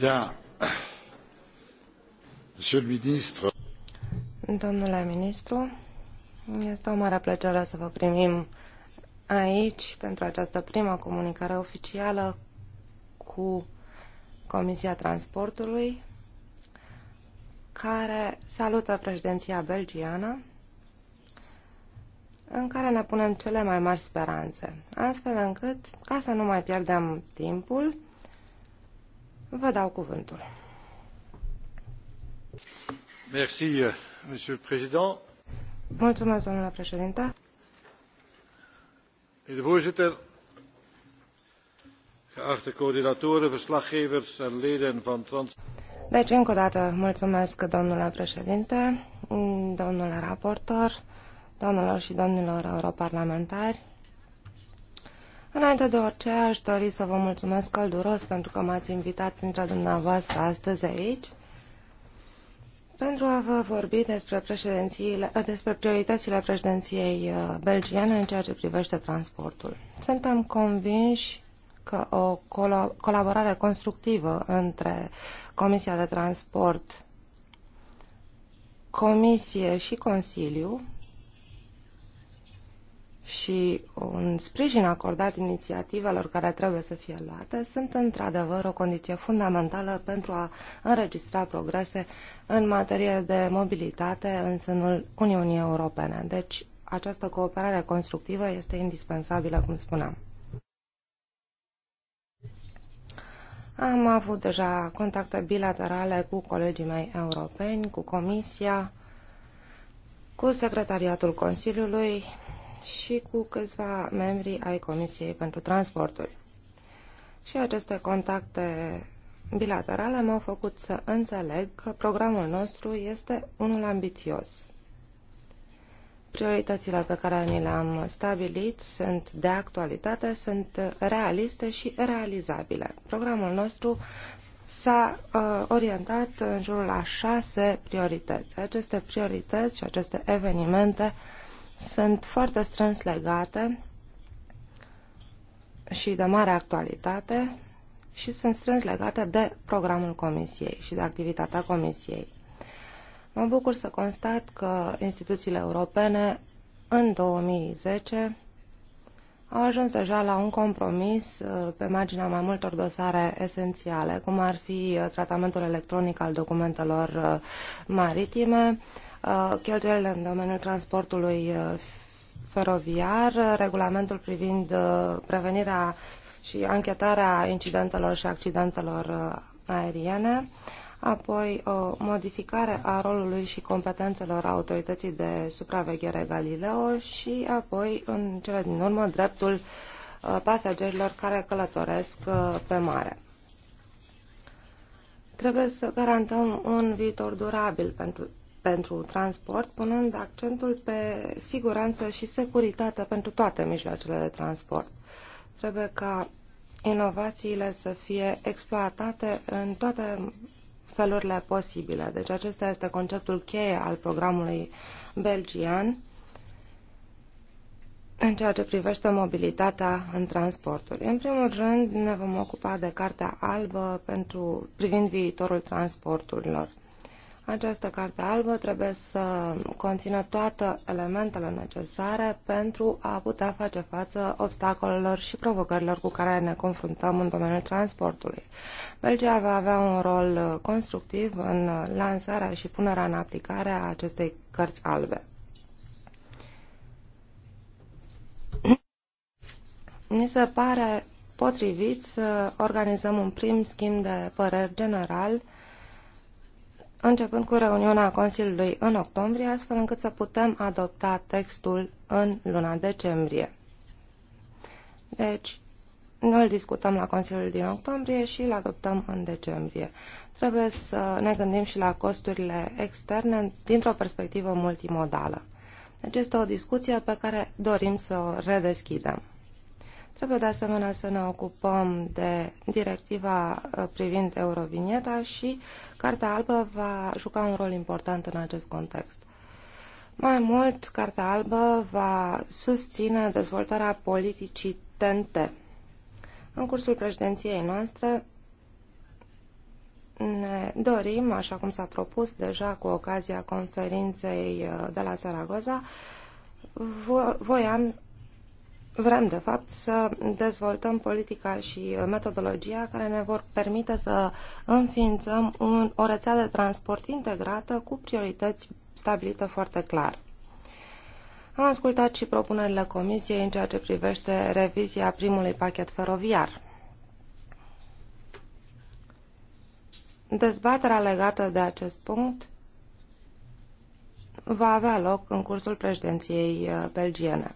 Da. Domnule ministru, este o mare plăcere să vă primim aici pentru această primă comunicare oficială cu Comisia Transportului, care salută președinția belgiană, în care ne punem cele mai mari speranțe, astfel încât, ca să nu mai pierdem timpul, Vă dau cuvântul. Merci, euh, monsieur le président. Mulțumesc, domnule președinte. Voorzitter, geachte coördinatoren, verslaggevers en leden van Trans. Deci, încă o dată, mulțumesc, domnule președinte, domnule raportor, domnilor și domnilor europarlamentari. Înainte de orice, aș dori să vă mulțumesc călduros pentru că m-ați invitat printre dumneavoastră astăzi aici pentru a vă vorbi despre, despre prioritățile președinției uh, belgiene în ceea ce privește transportul. Suntem convinși că o colaborare constructivă între Comisia de Transport, Comisie și Consiliu și un sprijin acordat inițiativelor care trebuie să fie luate sunt într-adevăr o condiție fundamentală pentru a înregistra progrese în materie de mobilitate în sânul Uniunii Europene. Deci această cooperare constructivă este indispensabilă, cum spuneam. Am avut deja contacte bilaterale cu colegii mei europeni, cu Comisia, cu Secretariatul Consiliului, și cu câțiva membri ai Comisiei pentru Transporturi. Și aceste contacte bilaterale m-au făcut să înțeleg că programul nostru este unul ambițios. Prioritățile pe care ni le-am stabilit sunt de actualitate, sunt realiste și realizabile. Programul nostru s-a uh, orientat în jurul a șase priorități. Aceste priorități și aceste evenimente uh, sunt foarte strâns legate și de mare actualitate și sunt strâns legate de programul Comisiei și de activitatea Comisiei. Mă bucur să constat că instituțiile europene în 2010 au ajuns deja la un compromis uh, pe marginea mai multor dosare esențiale, cum ar fi uh, tratamentul electronic al documentelor uh, maritime, Uh, cheltuielile în domeniul transportului uh, feroviar, uh, regulamentul privind prevenirea și anchetarea incidentelor și accidentelor aeriene, apoi o modificare a rolului și competențelor autorității de supraveghere Galileo și apoi, în cele din urmă, dreptul pasagerilor care călătoresc pe mare. Trebuie să garantăm un viitor durabil pentru pentru transport, punând accentul pe siguranță și securitate pentru toate mijloacele de transport. Trebuie ca inovațiile să fie exploatate în toate felurile posibile. Deci acesta este conceptul cheie al programului belgian în ceea ce privește mobilitatea în transporturi. În primul rând ne vom ocupa de Cartea Albă pentru, privind viitorul transporturilor. Această carte albă trebuie să conțină toate elementele necesare pentru a putea face față obstacolelor și provocărilor cu care ne confruntăm în domeniul transportului. Belgia va avea un rol constructiv în lansarea și punerea în aplicare a acestei cărți albe. Mi se pare potrivit să organizăm un prim schimb de păreri general începând cu reuniunea Consiliului în octombrie, astfel încât să putem adopta textul în luna decembrie. Deci, noi îl discutăm la Consiliul din octombrie și îl adoptăm în decembrie. Trebuie să ne gândim și la costurile externe dintr-o perspectivă multimodală. Deci este o discuție pe care dorim să o redeschidem. Trebuie de asemenea să ne ocupăm de directiva uh, privind Eurovinieta și Cartea Albă va juca un rol important în acest context. Mai mult, Cartea Albă va susține dezvoltarea politicii TNT. În cursul președinției noastre ne dorim, așa cum s-a propus deja cu ocazia conferinței uh, de la Saragoza, voiam Vrem, de fapt, să dezvoltăm politica și uh, metodologia care ne vor permite să înființăm un, o rețea de transport integrată cu priorități stabilite foarte clar. Am ascultat și propunerile Comisiei în ceea ce privește revizia primului pachet feroviar. Dezbaterea legată de acest punct va avea loc în cursul președinției uh, belgiene.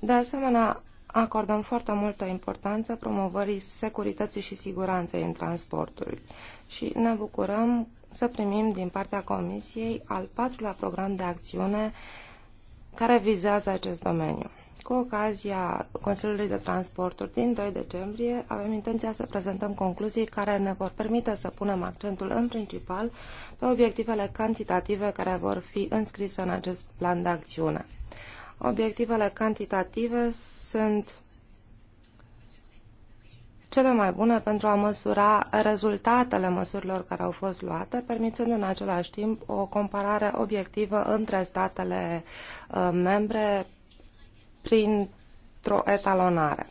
De asemenea, acordăm foarte multă importanță promovării securității și siguranței în transporturi și ne bucurăm să primim din partea Comisiei al patrulea program de acțiune care vizează acest domeniu. Cu ocazia Consiliului de Transporturi din 2 decembrie avem intenția să prezentăm concluzii care ne vor permite să punem accentul în principal pe obiectivele cantitative care vor fi înscrise în acest plan de acțiune obiectivele cantitative sunt cele mai bune pentru a măsura rezultatele măsurilor care au fost luate, permițând în același timp o comparare obiectivă între statele uh, membre printr-o etalonare.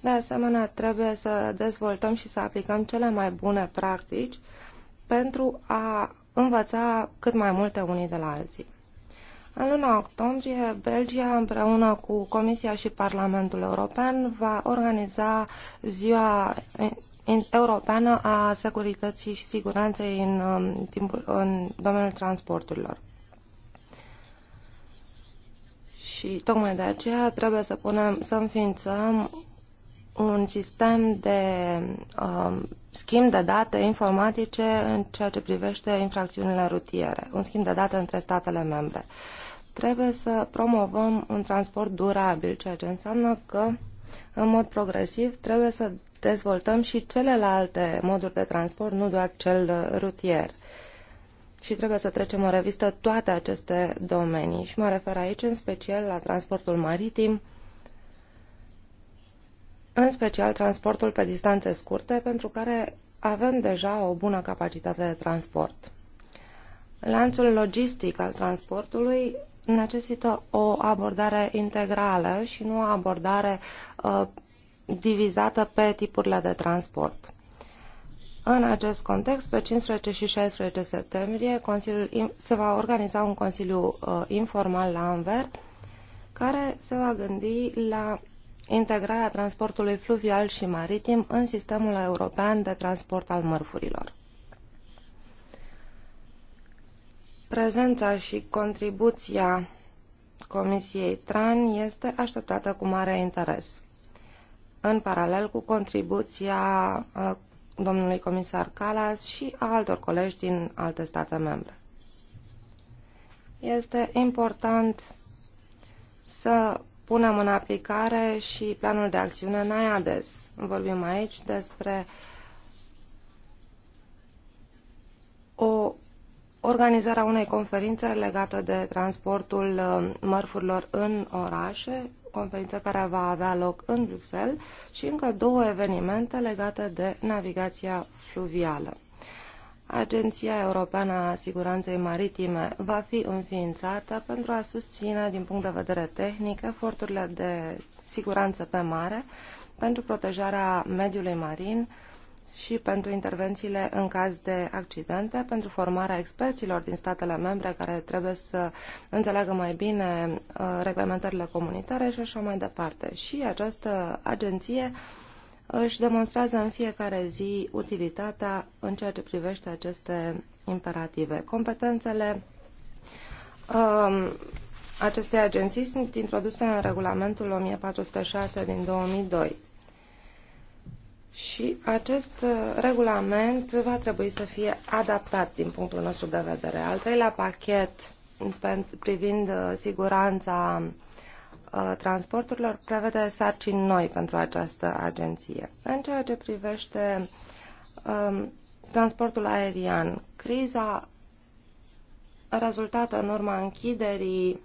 De asemenea, trebuie să dezvoltăm și să aplicăm cele mai bune practici pentru a învăța cât mai multe unii de la alții. În luna octombrie, Belgia, împreună cu Comisia și Parlamentul European, va organiza Ziua Europeană a Securității și Siguranței în, um, timpul, în domeniul transporturilor. Și tocmai de aceea trebuie să punem, să înființăm un sistem de uh, schimb de date informatice în ceea ce privește infracțiunile rutiere, un schimb de date între statele membre. Trebuie să promovăm un transport durabil, ceea ce înseamnă că, în mod progresiv, trebuie să dezvoltăm și celelalte moduri de transport, nu doar cel rutier. Și trebuie să trecem în revistă toate aceste domenii. Și mă refer aici în special la transportul maritim, în special transportul pe distanțe scurte, pentru care avem deja o bună capacitate de transport. Lanțul logistic al transportului necesită o abordare integrală și nu o abordare uh, divizată pe tipurile de transport. În acest context, pe 15 și 16 septembrie, Consiliul, se va organiza un consiliu uh, informal la Anver, care se va gândi la integrarea transportului fluvial și maritim în sistemul european de transport al mărfurilor. Prezența și contribuția Comisiei TRAN este așteptată cu mare interes, în paralel cu contribuția uh, domnului comisar Calas și a altor colegi din alte state membre. Este important să punem în aplicare și planul de acțiune NAIADES. Vorbim aici despre o organizarea unei conferințe legată de transportul uh, mărfurilor în orașe, conferință care va avea loc în Bruxelles și încă două evenimente legate de navigația fluvială. Agenția Europeană a Siguranței Maritime va fi înființată pentru a susține, din punct de vedere tehnic, eforturile de siguranță pe mare pentru protejarea mediului marin și pentru intervențiile în caz de accidente, pentru formarea experților din statele membre care trebuie să înțeleagă mai bine uh, reglementările comunitare și așa mai departe. Și această agenție își demonstrează în fiecare zi utilitatea în ceea ce privește aceste imperative. Competențele um, acestei agenții sunt introduse în regulamentul 1406 din 2002. Și acest uh, regulament va trebui să fie adaptat din punctul nostru de vedere. Al treilea pachet privind uh, siguranța Uh, transporturilor prevede sarcini noi pentru această agenție. În ceea ce privește um, transportul aerian, criza rezultată în urma închiderii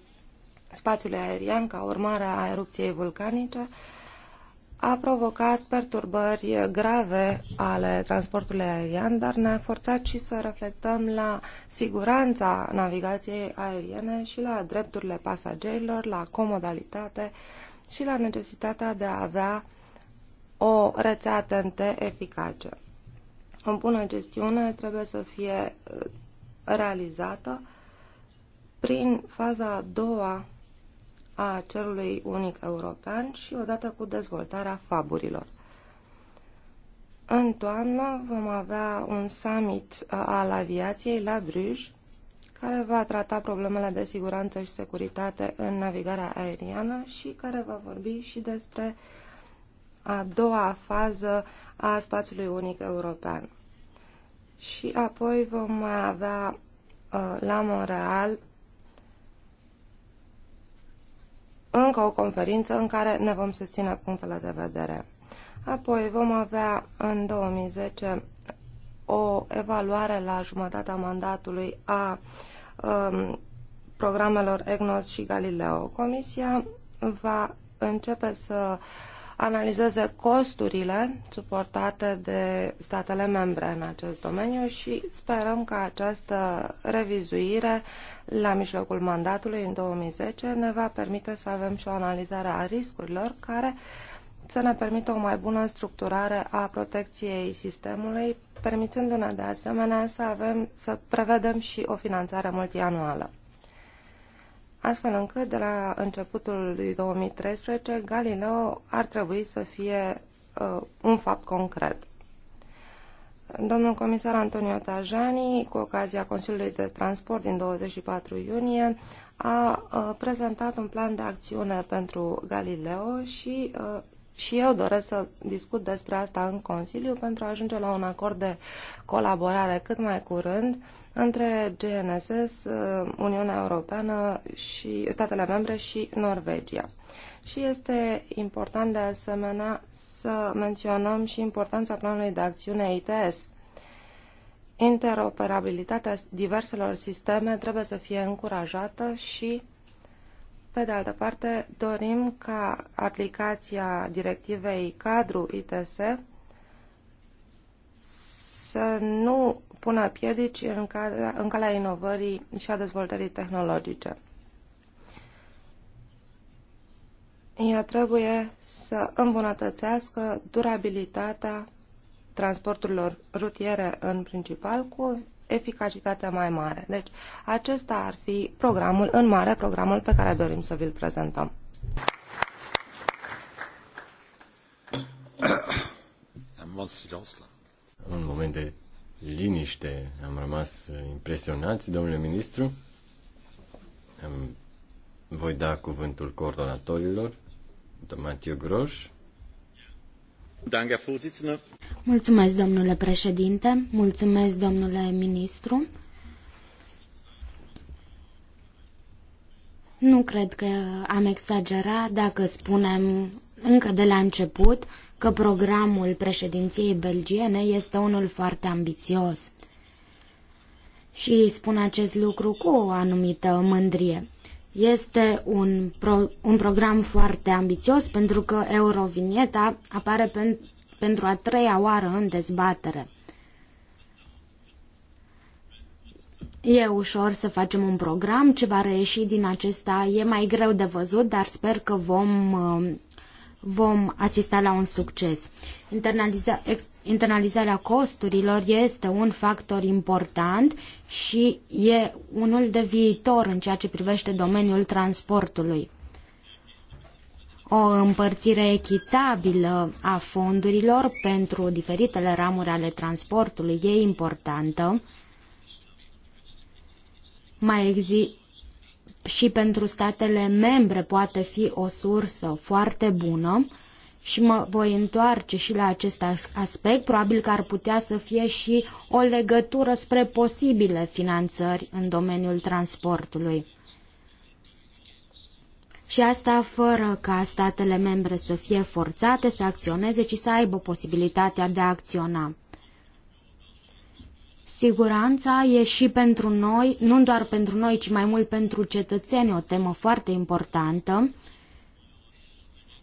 spațiului aerian ca urmare a erupției vulcanice a provocat perturbări grave ale transportului aerian, dar ne-a forțat și să reflectăm la siguranța navigației aeriene și la drepturile pasagerilor, la comodalitate și la necesitatea de a avea o rețea TNT eficace. O bună gestiune trebuie să fie realizată prin faza a doua a cerului unic european și odată cu dezvoltarea faburilor. În toamnă vom avea un summit uh, al aviației la Bruges, care va trata problemele de siguranță și securitate în navigarea aeriană și care va vorbi și despre a doua fază a spațiului unic european. Și apoi vom mai avea uh, la Montreal încă o conferință în care ne vom susține punctele de vedere. Apoi vom avea în 2010 o evaluare la jumătatea mandatului a um, programelor EGNOS și Galileo. Comisia va începe să uh, analizeze costurile suportate de statele membre în acest domeniu și sperăm că această revizuire la mijlocul mandatului în 2010 ne va permite să avem și o analizare a riscurilor care să ne permită o mai bună structurare a protecției sistemului, permițându-ne de asemenea să, avem, să prevedem și o finanțare multianuală astfel încât de la începutul lui 2013 Galileo ar trebui să fie uh, un fapt concret. Domnul comisar Antonio Tajani, cu ocazia Consiliului de Transport din 24 iunie, a uh, prezentat un plan de acțiune pentru Galileo și uh, și eu doresc să discut despre asta în Consiliu pentru a ajunge la un acord de colaborare cât mai curând între GNSS, uh, Uniunea Europeană și statele membre și Norvegia. Și este important de asemenea să menționăm și importanța planului de acțiune ITS. Interoperabilitatea diverselor sisteme trebuie să fie încurajată și pe de altă parte, dorim ca aplicația directivei cadru ITS să nu pună piedici în, care, în calea inovării și a dezvoltării tehnologice. Ea trebuie să îmbunătățească durabilitatea transporturilor rutiere în principal cu eficacitatea mai mare. Deci acesta ar fi programul, în mare programul pe care dorim să vi-l prezentăm. Am un moment de liniște. Am rămas impresionați, domnule ministru. Am, voi da cuvântul coordonatorilor, Matiu Groș. Mulțumesc, domnule președinte, mulțumesc, domnule ministru. Nu cred că am exagerat dacă spunem încă de la început că programul președinției belgiene este unul foarte ambițios. Și spun acest lucru cu o anumită mândrie. Este un, pro, un program foarte ambițios pentru că Eurovinieta apare pen, pentru a treia oară în dezbatere. E ușor să facem un program, ce va reieși din acesta e mai greu de văzut, dar sper că vom uh, vom asista la un succes. Internaliza, ex, internalizarea costurilor este un factor important și e unul de viitor în ceea ce privește domeniul transportului. O împărțire echitabilă a fondurilor pentru diferitele ramuri ale transportului e importantă. Mai, există și pentru statele membre poate fi o sursă foarte bună și mă voi întoarce și la acest aspect, probabil că ar putea să fie și o legătură spre posibile finanțări în domeniul transportului. Și asta fără ca statele membre să fie forțate să acționeze, ci să aibă posibilitatea de a acționa. Siguranța e și pentru noi, nu doar pentru noi, ci mai mult pentru cetățeni, o temă foarte importantă.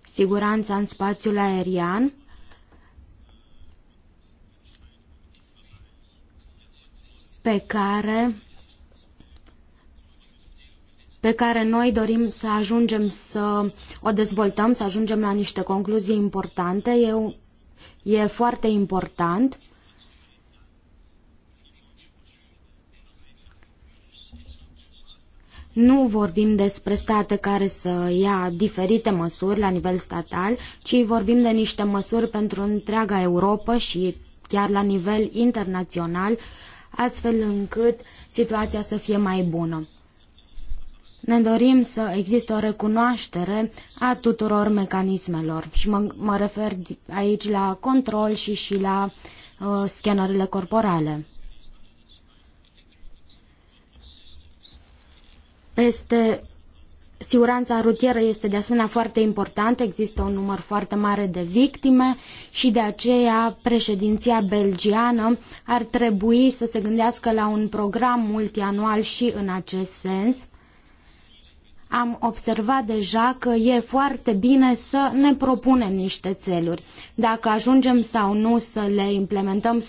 Siguranța în spațiul aerian. pe care pe care noi dorim să ajungem să o dezvoltăm, să ajungem la niște concluzii importante. Eu, e foarte important Nu vorbim despre state care să ia diferite măsuri la nivel statal, ci vorbim de niște măsuri pentru întreaga Europa și chiar la nivel internațional, astfel încât situația să fie mai bună. Ne dorim să existe o recunoaștere a tuturor mecanismelor și mă, mă refer aici la control și și la uh, corporale. este Siguranța rutieră este de asemenea foarte importantă, există un număr foarte mare de victime și de aceea președinția belgiană ar trebui să se gândească la un program multianual și în acest sens am observat deja că e foarte bine să ne propunem niște țeluri. Dacă ajungem sau nu să le implementăm 100%,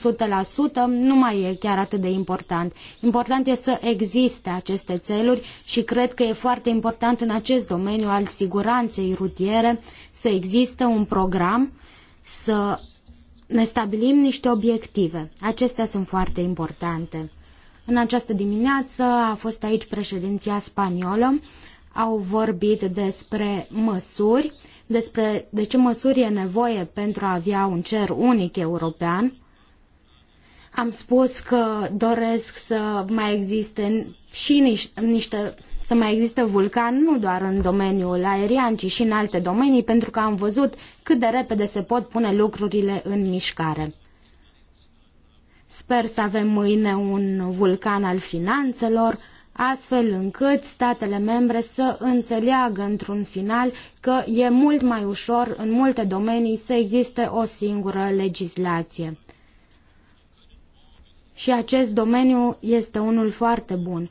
nu mai e chiar atât de important. Important e să existe aceste țeluri și cred că e foarte important în acest domeniu al siguranței rutiere să existe un program, să ne stabilim niște obiective. Acestea sunt foarte importante. În această dimineață a fost aici președinția spaniolă au vorbit despre măsuri, despre de ce măsuri e nevoie pentru a avea un cer unic european. Am spus că doresc să mai existe și niște, niște să mai existe vulcan nu doar în domeniul aerian, ci și în alte domenii, pentru că am văzut cât de repede se pot pune lucrurile în mișcare. Sper să avem mâine un vulcan al finanțelor, astfel încât statele membre să înțeleagă într-un final că e mult mai ușor în multe domenii să existe o singură legislație. Și acest domeniu este unul foarte bun.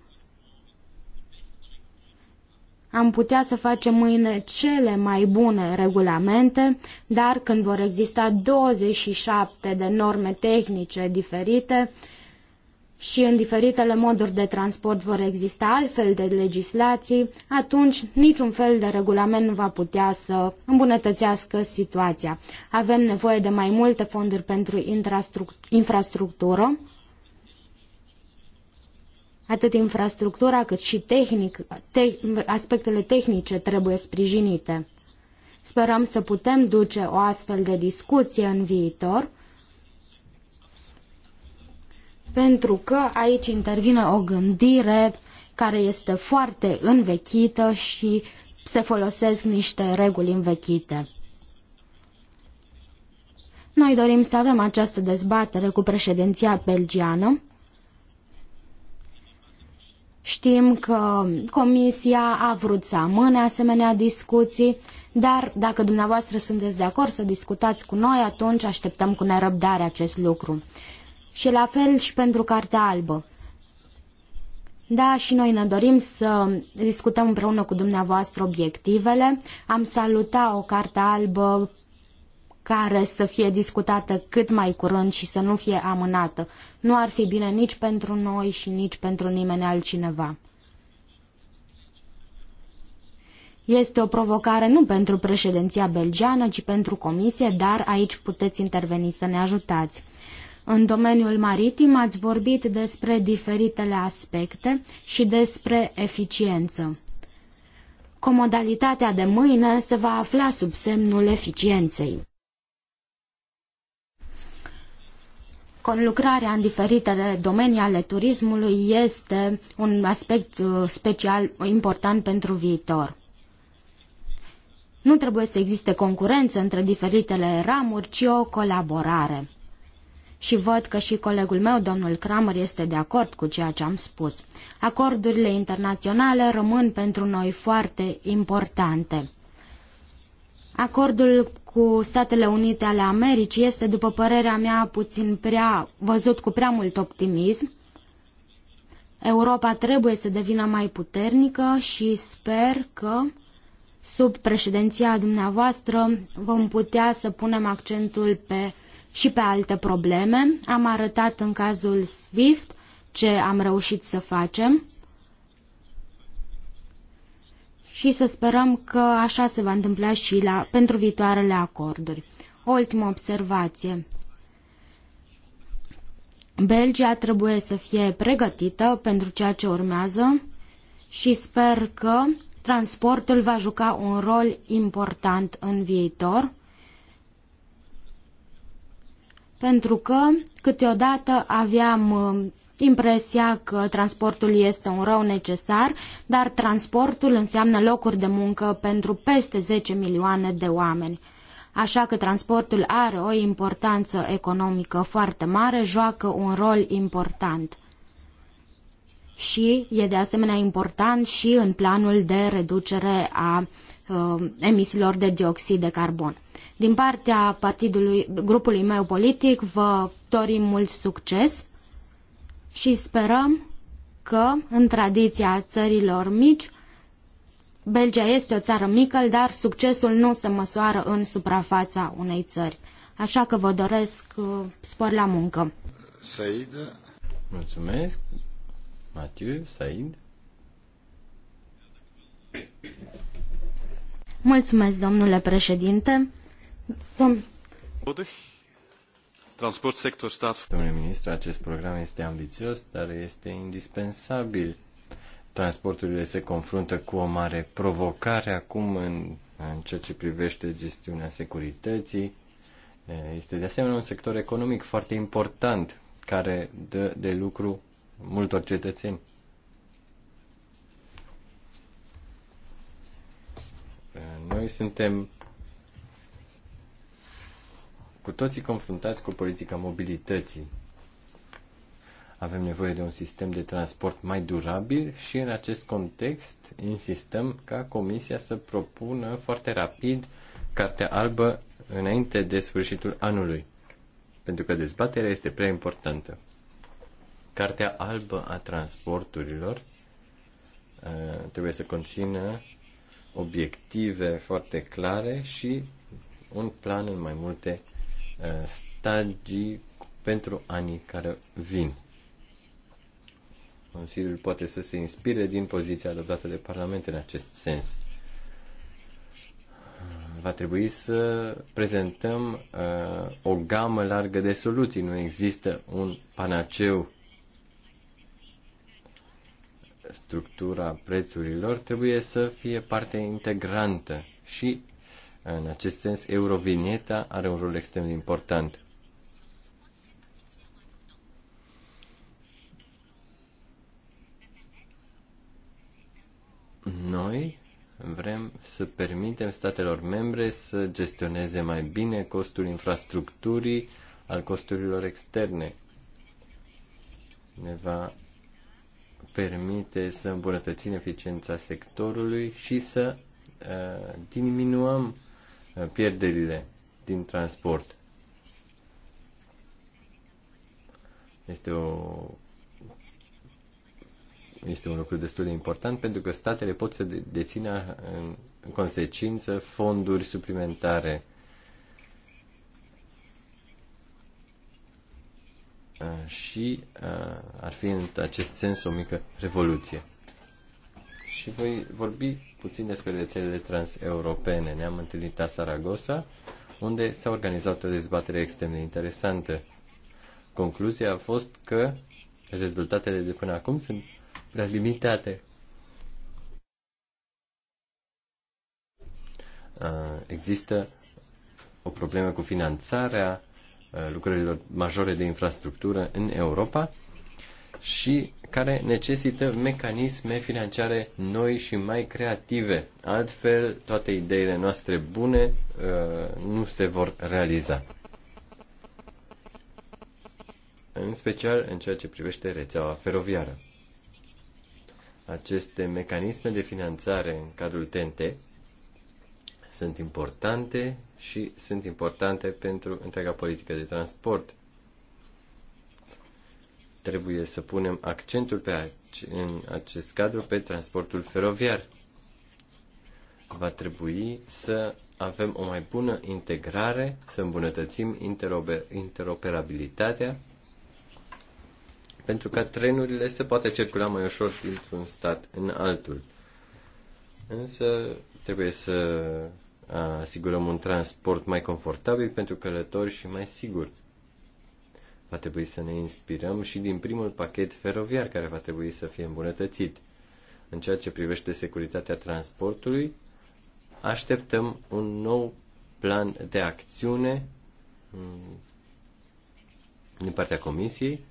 Am putea să facem mâine cele mai bune regulamente, dar când vor exista 27 de norme tehnice diferite, uh, și în diferitele moduri de transport vor exista altfel de legislații, atunci niciun fel de regulament nu va putea să îmbunătățească situația. Avem nevoie de mai multe fonduri pentru infrastructură, atât infrastructura cât și tehnic, te, aspectele tehnice trebuie sprijinite. Sperăm să putem duce o astfel de discuție în viitor pentru că aici intervine o gândire care este foarte învechită și se folosesc niște reguli învechite. Noi dorim să avem această dezbatere cu președinția belgiană. Știm că Comisia a vrut să amâne asemenea discuții, dar dacă dumneavoastră sunteți de acord să discutați cu noi, atunci așteptăm cu nerăbdare acest lucru. Și la fel și pentru Cartea Albă. Da, și noi ne dorim să discutăm împreună cu dumneavoastră obiectivele. Am salutat o carte albă care să fie discutată cât mai curând și să nu fie amânată. Nu ar fi bine nici pentru noi și nici pentru nimeni altcineva. Este o provocare nu pentru președinția Belgiană ci pentru comisie, dar aici puteți interveni să ne ajutați. În domeniul maritim ați vorbit despre diferitele aspecte și despre eficiență. Comodalitatea de mâine se va afla sub semnul eficienței. Conlucrarea în diferitele domenii ale turismului este un aspect uh, special important pentru viitor. Nu trebuie să existe concurență între diferitele ramuri, ci o colaborare și văd că și colegul meu, domnul Kramer, este de acord cu ceea ce am spus. Acordurile internaționale rămân pentru noi foarte importante. Acordul cu Statele Unite ale Americii este, după părerea mea, puțin prea văzut cu prea mult optimism. Europa trebuie să devină mai puternică și sper că sub președinția dumneavoastră vom putea să punem accentul pe și pe alte probleme. Am arătat în cazul SWIFT ce am reușit să facem și să sperăm că așa se va întâmpla și la, pentru viitoarele acorduri. O ultimă observație. Belgia trebuie să fie pregătită pentru ceea ce urmează și sper că transportul va juca un rol important în viitor pentru că câteodată aveam uh, impresia că transportul este un rău necesar, dar transportul înseamnă locuri de muncă pentru peste 10 milioane de oameni. Așa că transportul are o importanță economică foarte mare, joacă un rol important. Și e de asemenea important și în planul de reducere a Uh, emisiilor de dioxid de carbon. Din partea partidului, grupului meu politic, vă dorim mult succes și sperăm că, în tradiția țărilor mici, Belgia este o țară mică, dar succesul nu se măsoară în suprafața unei țări. Așa că vă doresc uh, spor la muncă. Said. Mulțumesc. Mathieu, Said. Mulțumesc, domnule președinte. Transport Transportsektor stat. Domnule ministru, acest program este ambițios, dar este indispensabil. Transporturile se confruntă cu o mare provocare acum în, în ceea ce privește gestiunea securității. Este de asemenea un sector economic foarte important care dă de lucru multor cetățeni. Noi suntem cu toții confruntați cu politica mobilității. Avem nevoie de un sistem de transport mai durabil și în acest context insistăm ca Comisia să propună foarte rapid cartea albă înainte de sfârșitul anului, pentru că dezbaterea este prea importantă. Cartea albă a transporturilor uh, trebuie să conțină obiective foarte clare și un plan în mai multe uh, stagii pentru anii care vin. Consiliul poate să se inspire din poziția adoptată de Parlament în acest sens. Va trebui să prezentăm uh, o gamă largă de soluții. Nu există un panaceu structura prețurilor trebuie să fie parte integrantă și, în acest sens, Eurovinieta are un rol extrem de important. Noi vrem să permitem statelor membre să gestioneze mai bine costul infrastructurii al costurilor externe. Ne va permite să îmbunătățim eficiența sectorului și să uh, diminuăm uh, pierderile din transport. Este o este un lucru destul de important pentru că statele pot să dețină în consecință fonduri suplimentare Uh, și uh, ar fi în acest sens o mică revoluție. Și voi vorbi puțin despre rețelele transeuropene. Ne-am întâlnit la Saragossa, unde s-a organizat o dezbatere extrem de interesantă. Concluzia a fost că rezultatele de până acum sunt prea limitate. Uh, există o problemă cu finanțarea Uh, lucrărilor majore de infrastructură în Europa și care necesită mecanisme financiare noi și mai creative. Altfel, toate ideile noastre bune uh, nu se vor realiza. În special în ceea ce privește rețeaua feroviară. Aceste mecanisme de finanțare în cadrul TNT sunt importante și sunt importante pentru întreaga politică de transport. Trebuie să punem accentul pe în acest cadru pe transportul feroviar. Va trebui să avem o mai bună integrare, să îmbunătățim interoper- interoperabilitatea pentru ca trenurile să poată circula mai ușor dintr-un stat în altul. Însă trebuie să asigurăm un transport mai confortabil pentru călători și mai sigur. Va trebui să ne inspirăm și din primul pachet feroviar care va trebui să fie îmbunătățit. În ceea ce privește securitatea transportului, așteptăm un nou plan de acțiune mm, din partea Comisiei.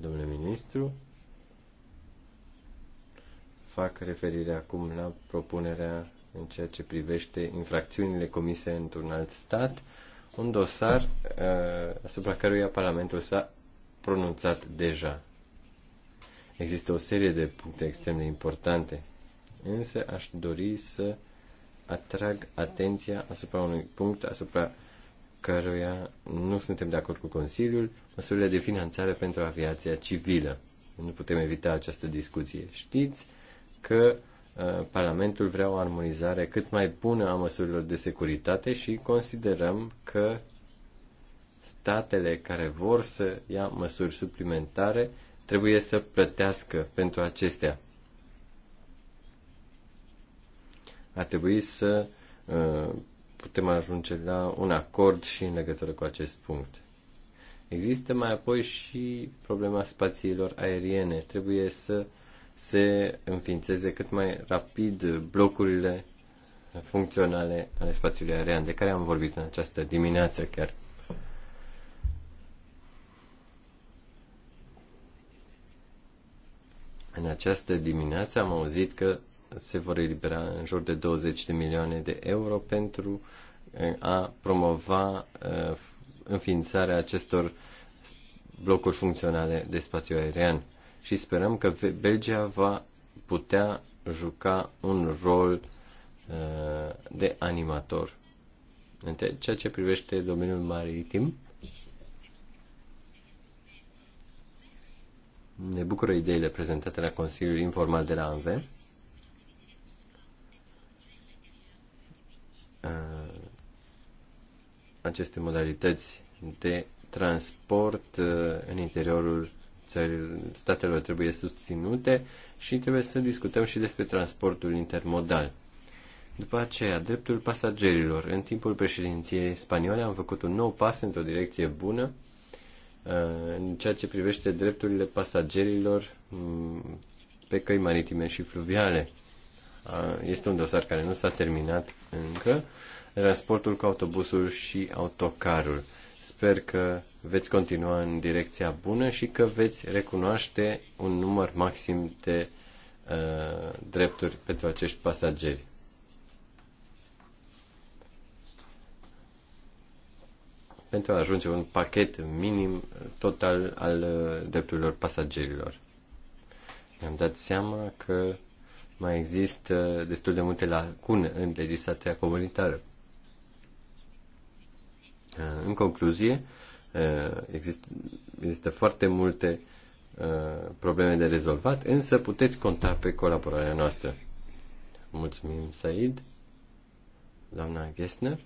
Domnule ministru, fac referire acum la propunerea în ceea ce privește infracțiunile comise într-un alt stat, un dosar uh, asupra căruia Parlamentul s-a pronunțat deja. Există o serie de puncte extrem de importante, însă aș dori să atrag atenția asupra unui punct asupra căruia nu suntem de acord cu Consiliul, măsurile de finanțare pentru aviația civilă. Nu putem evita această discuție. Știți că uh, Parlamentul vrea o armonizare cât mai bună a măsurilor de securitate și considerăm că statele care vor să ia măsuri suplimentare trebuie să plătească pentru acestea. Ar trebui să uh, putem ajunge la un acord și în legătură cu acest punct. Există mai apoi și problema spațiilor aeriene. Trebuie să uh, se înființeze cât mai rapid blocurile funcționale ale spațiului aerian, de care am vorbit în această dimineață chiar. În această dimineață am auzit că se vor elibera în jur de 20 de milioane de euro pentru a promova înființarea acestor blocuri funcționale de spațiu aerian și sperăm că Belgia va putea juca un rol uh, de animator. În ceea ce privește domeniul maritim, ne bucură ideile prezentate la Consiliul Informal de la ANVE. Uh, aceste modalități de transport uh, în interiorul țările, statelor trebuie susținute și trebuie să discutăm și despre transportul intermodal. După aceea, dreptul pasagerilor. În timpul președinției spaniole am făcut un nou pas într-o direcție bună uh, în ceea ce privește drepturile pasagerilor mm, pe căi maritime și fluviale. Uh, este un dosar care nu s-a terminat încă, transportul cu autobusul și autocarul. Sper că veți continua în direcția bună și că veți recunoaște un număr maxim de uh, drepturi pentru acești pasageri. pentru a ajunge un pachet minim total al uh, drepturilor pasagerilor. Ne-am dat seama că mai există destul de multe lacune în legislația comunitară. În concluzie, Uh, există, există foarte multe uh, probleme de rezolvat, însă puteți conta pe colaborarea noastră. Mulțumim, Said. Doamna Gessner.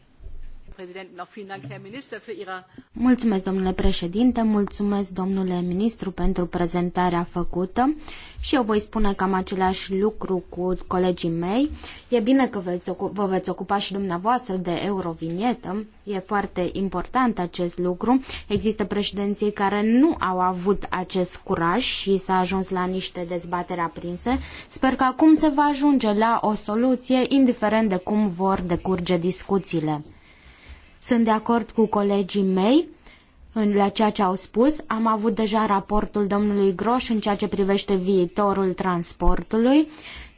Mulțumesc, domnule președinte, mulțumesc, domnule ministru, pentru prezentarea făcută și eu voi spune cam același lucru cu colegii mei. E bine că veți, vă veți ocupa și dumneavoastră de eurovinietă, e foarte important acest lucru. Există președinții care nu au avut acest curaj și s-a ajuns la niște dezbatere aprinse. Sper că acum se va ajunge la o soluție, indiferent de cum vor decurge discuțiile. Sunt de acord cu colegii mei în la ceea ce au spus. Am avut deja raportul domnului Groș în ceea ce privește viitorul transportului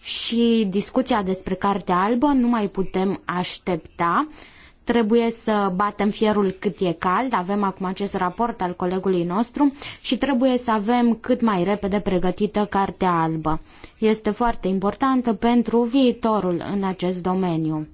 și discuția despre Cartea Albă nu mai putem aștepta. Trebuie să batem fierul cât e cald, avem acum acest raport al colegului nostru și trebuie să avem cât mai repede pregătită Cartea Albă. Este foarte importantă pentru viitorul în acest domeniu.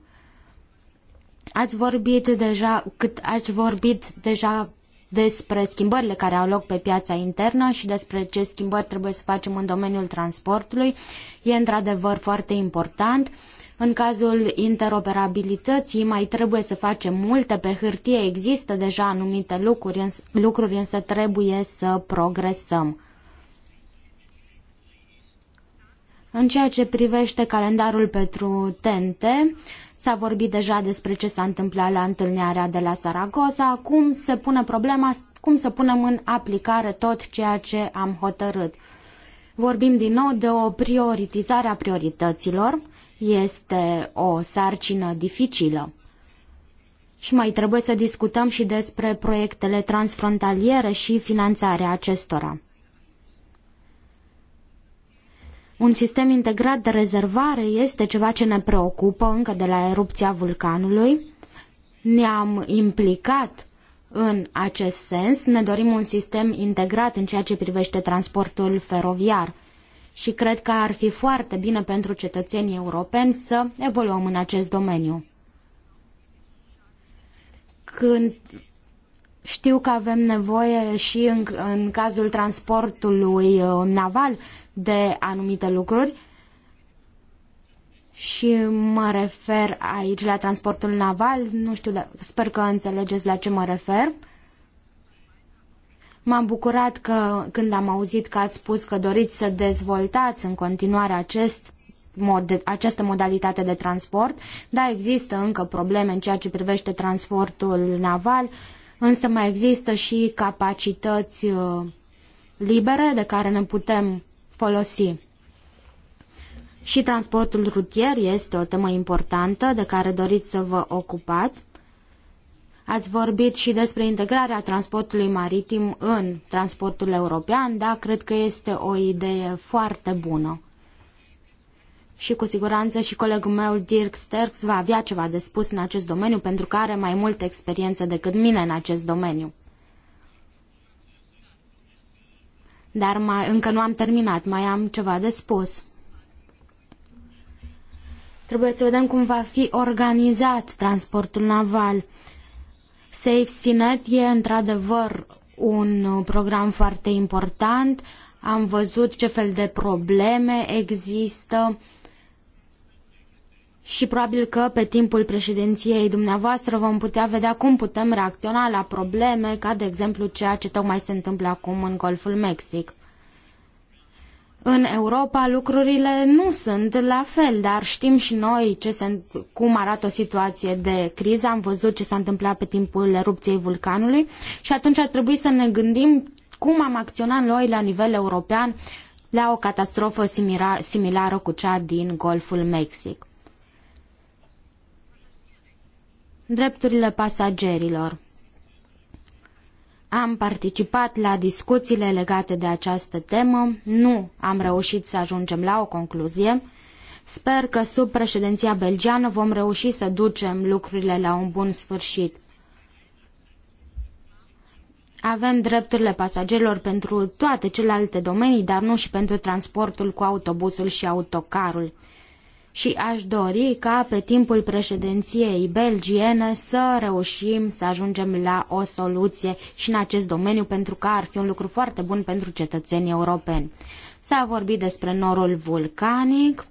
Ați vorbit deja, cât ați vorbit deja despre schimbările care au loc pe piața internă și despre ce schimbări trebuie să facem în domeniul transportului. E într-adevăr foarte important. În cazul interoperabilității mai trebuie să facem multe. Pe hârtie există deja anumite lucruri, lucruri însă trebuie să progresăm. În ceea ce privește calendarul pentru TNT, s-a vorbit deja despre ce s-a întâmplat la întâlnirea de la Saragoza, acum se pune problema cum să punem în aplicare tot ceea ce am hotărât. Vorbim din nou de o prioritizare a priorităților, este o sarcină dificilă. Și mai trebuie să discutăm și despre proiectele transfrontaliere și finanțarea acestora. Un sistem integrat de rezervare este ceva ce ne preocupă încă de la erupția vulcanului. Ne-am implicat în acest sens, ne dorim un sistem integrat în ceea ce privește transportul feroviar și cred că ar fi foarte bine pentru cetățenii europeni să evoluăm în acest domeniu. Când știu că avem nevoie și în, în cazul transportului uh, naval de anumite lucruri și mă refer aici la transportul naval, nu știu, sper că înțelegeți la ce mă refer. M-am bucurat că când am auzit că ați spus că doriți să dezvoltați în continuare acest mod, această modalitate de transport. Da, există încă probleme în ceea ce privește transportul naval, însă mai există și capacități uh, libere de care ne putem folosi. Și transportul rutier este o temă importantă de care doriți să vă ocupați. Ați vorbit și despre integrarea transportului maritim în transportul european, da, cred că este o idee foarte bună. Și cu siguranță și colegul meu, Dirk Sterks, va avea ceva de spus în acest domeniu pentru că are mai multă experiență decât mine în acest domeniu. Dar mai, încă nu am terminat, mai am ceva de spus. Trebuie să vedem cum va fi organizat transportul naval. Sinet e într-adevăr un program foarte important. Am văzut ce fel de probleme există și probabil că pe timpul președinției dumneavoastră vom putea vedea cum putem reacționa la probleme ca, de exemplu, ceea ce tocmai se întâmplă acum în Golful Mexic. În Europa lucrurile nu sunt la fel, dar știm și noi ce se, cum arată o situație de criză. Am văzut ce s-a întâmplat pe timpul erupției vulcanului și atunci ar trebui să ne gândim cum am acționat noi la nivel european la o catastrofă similară cu cea din Golful Mexic. drepturile pasagerilor. Am participat la discuțiile legate de această temă, nu am reușit să ajungem la o concluzie. Sper că sub președinția belgiană vom reuși să ducem lucrurile la un bun sfârșit. Avem drepturile pasagerilor pentru toate celelalte domenii, dar nu și pentru transportul cu autobuzul și autocarul și aș dori ca pe timpul președinției belgiene să reușim să ajungem la o soluție și în acest domeniu pentru că ar fi un lucru foarte bun pentru cetățenii europeni. S-a vorbit despre norul vulcanic,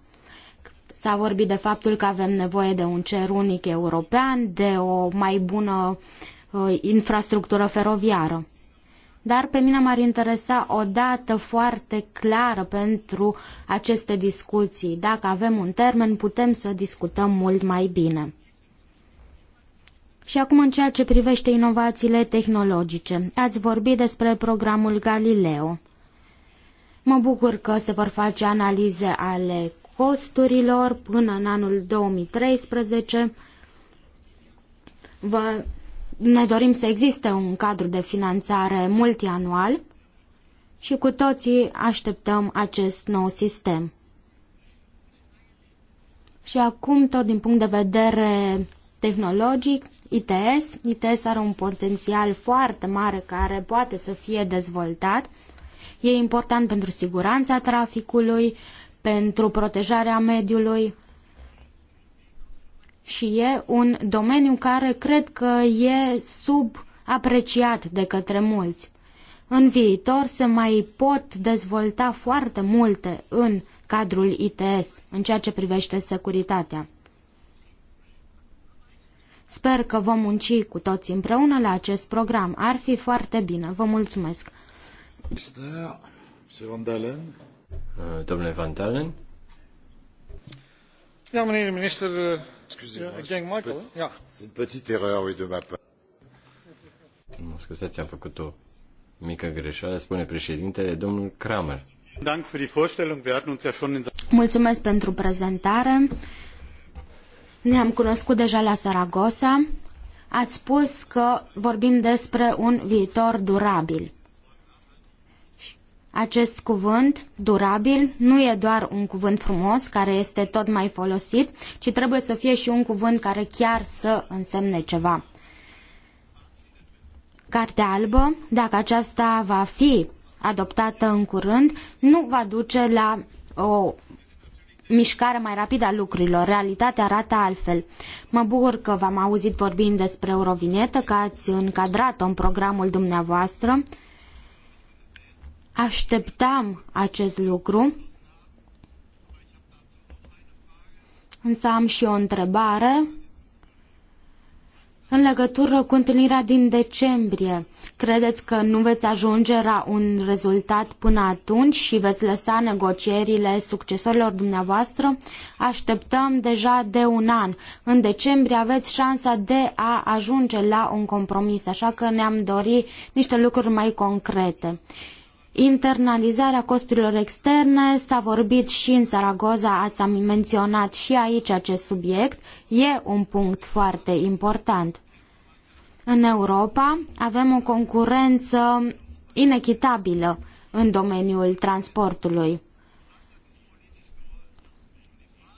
s-a vorbit de faptul că avem nevoie de un cer unic european, de o mai bună uh, infrastructură feroviară. Dar pe mine m-ar interesa o dată foarte clară pentru aceste discuții. Dacă avem un termen, putem să discutăm mult mai bine. Și acum în ceea ce privește inovațiile tehnologice, ați vorbit despre programul Galileo. Mă bucur că se vor face analize ale costurilor până în anul 2013. Vă ne dorim să existe un cadru de finanțare multianual și cu toții așteptăm acest nou sistem. Și acum, tot din punct de vedere tehnologic, ITS. ITS are un potențial foarte mare care poate să fie dezvoltat. E important pentru siguranța traficului, pentru protejarea mediului, și e un domeniu care cred că e subapreciat de către mulți. În viitor se mai pot dezvolta foarte multe în cadrul ITS în ceea ce privește securitatea. Sper că vom munci cu toți împreună la acest program. Ar fi foarte bine. Vă mulțumesc. Domnule Van Dalen. Domnule minister, Euh, c'est une petite erreur, oui, de ma part. scuzați, am făcut o mică greșeală, spune președintele, domnul Kramer. Mulțumesc pentru prezentare. Ne-am cunoscut deja la Saragossa. Ați spus că vorbim despre un viitor durabil. Acest cuvânt, durabil, nu e doar un cuvânt frumos care este tot mai folosit, ci trebuie să fie și un cuvânt care chiar să însemne ceva. Cartea albă, dacă aceasta va fi adoptată în curând, nu va duce la o mișcare mai rapidă a lucrurilor. Realitatea arată altfel. Mă bucur că v-am auzit vorbind despre Eurovinietă, că ați încadrat-o în programul dumneavoastră așteptam acest lucru. Însă am și o întrebare în legătură cu întâlnirea din decembrie. Credeți că nu veți ajunge la un rezultat până atunci și veți lăsa negocierile succesorilor dumneavoastră? Așteptăm deja de un an. În decembrie aveți șansa de a ajunge la un compromis, așa că ne-am dorit niște lucruri mai concrete. Internalizarea costurilor externe s-a vorbit și în Saragoza, ați am menționat și aici acest subiect, e un punct foarte important. În Europa avem o concurență inechitabilă în domeniul transportului.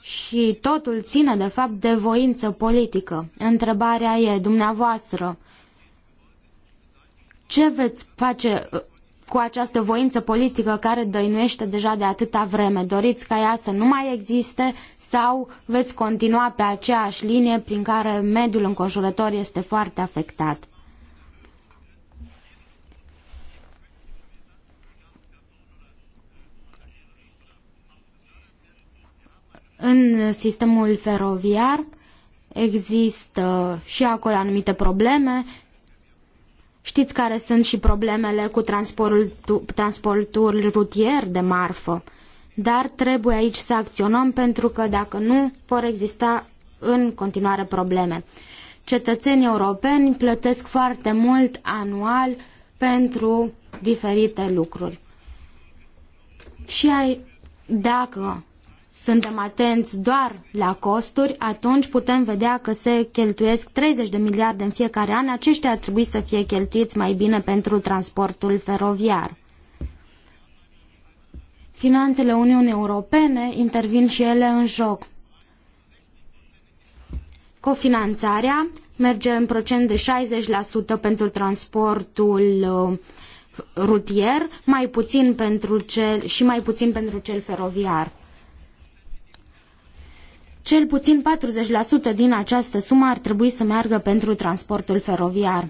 Și totul ține, de fapt, de voință politică. Întrebarea e, dumneavoastră, ce veți face cu această voință politică care dăinuiește deja de atâta vreme? Doriți ca ea să nu mai existe sau veți continua pe aceeași linie prin care mediul înconjurător este foarte afectat? În sistemul feroviar există și acolo anumite probleme, Știți care sunt și problemele cu transportul, rutier de marfă, dar trebuie aici să acționăm pentru că dacă nu, vor exista în continuare probleme. Cetățenii europeni plătesc foarte mult anual pentru diferite lucruri. Și ai, dacă suntem atenți doar la costuri, atunci putem vedea că se cheltuiesc 30 de miliarde în fiecare an. Aceștia ar trebui să fie cheltuiți mai bine pentru transportul feroviar. Finanțele Uniunii Europene intervin și ele în joc. Cofinanțarea merge în procent de 60% pentru transportul uh, rutier, mai puțin pentru cel, și mai puțin pentru cel feroviar. Cel puțin 40% din această sumă ar trebui să meargă pentru transportul feroviar.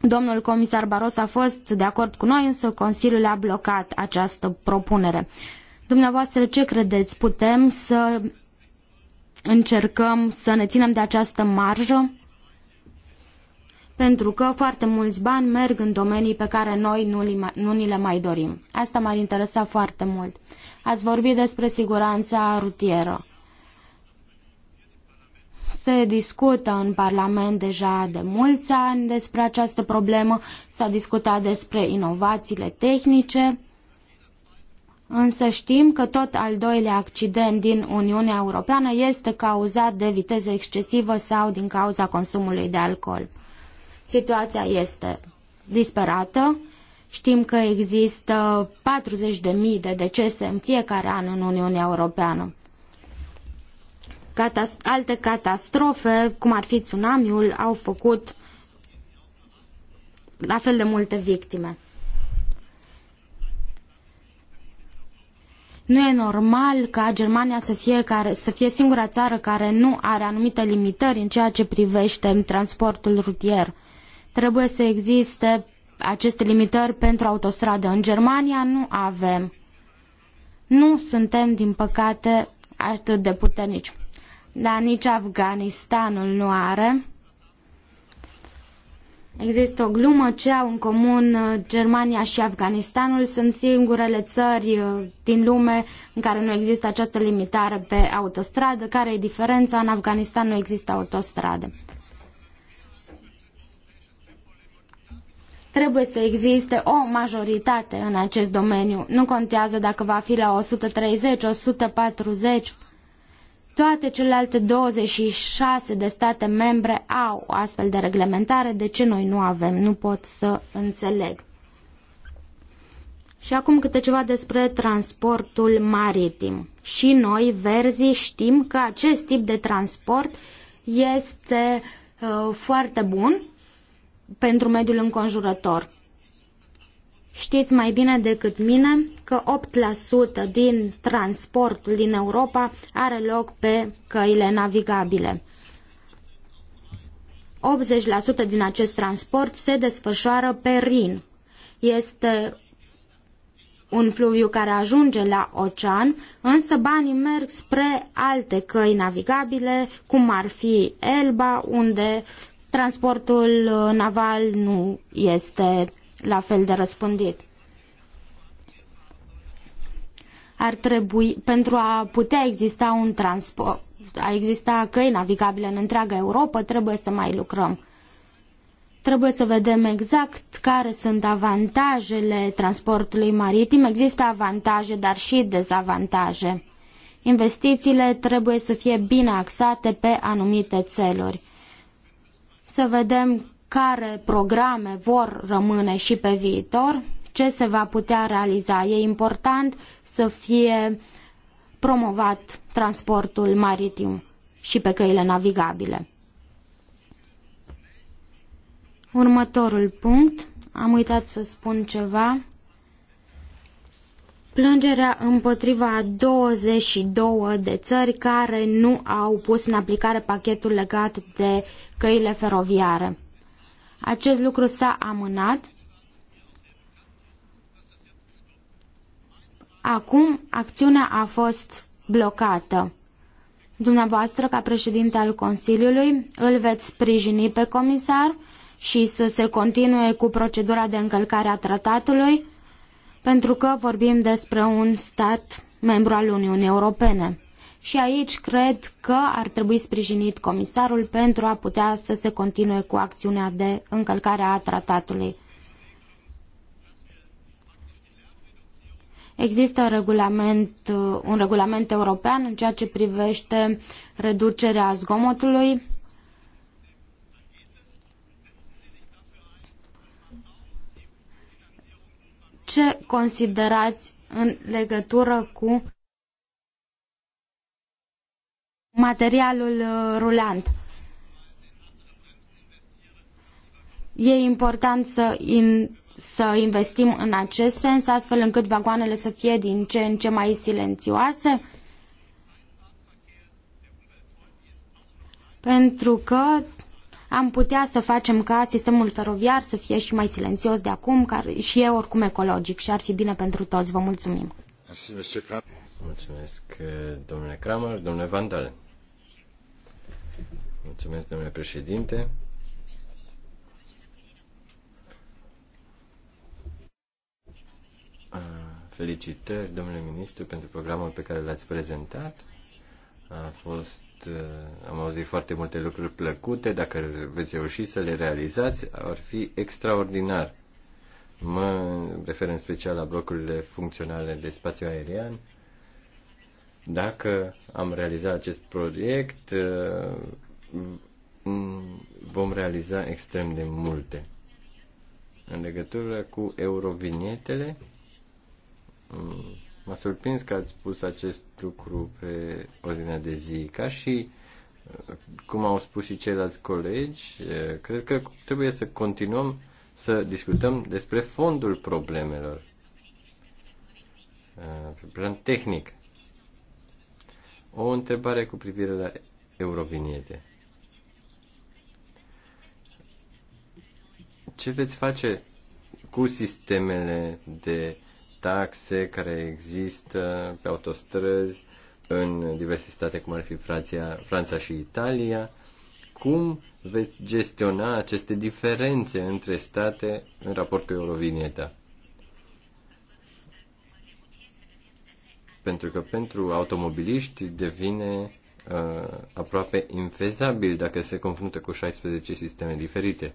Domnul comisar Baros a fost de acord cu noi, însă Consiliul a blocat această propunere. Dumneavoastră, ce credeți? Putem să încercăm să ne ținem de această marjă? Pentru că foarte mulți bani merg în domenii pe care noi nu, nu ni le mai dorim. Asta m-ar interesa foarte mult. Ați vorbit despre siguranța rutieră. Se discută în Parlament deja de mulți ani despre această problemă, s-a discutat despre inovațiile tehnice, însă știm că tot al doilea accident din Uniunea Europeană este cauzat de viteză excesivă sau din cauza consumului de alcool. Situația este disperată, Știm că există 40.000 de decese în fiecare an în Uniunea Europeană. Catast alte catastrofe, cum ar fi tsunamiul, au făcut la fel de multe victime. Nu e normal ca Germania să fie, care, să fie singura țară care nu are anumite limitări în ceea ce privește transportul rutier. Trebuie să existe aceste limitări pentru autostradă. În Germania nu avem. Nu suntem, din păcate, atât de puternici dar nici Afganistanul nu are. Există o glumă ce au în comun uh, Germania și Afganistanul. Sunt singurele țări uh, din lume în care nu există această limitare pe autostradă. Care e diferența? În Afganistan nu există autostradă. Trebuie să existe o majoritate în acest domeniu. Nu contează dacă va fi la 130, 140 toate celelalte 26 de state membre au o astfel de reglementare, de ce noi nu avem? Nu pot să înțeleg. Și acum câte ceva despre transportul maritim. Și noi, verzii, știm că acest tip de transport este uh, foarte bun pentru mediul înconjurător. Știți mai bine decât mine că 8% din transportul din Europa are loc pe căile navigabile. 80% din acest transport se desfășoară pe Rin. Este un fluviu care ajunge la ocean, însă banii merg spre alte căi navigabile, cum ar fi Elba, unde transportul naval nu este la fel de răspândit. Ar trebui, pentru a putea exista un transport, a exista căi navigabile în întreaga Europa, trebuie să mai lucrăm. Trebuie să vedem exact care sunt avantajele transportului maritim. Există avantaje, dar și dezavantaje. Investițiile trebuie să fie bine axate pe anumite țeluri. Să vedem care programe vor rămâne și pe viitor, ce se va putea realiza. E important să fie promovat transportul maritim și pe căile navigabile. Următorul punct, am uitat să spun ceva. Plângerea împotriva a 22 de țări care nu au pus în aplicare pachetul legat de căile feroviare. Acest lucru s-a amânat. Acum acțiunea a fost blocată. Dumneavoastră, ca președinte al Consiliului, îl veți sprijini pe comisar și să se continue cu procedura de încălcare a tratatului, pentru că vorbim despre un stat membru al Uniunii Europene. Și aici cred că ar trebui sprijinit comisarul pentru a putea să se continue cu acțiunea de încălcare a tratatului. Există un regulament, un regulament european în ceea ce privește reducerea zgomotului. Ce considerați în legătură cu materialul uh, rulant. E important să, in, să investim în acest sens, astfel încât vagoanele să fie din ce în ce mai silențioase, pentru că am putea să facem ca sistemul feroviar să fie și mai silențios de acum care, și e oricum ecologic și ar fi bine pentru toți. Vă mulțumim! Mulțumesc, domnule Kramer, domnule Vandal. Mulțumesc, domnule președinte. Felicitări, domnule ministru, pentru programul pe care l-ați prezentat. A fost, am auzit foarte multe lucruri plăcute. Dacă veți reuși să le realizați, ar fi extraordinar. Mă refer în special la blocurile funcționale de spațiu aerian. Dacă am realizat acest proiect, vom realiza extrem de multe. În legătură cu eurovinietele, m-a surprins că ați pus acest lucru pe ordinea de zi. Ca și cum au spus și ceilalți colegi, cred că trebuie să continuăm să discutăm despre fondul problemelor, pe plan tehnic. O întrebare cu privire la eurovinietele. ce veți face cu sistemele de taxe care există pe autostrăzi în diverse state, cum ar fi Franția, Franța și Italia? Cum veți gestiona aceste diferențe între state în raport cu Eurovinieta? Pentru că pentru automobiliști devine uh, aproape infezabil dacă se confruntă cu 16 sisteme diferite.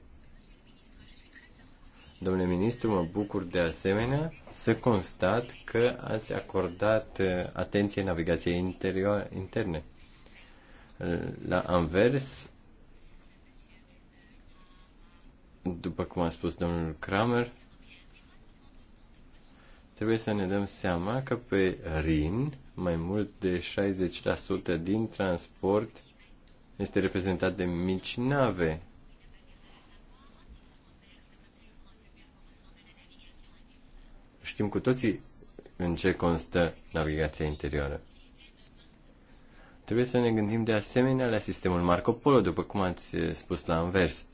Domnule ministru, mă bucur de asemenea să constat că ați acordat uh, atenție navigației interne. La Anvers, după cum a spus domnul Kramer, trebuie să ne dăm seama că pe Rin mai mult de 60% din transport este reprezentat de mici nave știm cu toții în ce constă navigația interioară. Trebuie să ne gândim de asemenea la sistemul Marco Polo, după cum ați eh, spus la anvers.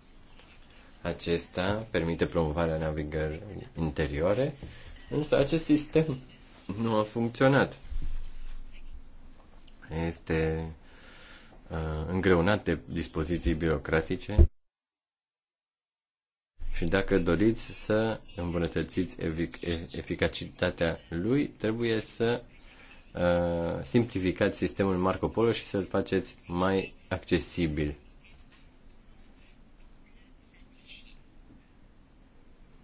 Acesta permite promovarea navigării interioare, însă acest sistem nu a funcționat. Este uh, îngreunat de dispoziții birocratice. Și dacă doriți să îmbunătățiți eficacitatea lui, trebuie să uh, simplificați sistemul Marco Polo și să-l faceți mai accesibil.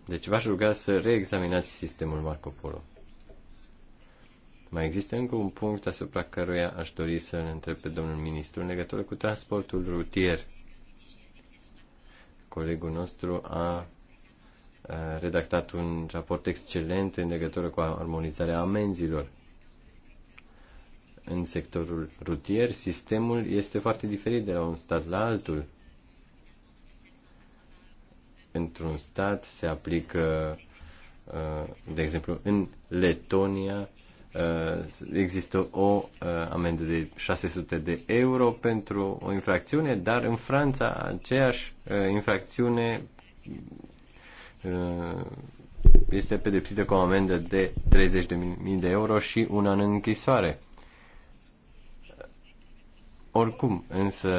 Deci v-aș ruga să reexaminați sistemul Marco Polo. Mai există încă un punct asupra căruia aș dori să-l întreb pe domnul ministru în legătură cu transportul rutier. Colegul nostru a redactat un raport excelent în legătură cu armonizarea amenzilor. În sectorul rutier, sistemul este foarte diferit de la un stat la altul. Într-un stat se aplică, de exemplu, în Letonia Uh, există o uh, amendă de 600 de euro pentru o infracțiune, dar în Franța aceeași uh, infracțiune este pedepsită cu o amendă de 30.000 de euro și un an în închisoare. Oricum, însă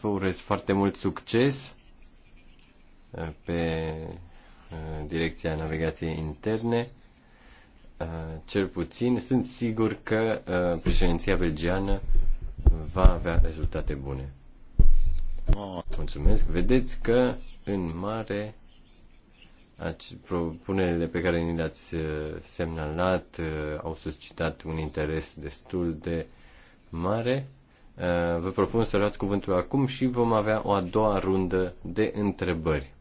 vă urez foarte mult succes pe direcția navigației interne Uh, cel puțin sunt sigur că uh, președinția belgiană va avea rezultate bune. Mulțumesc. Vedeți că, în mare, propunerile pe care ni le-ați uh, semnalat au suscitat un interes destul de mare. Vă propun să luați cuvântul acum și vom avea o a doua rundă de întrebări.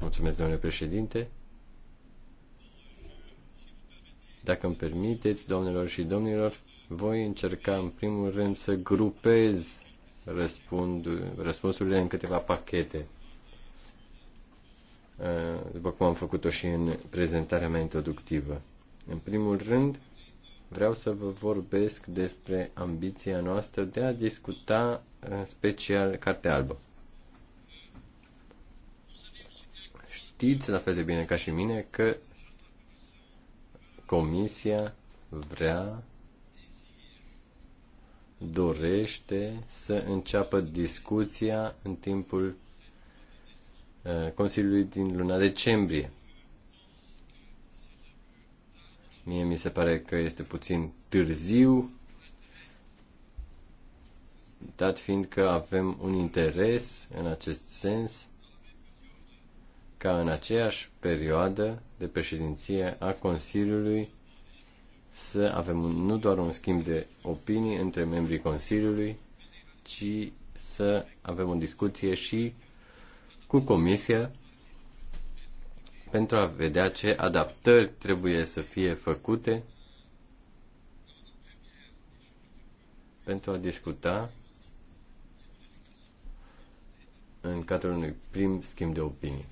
Mulțumesc, domnule președinte. Dacă îmi permiteți, domnilor și domnilor, voi încerca în primul rând să grupez răspund, răspunsurile în câteva pachete, după cum am făcut-o și în prezentarea mea introductivă. În primul rând, vreau să vă vorbesc despre ambiția noastră de a discuta în special Cartea Albă. știți la fel de bine ca și mine că Comisia vrea, dorește să înceapă discuția în timpul uh, Consiliului din luna decembrie. Mie mi se pare că este puțin târziu, dat fiind că avem un interes în acest sens ca în aceeași perioadă de președinție a Consiliului să avem nu doar un schimb de opinii între membrii Consiliului, ci să avem o discuție și cu Comisia pentru a vedea ce adaptări trebuie să fie făcute pentru a discuta în cadrul unui prim schimb de opinii.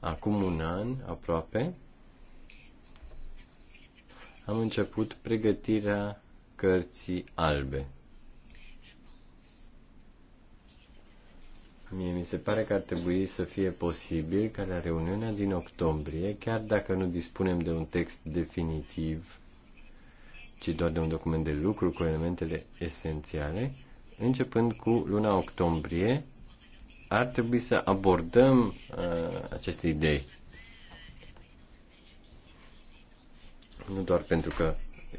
Acum un an aproape am început pregătirea cărții albe. Mie mi se pare că ar trebui să fie posibil ca la reuniunea din octombrie, chiar dacă nu dispunem de un text definitiv, ci doar de un document de lucru cu elementele esențiale, începând cu luna octombrie, ar trebui să abordăm uh, aceste idei. Nu doar pentru că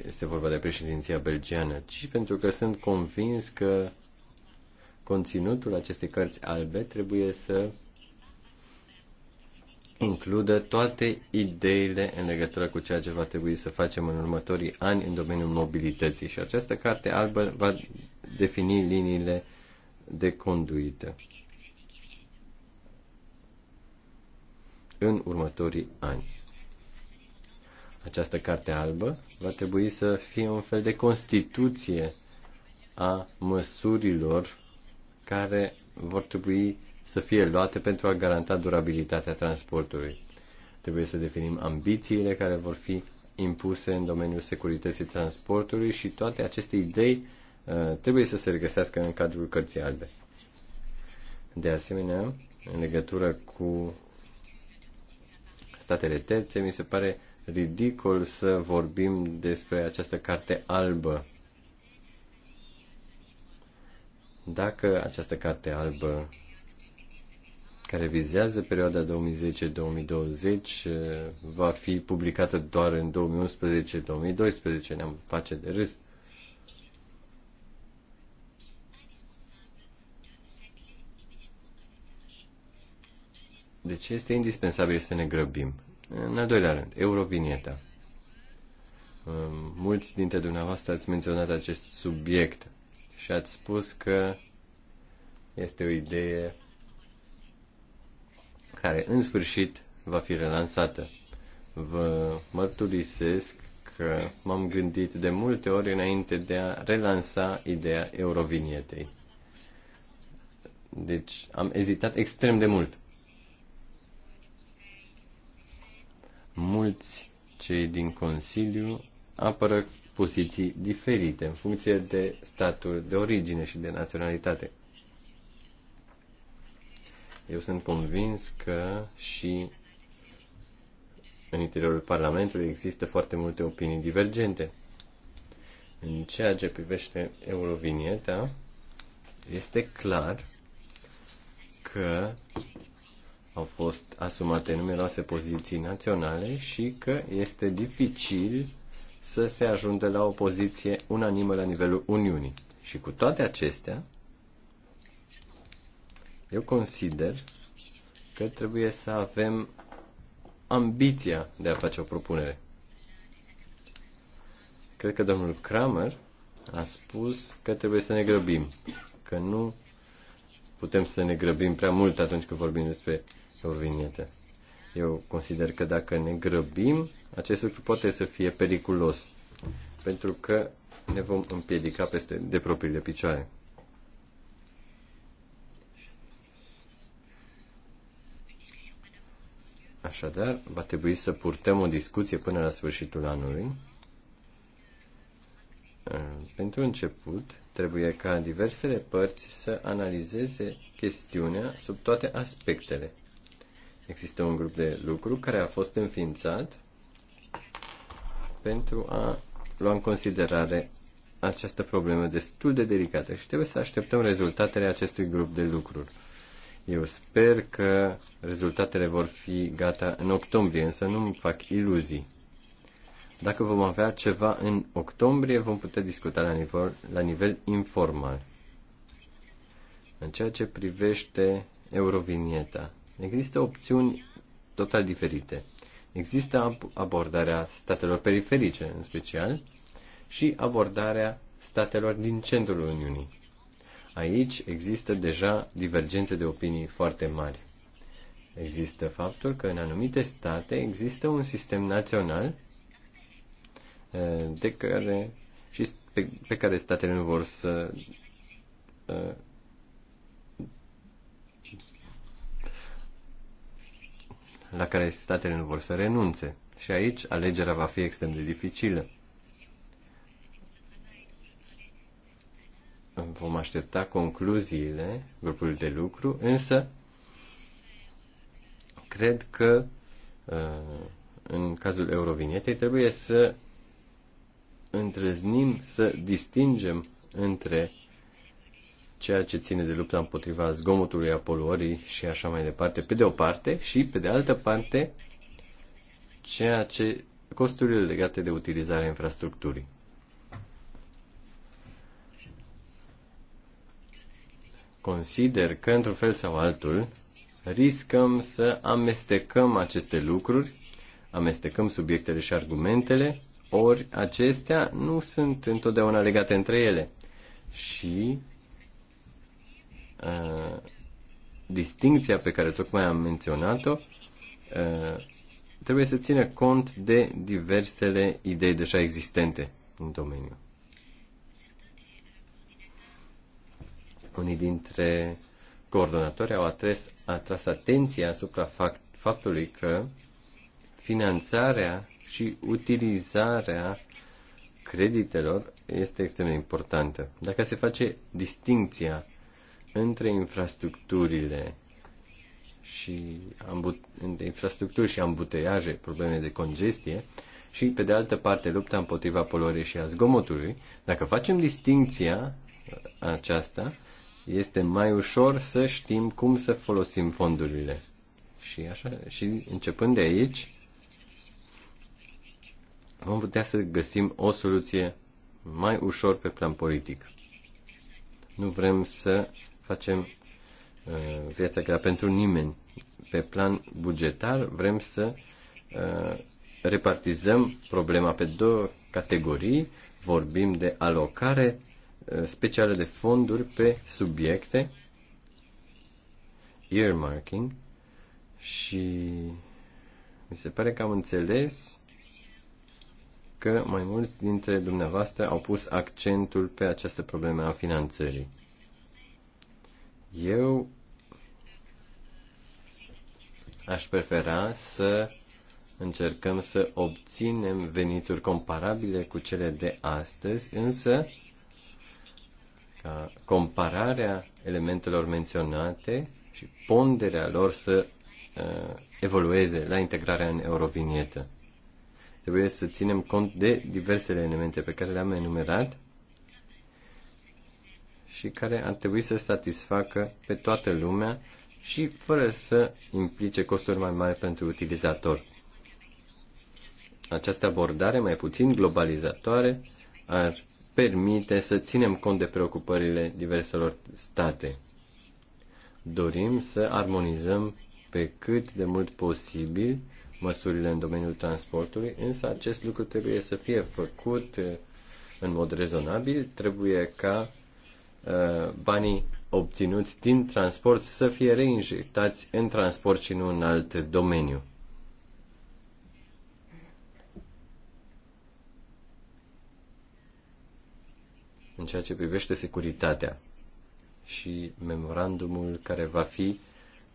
este vorba de președinția belgiană, ci pentru că sunt convins că conținutul acestei cărți albe trebuie să includă toate ideile în legătură cu ceea ce va trebui să facem în următorii ani în domeniul mobilității și această carte albă va defini liniile de conduită. în următorii ani. Această carte albă va trebui să fie un fel de constituție a măsurilor care vor trebui să fie luate pentru a garanta durabilitatea transportului. Trebuie să definim ambițiile care vor fi impuse în domeniul securității transportului și toate aceste idei uh, trebuie să se regăsească în cadrul cărții albe. De asemenea, în legătură cu statele terțe, mi se pare ridicol să vorbim despre această carte albă. Dacă această carte albă care vizează perioada 2010-2020 eh, va fi publicată doar în 2011-2012, ne-am face de râs. Deci este indispensabil să ne grăbim. În al doilea rând, Eurovinieta. Mulți dintre dumneavoastră ați menționat acest subiect și ați spus că este o idee care în sfârșit va fi relansată. Vă mărturisesc că m-am gândit de multe ori înainte de a relansa ideea Eurovinietei. Deci am ezitat extrem de mult. mulți cei din Consiliu apără poziții diferite în funcție de statul de origine și de naționalitate. Eu sunt convins că și în interiorul Parlamentului există foarte multe opinii divergente. În ceea ce privește Eurovinieta, este clar că au fost asumate numeroase poziții naționale și că este dificil să se ajungă la o poziție unanimă la nivelul Uniunii. Și cu toate acestea, eu consider că trebuie să avem ambiția de a face o propunere. Cred că domnul Kramer a spus că trebuie să ne grăbim, că nu putem să ne grăbim prea mult atunci când vorbim despre eurovinete. Eu consider că dacă ne grăbim, acest lucru poate să fie periculos, pentru că ne vom împiedica peste de propriile picioare. Așadar, va trebui să purtăm o discuție până la sfârșitul anului. Pentru început, trebuie ca diversele părți să analizeze chestiunea sub toate aspectele. Există un grup de lucru care a fost înființat pentru a lua în considerare această problemă destul de delicată și trebuie să așteptăm rezultatele acestui grup de lucruri. Eu sper că rezultatele vor fi gata în octombrie, însă nu îmi fac iluzii. Dacă vom avea ceva în octombrie, vom putea discuta la nivel, la nivel informal. În ceea ce privește Eurovinieta, Există opțiuni total diferite. Există abordarea statelor periferice, în special, și abordarea statelor din centrul Uniunii. Aici există deja divergențe de opinii foarte mari. Există faptul că în anumite state există un sistem național eh, de care, și pe, pe care statele nu vor să eh, la care statele nu vor să renunțe. Și aici alegerea va fi extrem de dificilă. Vom aștepta concluziile grupului de lucru, însă cred că uh, în cazul Eurovinietei trebuie să întreznim să distingem între ceea ce ține de lupta împotriva zgomotului, a poluării și așa mai departe, pe de o parte, și pe de altă parte, ceea ce costurile legate de utilizarea infrastructurii. Consider că, într-un fel sau altul, riscăm să amestecăm aceste lucruri, amestecăm subiectele și argumentele, ori acestea nu sunt întotdeauna legate între ele. Și distincția distinția pe care tocmai am menționat-o trebuie să țină cont de diversele idei deja existente în domeniu. Unii dintre coordonatori au atras, atras atenția asupra fact, faptului că finanțarea și utilizarea creditelor este extrem de importantă. Dacă se face distinția între infrastructurile și ambut- infrastructuri și ambuteiaje, probleme de congestie și, pe de altă parte, lupta împotriva poluării și a zgomotului, dacă facem distinția uh, aceasta, este mai ușor să știm cum să folosim fondurile. Și, așa, și începând de aici, vom putea să găsim o soluție mai ușor pe plan politic. Nu vrem să facem uh, viața grea pentru nimeni. Pe plan bugetar vrem să uh, repartizăm problema pe două categorii. Vorbim de alocare uh, specială de fonduri pe subiecte, earmarking, și mi se pare că am înțeles că mai mulți dintre dumneavoastră au pus accentul pe această problemă a finanțării. Eu aș prefera să încercăm să obținem venituri comparabile cu cele de astăzi, însă ca compararea elementelor menționate și ponderea lor să uh, evolueze la integrarea în eurovinietă. Trebuie să ținem cont de diversele elemente pe care le-am enumerat și care ar trebui să satisfacă pe toată lumea și fără să implice costuri mai mari pentru utilizator. Această abordare mai puțin globalizatoare ar permite să ținem cont de preocupările diverselor state. Dorim să armonizăm pe cât de mult posibil măsurile în domeniul transportului, însă acest lucru trebuie să fie făcut eh, în mod rezonabil, trebuie ca Uh, banii obținuți din transport să fie reinjectați în transport și nu în alt domeniu. În ceea ce privește securitatea și memorandumul care va fi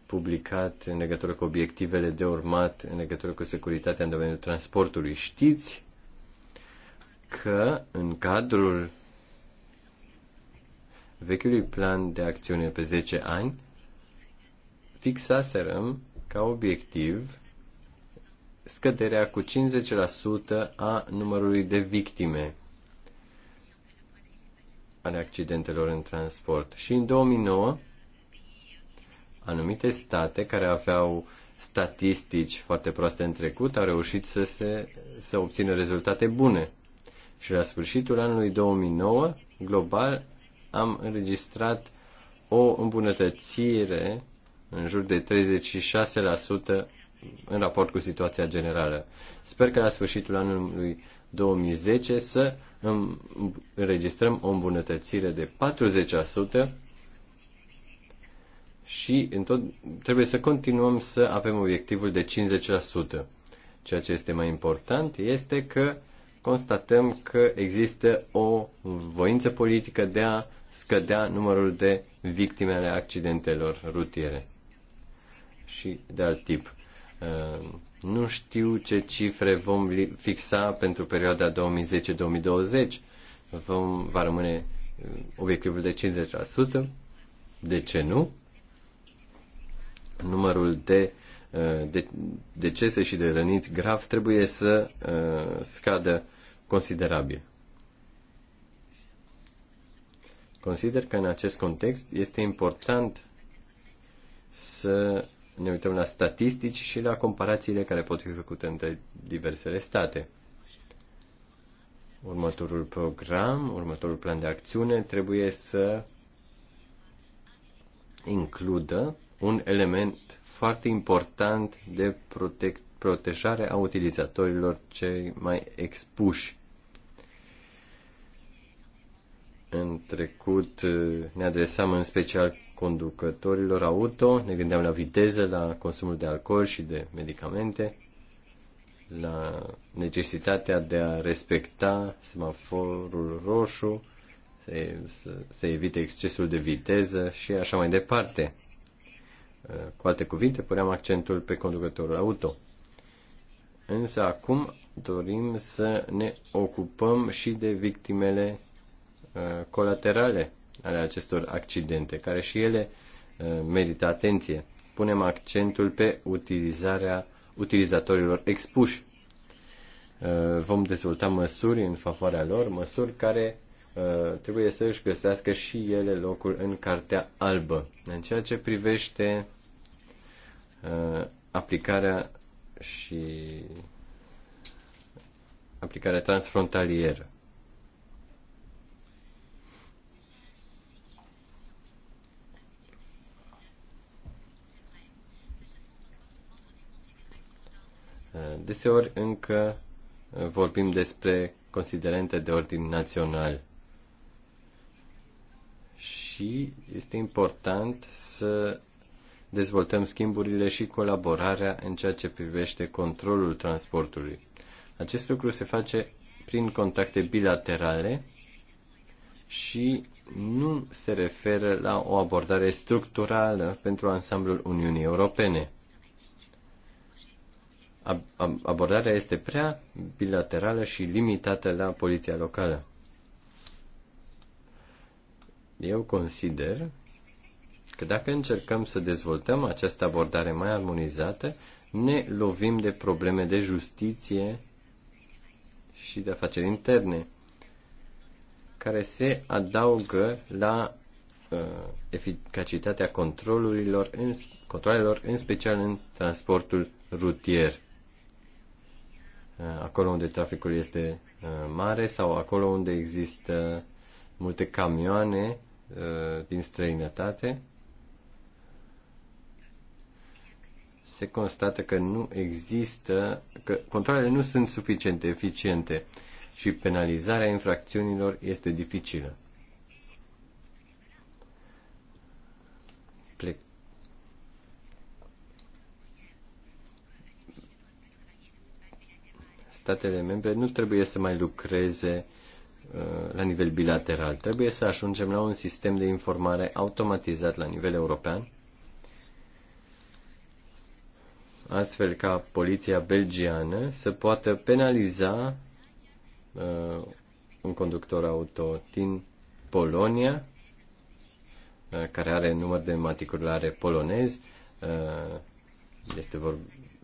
publicat în legătură cu obiectivele de urmat, în legătură cu securitatea în domeniul transportului. Știți că în cadrul vechiului plan de acțiune pe 10 ani, fixaserăm ca obiectiv scăderea cu 50% a numărului de victime ale accidentelor în transport. Și în 2009, anumite state care aveau statistici foarte proaste în trecut au reușit să, se, să obțină rezultate bune. Și la sfârșitul anului 2009, global, am înregistrat o îmbunătățire în jur de 36% în raport cu situația generală. Sper că la sfârșitul anului 2010 să înregistrăm o îmbunătățire de 40% și în tot, trebuie să continuăm să avem obiectivul de 50%. Ceea ce este mai important este că constatăm că există o voință politică de a scădea numărul de victime ale accidentelor rutiere și de alt tip. Uh, nu știu ce cifre vom fixa pentru perioada 2010-2020. Vom, va rămâne uh, obiectivul de 50%. De ce nu? Numărul de, uh, de decese și de răniți grav trebuie să scadă considerabil. Consider că în acest context este important să ne uităm la statistici și la comparațiile care pot fi făcute între diversele state. Următorul program, următorul plan de acțiune trebuie să includă un element foarte important de protejare a utilizatorilor cei mai expuși În trecut eh, ne adresam în special conducătorilor auto, ne gândeam la viteză, la consumul de alcool și de medicamente, la necesitatea de a respecta semaforul roșu, să, evite excesul de viteză și așa mai departe. Eh, cu alte cuvinte, puneam accentul pe conducătorul auto. Însă acum dorim să ne ocupăm și de victimele Uh, colaterale ale acestor accidente, care și ele uh, merită atenție. Punem accentul pe utilizarea utilizatorilor expuși. Uh, vom dezvolta măsuri în favoarea lor, măsuri care trebuie să își găsească și ele locul în cartea albă. În ceea ce privește aplicarea și aplicarea transfrontalieră. Deseori încă vorbim despre considerente de ordin național. Și este important să dezvoltăm schimburile și colaborarea în ceea ce privește controlul transportului. Acest lucru se face prin contacte bilaterale și nu se referă la o abordare structurală pentru ansamblul Uniunii Europene abordarea este prea bilaterală și limitată la poliția locală. Eu consider că dacă încercăm să dezvoltăm această abordare mai armonizată, ne lovim de probleme de justiție și de afaceri interne, care se adaugă la uh, eficacitatea controlurilor, în, controlelor, în special în transportul rutier. Uh, acolo unde traficul este uh, mare sau acolo unde există multe camioane uh, din străinătate, se constată că nu există, că controlele nu sunt suficiente, eficiente și penalizarea infracțiunilor este dificilă. statele membre nu trebuie să mai lucreze uh, la nivel bilateral. Trebuie să ajungem la un sistem de informare automatizat la nivel european, astfel ca poliția belgiană să poată penaliza uh, un conductor auto din Polonia, uh, care are număr de matriculare polonez, uh, este vor,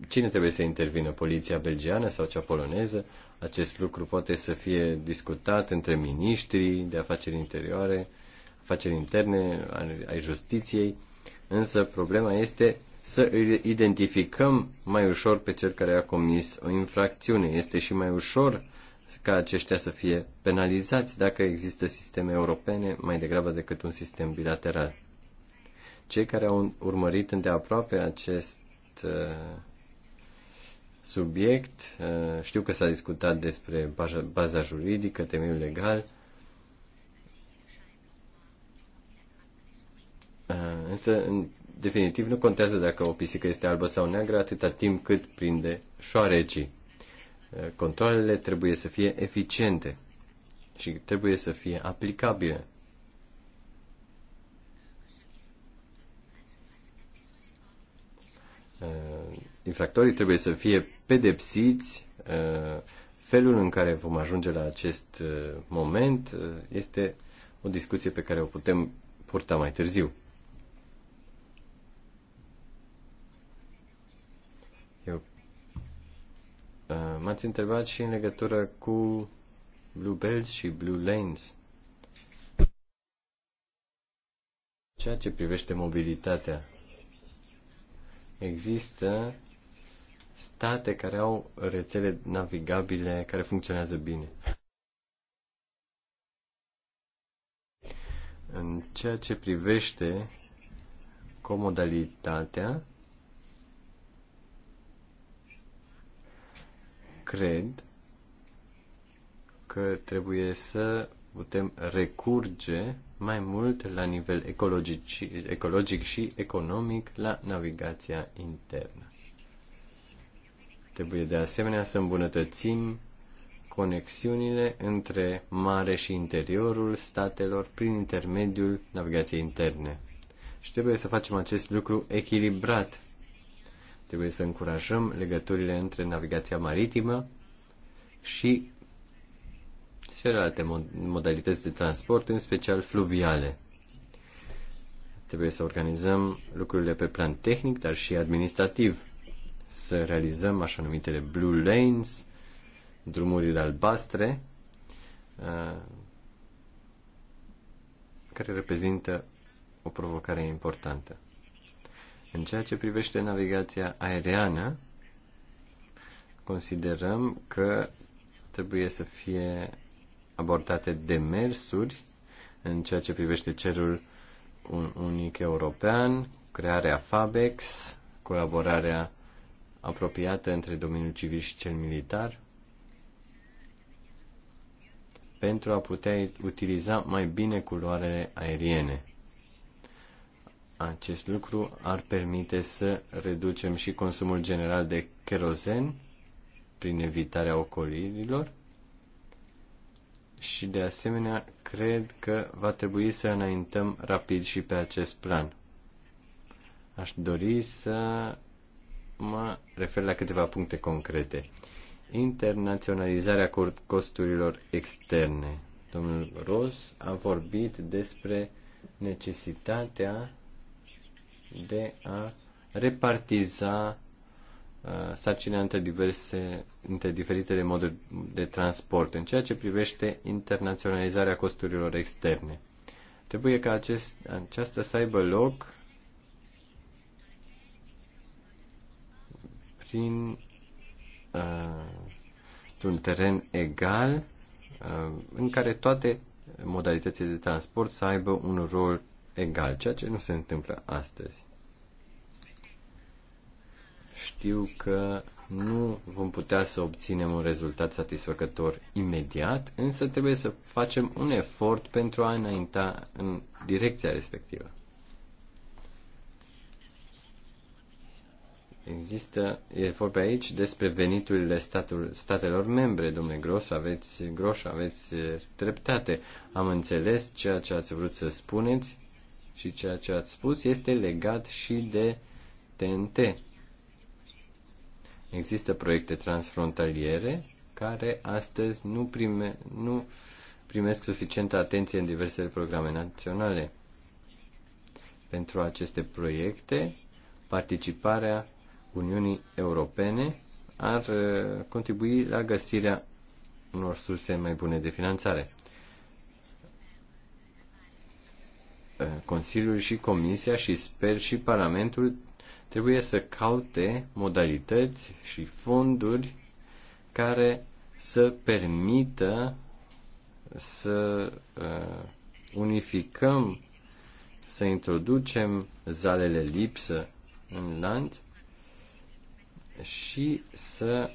cine trebuie să intervină, poliția belgiană sau cea poloneză? Acest lucru poate să fie discutat între miniștrii de afaceri interioare, afaceri interne, ai justiției, însă problema este să identificăm mai ușor pe cel care a comis o infracțiune. Este și mai ușor ca aceștia să fie penalizați dacă există sisteme europene mai degrabă decât un sistem bilateral. Cei care au urmărit îndeaproape acest uh, subiect. Eh, știu că s-a discutat despre baza juridică, temeiul legal, eh, însă, în definitiv, nu contează dacă o pisică este albă sau neagră atâta timp cât prinde șoarecii. Eh, controlele trebuie să fie eficiente și trebuie să fie aplicabile. infractorii trebuie să fie pedepsiți. Uh, felul în care vom ajunge la acest uh, moment uh, este o discuție pe care o putem purta mai târziu. Eu m-ați întrebat și în legătură cu Blue Bells și Blue Lanes. Ceea ce privește mobilitatea, există state care au rețele navigabile care funcționează bine. În ceea ce privește comodalitatea, cred că trebuie să putem recurge mai mult la nivel ecologic, ecologic și economic la navigația internă. Trebuie de asemenea să îmbunătățim conexiunile între mare și interiorul statelor prin intermediul navigației interne. Și trebuie să facem acest lucru echilibrat. Trebuie să încurajăm legăturile între navigația maritimă și celelalte modalități de transport, în special fluviale. Trebuie să organizăm lucrurile pe plan tehnic, dar și administrativ să realizăm așa numitele Blue Lanes, drumurile albastre, uh, care reprezintă o provocare importantă. În ceea ce privește navigația aeriană, considerăm că trebuie să fie abordate demersuri în ceea ce privește cerul unic european, crearea FABEX, colaborarea apropiată între domeniul civil și cel militar pentru a putea utiliza mai bine culoarele aeriene. Acest lucru ar permite să reducem și consumul general de kerozen prin evitarea ocolirilor și de asemenea cred că va trebui să înaintăm rapid și pe acest plan. Aș dori să mă refer la câteva puncte concrete. Internaționalizarea costurilor externe. Domnul Ros a vorbit despre necesitatea de a repartiza uh, sarcina între, diverse, între diferitele moduri de transport în ceea ce privește internaționalizarea costurilor externe. Trebuie ca acest, aceasta să aibă loc prin uh, un teren egal uh, în care toate modalitățile de transport să aibă un rol egal, ceea ce nu se întâmplă astăzi. Știu că nu vom putea să obținem un rezultat satisfăcător imediat, însă trebuie să facem un efort pentru a înainta în direcția respectivă. Există, e vorba aici despre veniturile statul, statelor membre, domnule Gros, aveți, Groș, aveți eh, dreptate. Am înțeles ceea ce ați vrut să spuneți și ceea ce ați spus este legat și de TNT. Există proiecte transfrontaliere care astăzi nu, prime, nu primesc suficientă atenție în diversele programe naționale. Pentru aceste proiecte, participarea Uniunii Europene ar uh, contribui la găsirea unor surse mai bune de finanțare. Uh, Consiliul și Comisia și sper și Parlamentul trebuie să caute modalități și fonduri care să permită să uh, unificăm, să introducem zalele lipsă în lanț și să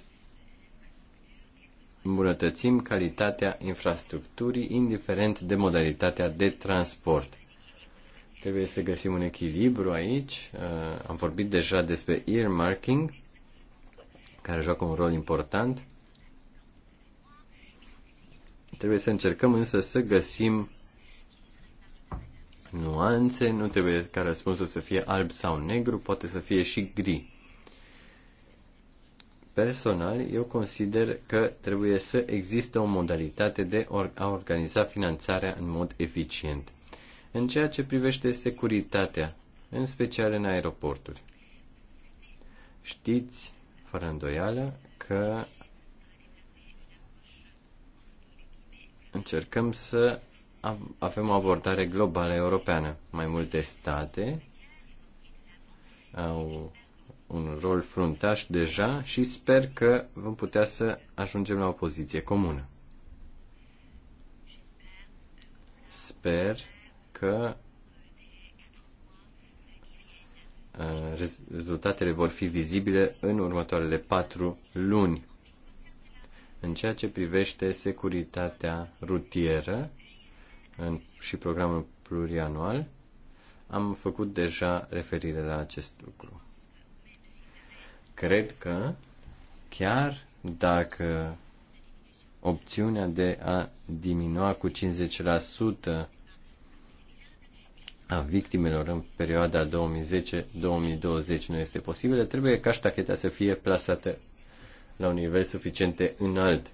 îmbunătățim calitatea infrastructurii, indiferent de modalitatea de transport. Trebuie să găsim un echilibru aici. Uh, am vorbit deja despre earmarking, care joacă un rol important. Trebuie să încercăm însă să găsim nuanțe, nu trebuie ca răspunsul să fie alb sau negru, poate să fie și gri. Personal, eu consider că trebuie să existe o modalitate de a organiza finanțarea în mod eficient. În ceea ce privește securitatea, în special în aeroporturi. Știți, fără îndoială, că încercăm să avem o abordare globală europeană. Mai multe state au un rol fruntaș deja și sper că vom putea să ajungem la o poziție comună. Sper că uh, rezultatele vor fi vizibile în următoarele patru luni. În ceea ce privește securitatea rutieră în, și programul plurianual, am făcut deja referire la acest lucru. Cred că chiar dacă opțiunea de a diminua cu 50% a victimelor în perioada 2010-2020 nu este posibilă, trebuie ca ștacheta să fie plasată la un nivel suficient de înalt.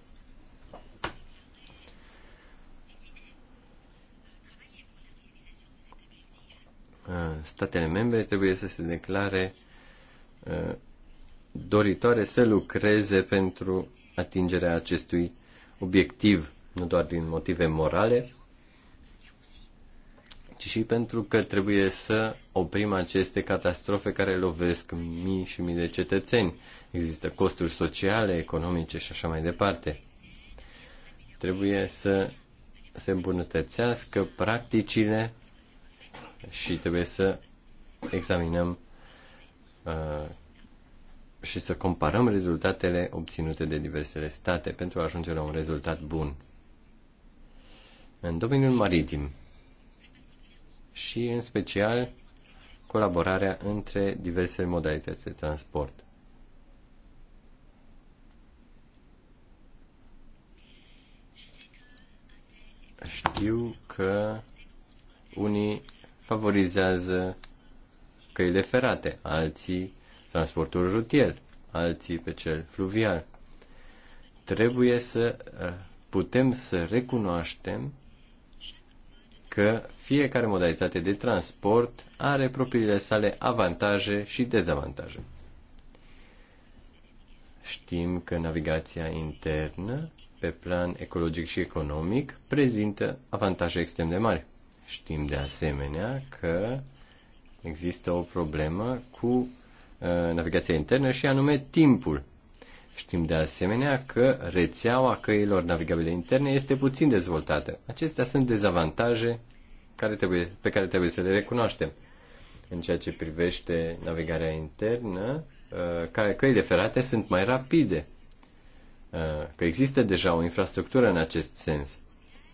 Statele membre trebuie să se declare uh, doritoare să lucreze pentru atingerea acestui obiectiv, nu doar din motive morale, ci și pentru că trebuie să oprim aceste catastrofe care lovesc mii și mii de cetățeni. Există costuri sociale, economice și așa mai departe. Trebuie să se îmbunătățească practicile și trebuie să examinăm uh, și să comparăm rezultatele obținute de diversele state pentru a ajunge la un rezultat bun. În domeniul maritim și în special colaborarea între diverse modalități de transport. Știu că unii favorizează căile ferate, alții transportul rutier, alții pe cel fluvial. Trebuie să eh, putem să recunoaștem că fiecare modalitate de transport are propriile sale avantaje și dezavantaje. Știm că navigația internă, pe plan ecologic și economic, prezintă avantaje extrem de mari. Știm de asemenea că există o problemă cu Uh, navigația internă și anume timpul. Știm de asemenea că rețeaua căilor navigabile interne este puțin dezvoltată. Acestea sunt dezavantaje care trebuie, pe care trebuie să le recunoaștem. În ceea ce privește navigarea internă, uh, căile ferate sunt mai rapide, uh, că există deja o infrastructură în acest sens.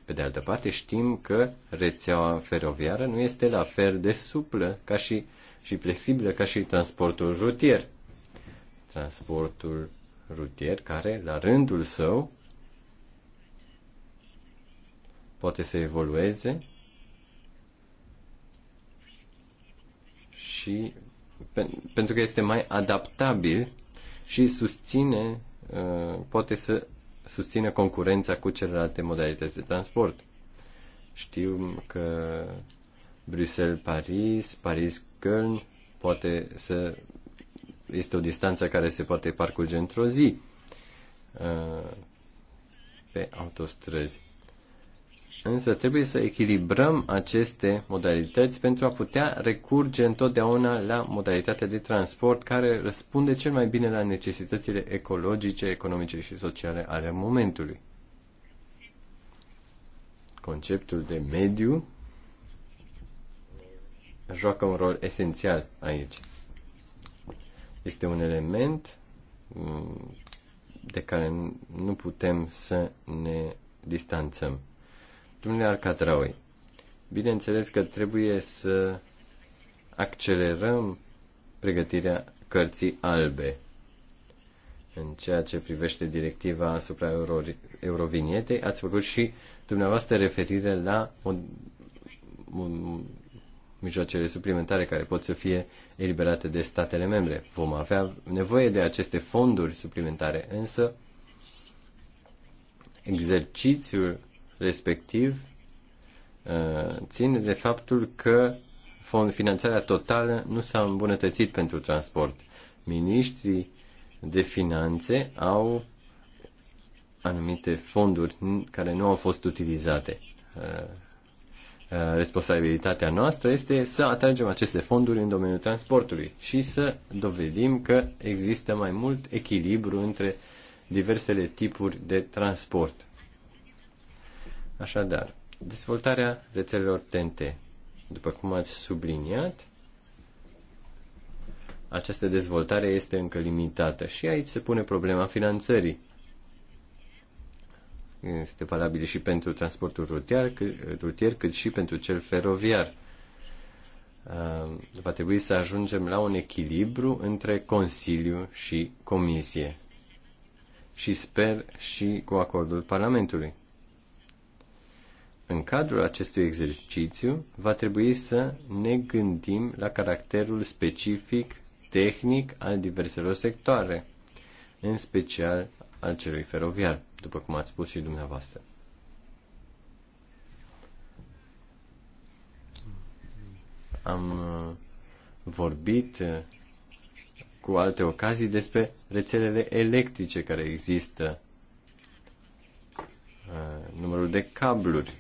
Pe de altă parte, știm că rețeaua feroviară nu este la fel de suplă ca și și flexibilă ca și transportul rutier. Transportul rutier care, la rândul său, poate să evolueze și pentru că este mai adaptabil și susține, uh, poate să susțină concurența cu celelalte modalități de transport. Știu că Bruxelles-Paris, Paris Köln poate să este o distanță care se poate parcurge într-o zi uh, pe autostrăzi. Însă trebuie să echilibrăm aceste modalități pentru a putea recurge întotdeauna la modalitatea de transport care răspunde cel mai bine la necesitățile ecologice, economice și sociale ale momentului. Conceptul de mediu joacă un rol esențial aici. Este un element mm, de care nu putem să ne distanțăm. Domnule Arcatraui, bineînțeles că trebuie să accelerăm pregătirea cărții albe în ceea ce privește directiva asupra euro, eurovinietei. Ați făcut și dumneavoastră referire la un, un, mijloacele suplimentare care pot să fie eliberate de statele membre. Vom avea nevoie de aceste fonduri suplimentare, însă exercițiul respectiv uh, ține de faptul că fond, finanțarea totală nu s-a îmbunătățit pentru transport. Ministrii de finanțe au anumite fonduri care nu au fost utilizate. Uh, Uh, responsabilitatea noastră este să atragem aceste fonduri în domeniul transportului și să dovedim că există mai mult echilibru între diversele tipuri de transport. Așadar, dezvoltarea rețelelor TNT. După cum ați subliniat, această dezvoltare este încă limitată și aici se pune problema finanțării este valabil și pentru transportul rutier, rutier cât și pentru cel feroviar. Uh, va trebui să ajungem la un echilibru între Consiliu și Comisie și sper și cu acordul Parlamentului. În cadrul acestui exercițiu va trebui să ne gândim la caracterul specific tehnic al diverselor sectoare, în special al celui feroviar după cum ați spus și dumneavoastră. Am uh, vorbit uh, cu alte ocazii despre rețelele electrice care există, uh, numărul de cabluri.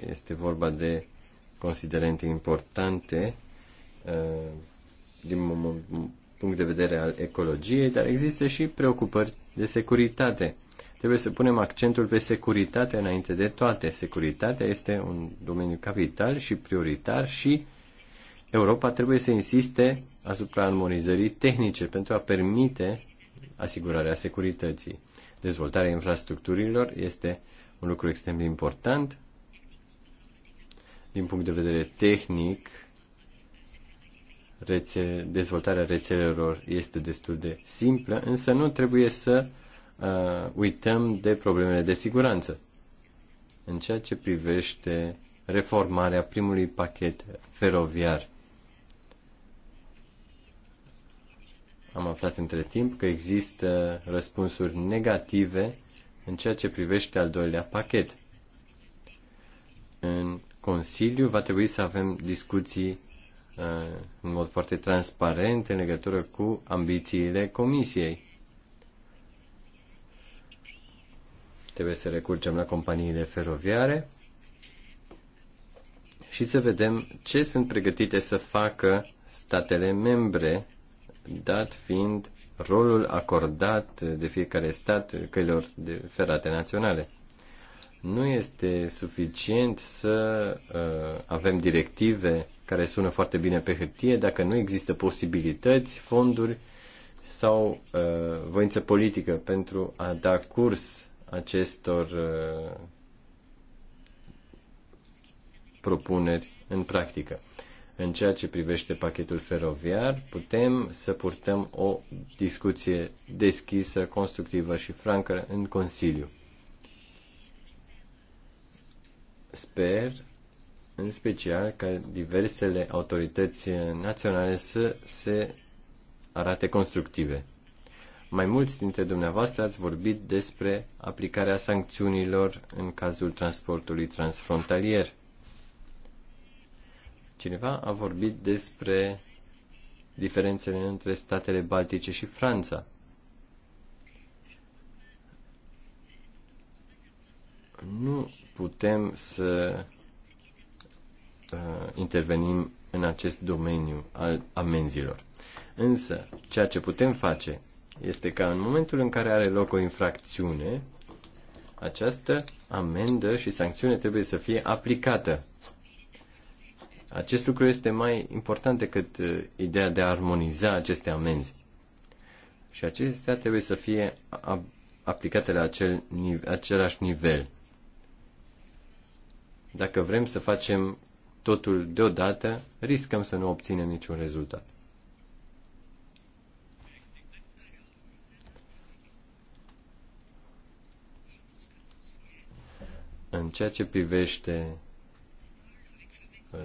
Este vorba de considerente importante din punct de vedere al ecologiei, dar există și preocupări de securitate. Trebuie să punem accentul pe securitate înainte de toate. Securitatea este un domeniu capital și prioritar și Europa trebuie să insiste asupra armonizării tehnice pentru a permite asigurarea securității. Dezvoltarea infrastructurilor este un lucru extrem de important. Din punct de vedere tehnic, rețe, dezvoltarea rețelelor este destul de simplă, însă nu trebuie să uh, uităm de problemele de siguranță. În ceea ce privește reformarea primului pachet feroviar, am aflat între timp că există răspunsuri negative în ceea ce privește al doilea pachet. În Consiliu va trebui să avem discuții în mod foarte transparent în legătură cu ambițiile comisiei. Trebuie să recurgem la companiile feroviare și să vedem ce sunt pregătite să facă statele membre, dat fiind rolul acordat de fiecare stat căilor de ferate naționale. Nu este suficient să uh, avem directive care sună foarte bine pe hârtie, dacă nu există posibilități, fonduri sau uh, voință politică pentru a da curs acestor uh, propuneri în practică. În ceea ce privește pachetul feroviar, putem să purtăm o discuție deschisă, constructivă și francă în Consiliu. Sper în special ca diversele autorități naționale să se arate constructive. Mai mulți dintre dumneavoastră ați vorbit despre aplicarea sancțiunilor în cazul transportului transfrontalier. Cineva a vorbit despre diferențele între statele Baltice și Franța. Nu putem să Uh, intervenim în acest domeniu al amenzilor. Însă, ceea ce putem face este ca în momentul în care are loc o infracțiune, această amendă și sancțiune trebuie să fie aplicată. Acest lucru este mai important decât uh, ideea de a armoniza aceste amenzi. Și acestea trebuie să fie aplicate la acel, același nivel. Dacă vrem să facem totul deodată, riscăm să nu obținem niciun rezultat. În ceea ce privește uh,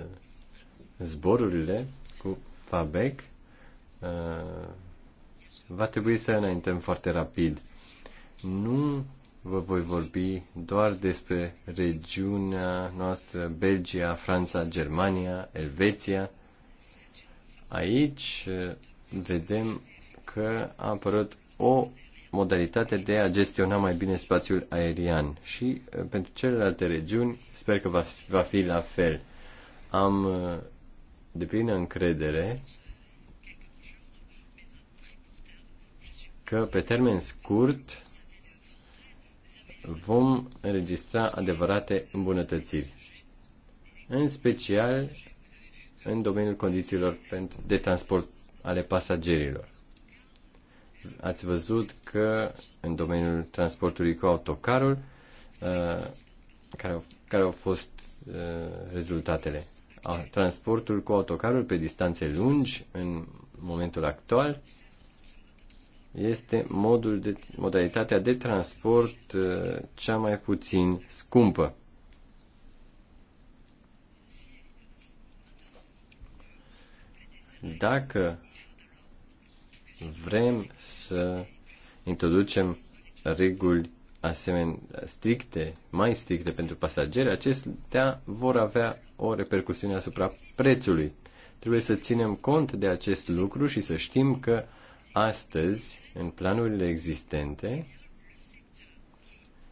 zborurile cu FABEC, uh, va trebui să înaintăm foarte rapid. Nu vă voi vorbi doar despre regiunea noastră, Belgia, Franța, Germania, Elveția. Aici eh, vedem că a apărut o modalitate de a gestiona mai bine spațiul aerian și eh, pentru celelalte regiuni sper că va, va fi la fel. Am eh, de plină încredere că pe termen scurt vom înregistra adevărate îmbunătățiri, în special în domeniul condițiilor de transport ale pasagerilor. Ați văzut că în domeniul transportului cu autocarul, uh, care au, care au fost uh, rezultatele? Transportul cu autocarul pe distanțe lungi în momentul actual este modul de, modalitatea de transport uh, cea mai puțin scumpă. Dacă vrem să introducem reguli asemenea stricte, mai stricte pentru pasageri, acestea vor avea o repercusiune asupra prețului. Trebuie să ținem cont de acest lucru și să știm că Astăzi, în planurile existente,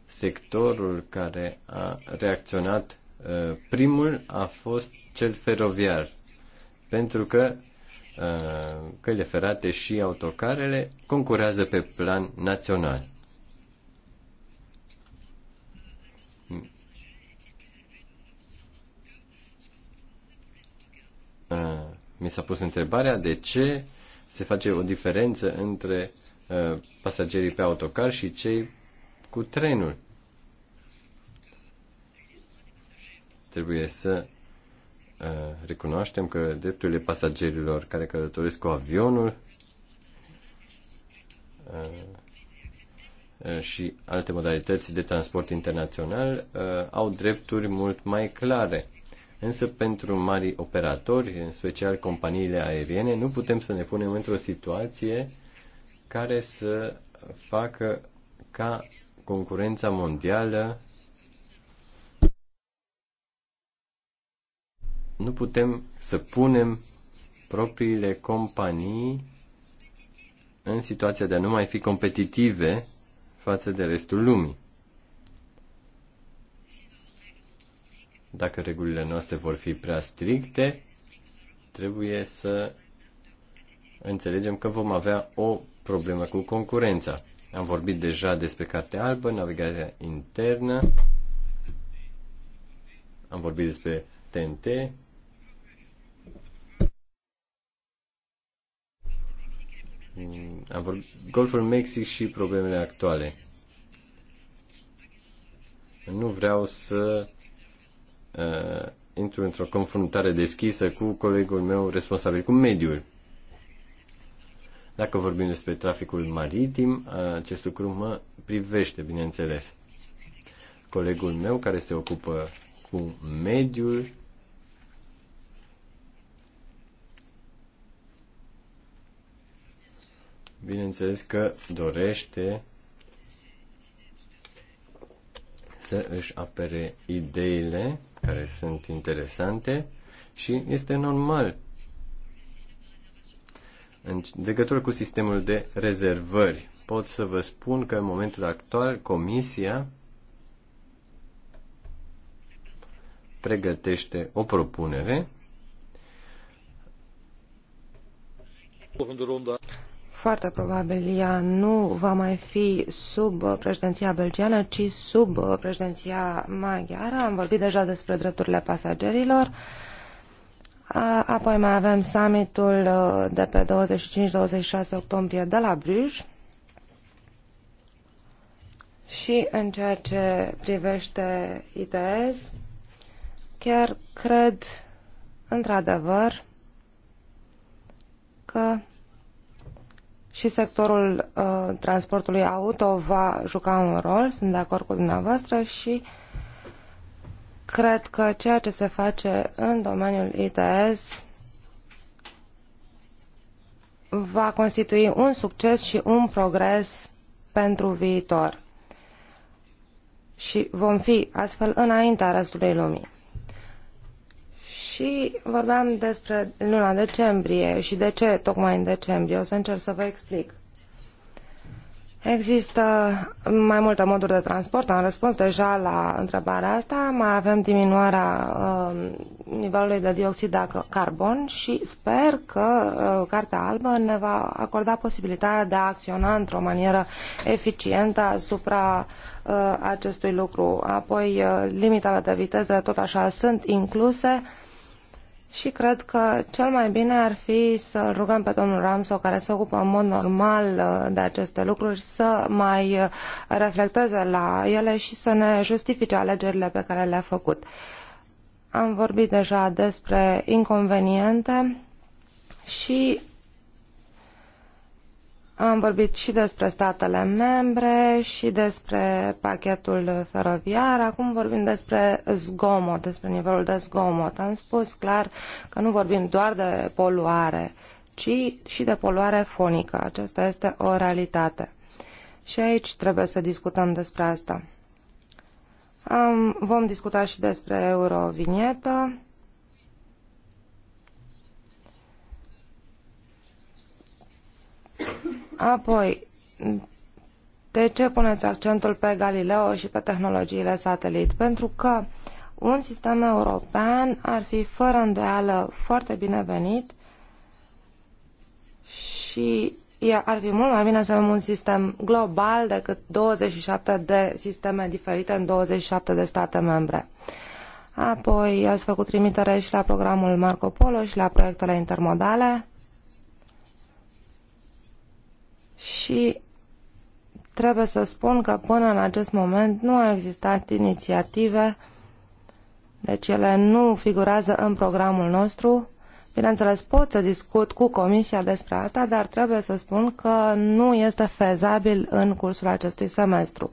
sectorul care a reacționat uh, primul a fost cel feroviar, pentru că uh, căile ferate și autocarele concurează pe plan național. Uh, mi s-a pus întrebarea de ce se face o diferență între uh, pasagerii pe autocar și cei cu trenul. Trebuie să uh, recunoaștem că drepturile pasagerilor care călătoresc cu avionul uh, uh și alte modalități de transport internațional uh, au drepturi mult mai clare Însă pentru mari operatori, în special companiile aeriene, nu putem să ne punem într-o situație care să facă ca concurența mondială nu putem să punem propriile companii în situația de a nu mai fi competitive față de restul lumii. Dacă regulile noastre vor fi prea stricte, trebuie să înțelegem că vom avea o problemă cu concurența. Am vorbit deja despre cartea albă, navigarea internă, am vorbit despre TNT. Am vorbit Golful Mexic și problemele actuale. Nu vreau să uh, intru într-o confruntare deschisă cu colegul meu responsabil cu mediul. Dacă vorbim despre traficul maritim, uh, acest lucru mă privește, bineînțeles. Colegul meu care se ocupă cu mediul bineînțeles că dorește să își apere ideile care sunt interesante și este normal în legătură cu sistemul de rezervări, pot să vă spun că în momentul actual Comisia pregătește o propunere foarte probabil ea nu va mai fi sub președinția belgiană, ci sub președinția maghiară. Am vorbit deja despre drepturile pasagerilor. Apoi mai avem summitul uh, de pe 25-26 octombrie de la Bruges. Și în ceea ce privește ITS, chiar cred într-adevăr că și sectorul uh, transportului auto va juca un rol, sunt de acord cu dumneavoastră și cred că ceea ce se face în domeniul ITS va constitui un succes și un progres pentru viitor și vom fi astfel înaintea restului lumii. Și vorbeam despre luna decembrie și de ce tocmai în decembrie. O să încerc să vă explic. Există mai multe moduri de transport. Am răspuns deja la întrebarea asta. Mai avem diminuarea uh, nivelului de dioxid de carbon și sper că uh, Cartea Albă ne va acorda posibilitatea de a acționa într-o manieră eficientă asupra uh, acestui lucru. Apoi, uh, limitele de viteză tot așa sunt incluse și cred că cel mai bine ar fi să rugăm pe domnul Ramso, care se ocupă în mod normal uh, de aceste lucruri, să mai uh, reflecteze la ele și să ne justifice alegerile pe care le-a făcut. Am vorbit deja despre inconveniente și am vorbit și despre statele membre și despre pachetul feroviar. Acum vorbim despre zgomot, despre nivelul de zgomot. Am spus clar că nu vorbim doar de poluare, ci și de poluare fonică. Aceasta este o realitate. Și aici trebuie să discutăm despre asta. Am, vom discuta și despre eurovinietă. Apoi, de ce puneți accentul pe Galileo și pe tehnologiile satelit? Pentru că un sistem european ar fi fără îndoială foarte binevenit și ar fi mult mai bine să avem un sistem global decât 27 de sisteme diferite în 27 de state membre. Apoi ați făcut trimitere și la programul Marco Polo și la proiectele intermodale și trebuie să spun că până în acest moment nu au existat inițiative, deci ele nu figurează în programul nostru. Bineînțeles, pot să discut cu Comisia despre asta, dar trebuie să spun că nu este fezabil în cursul acestui semestru.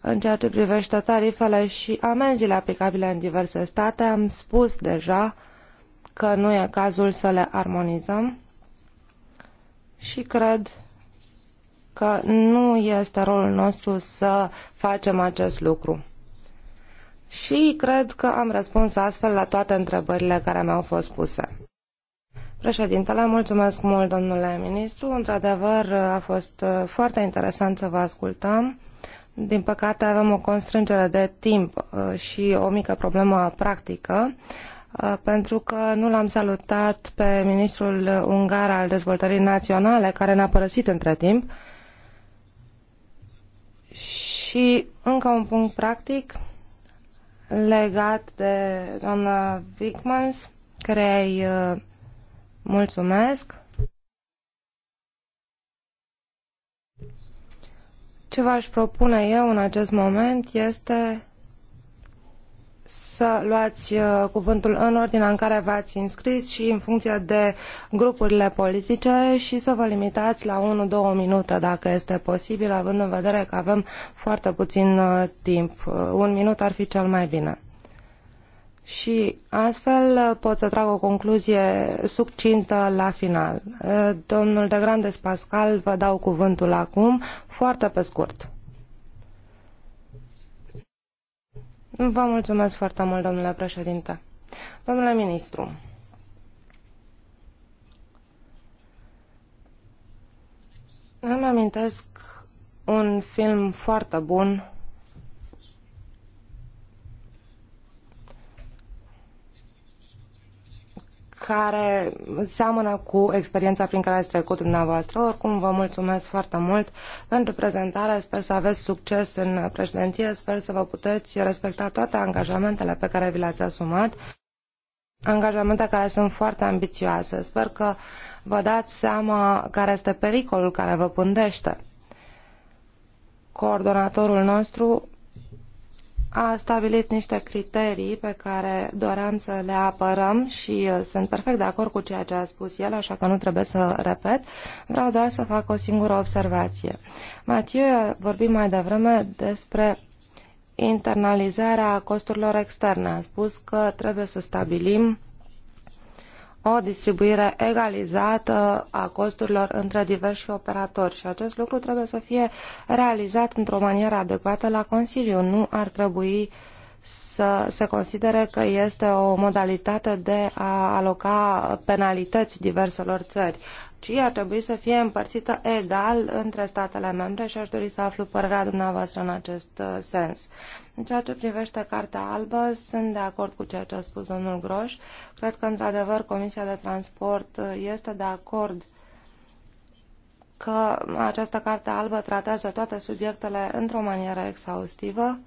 În ceea ce privește tarifele și amenziile aplicabile în diverse state, am spus deja că nu e cazul să le armonizăm și cred că nu este rolul nostru să facem acest lucru. Și cred că am răspuns astfel la toate întrebările care mi-au fost puse. Președintele, mulțumesc mult, domnule ministru. Într-adevăr, a fost uh, foarte interesant să vă ascultăm. Din păcate, avem o constrângere de timp uh, și o mică problemă practică uh, pentru că nu l-am salutat pe ministrul ungar al dezvoltării naționale, care ne-a părăsit între timp, și încă un punct practic legat de doamna Wickmans, care îi uh, mulțumesc. Ce v-aș propune eu în acest moment este să luați uh, cuvântul în ordinea în care v-ați înscris și în funcție de grupurile politice și să vă limitați la 1-2 minute dacă este posibil, având în vedere că avem foarte puțin uh, timp. Uh, un minut ar fi cel mai bine. Și astfel pot să trag o concluzie succintă la final. Domnul de Grandes Pascal, vă dau cuvântul acum, foarte pe scurt. Vă mulțumesc foarte mult, domnule președinte. Domnule ministru, îmi amintesc un film foarte bun care seamănă cu experiența prin care ați trecut dumneavoastră. Oricum, vă mulțumesc foarte mult pentru prezentare. Sper să aveți succes în președinție. Sper să vă puteți respecta toate angajamentele pe care vi le-ați asumat. Angajamente care sunt foarte ambițioase. Sper că vă dați seama care este pericolul care vă pândește. Coordonatorul nostru a stabilit niște criterii pe care doream să le apărăm și uh, sunt perfect de acord cu ceea ce a spus el, așa că nu trebuie să repet. Vreau doar să fac o singură observație. Mathieu vorbim mai devreme despre internalizarea costurilor externe. A spus că trebuie să stabilim o distribuire egalizată a costurilor între diversi operatori și acest lucru trebuie să fie realizat într-o manieră adecvată la Consiliu. Nu ar trebui să se considere că este o modalitate de a aloca penalități diverselor țări, ci ar trebui să fie împărțită egal între statele membre și aș dori să aflu părerea dumneavoastră în acest uh, sens. În ceea ce privește Cartea Albă, sunt de acord cu ceea ce a spus domnul Groș. Cred că, într-adevăr, Comisia de Transport uh, este de acord că această carte albă tratează toate subiectele într-o manieră exhaustivă.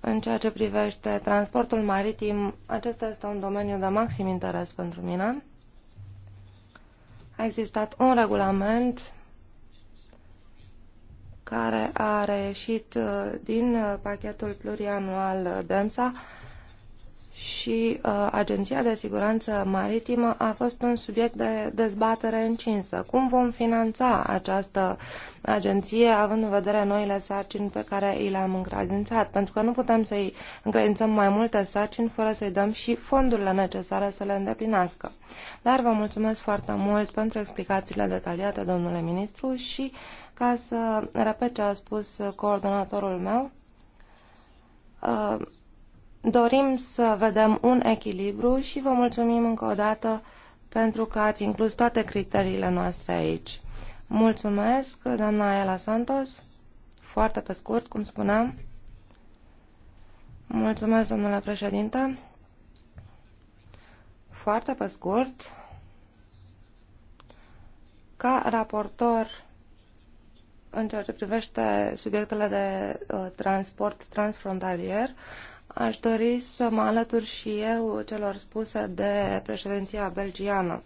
În ceea ce privește transportul maritim, acesta este un domeniu de maxim interes pentru mine. A existat un regulament care a reieșit uh, din uh, pachetul plurianual uh, DEMSA și uh, Agenția de Siguranță Maritimă a fost un subiect de dezbatere încinsă. Cum vom finanța această agenție, având în vedere noile sarcini pe care i le-am încredințat? Pentru că nu putem să-i încredințăm mai multe sarcini fără să-i dăm și fondurile necesare să le îndeplinească. Dar vă mulțumesc foarte mult pentru explicațiile detaliate, domnule ministru, și ca să repet ce a spus coordonatorul meu, uh, Dorim să vedem un echilibru și vă mulțumim încă o dată pentru că ați inclus toate criteriile noastre aici. Mulțumesc, doamna Ela Santos. Foarte pe scurt, cum spuneam. Mulțumesc, domnule președinte. Foarte pe scurt, ca raportor în ceea ce privește subiectele de uh, transport transfrontalier, uh, Aș dori să mă alătur și eu celor spuse de președinția belgiană.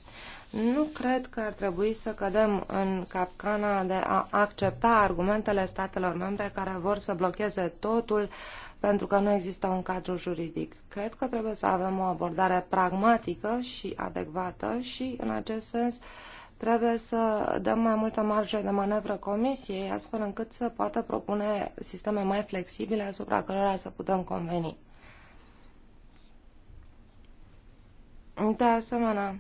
Nu cred că ar trebui să cădem în capcana de a accepta argumentele statelor membre care vor să blocheze totul pentru că nu există un cadru juridic. Cred că trebuie să avem o abordare pragmatică și adecvată și, în acest sens, uh, Trebuie să dăm mai multă marge de manevră comisiei, astfel încât să poată propune sisteme mai flexibile asupra cărora să putem conveni. De asemenea,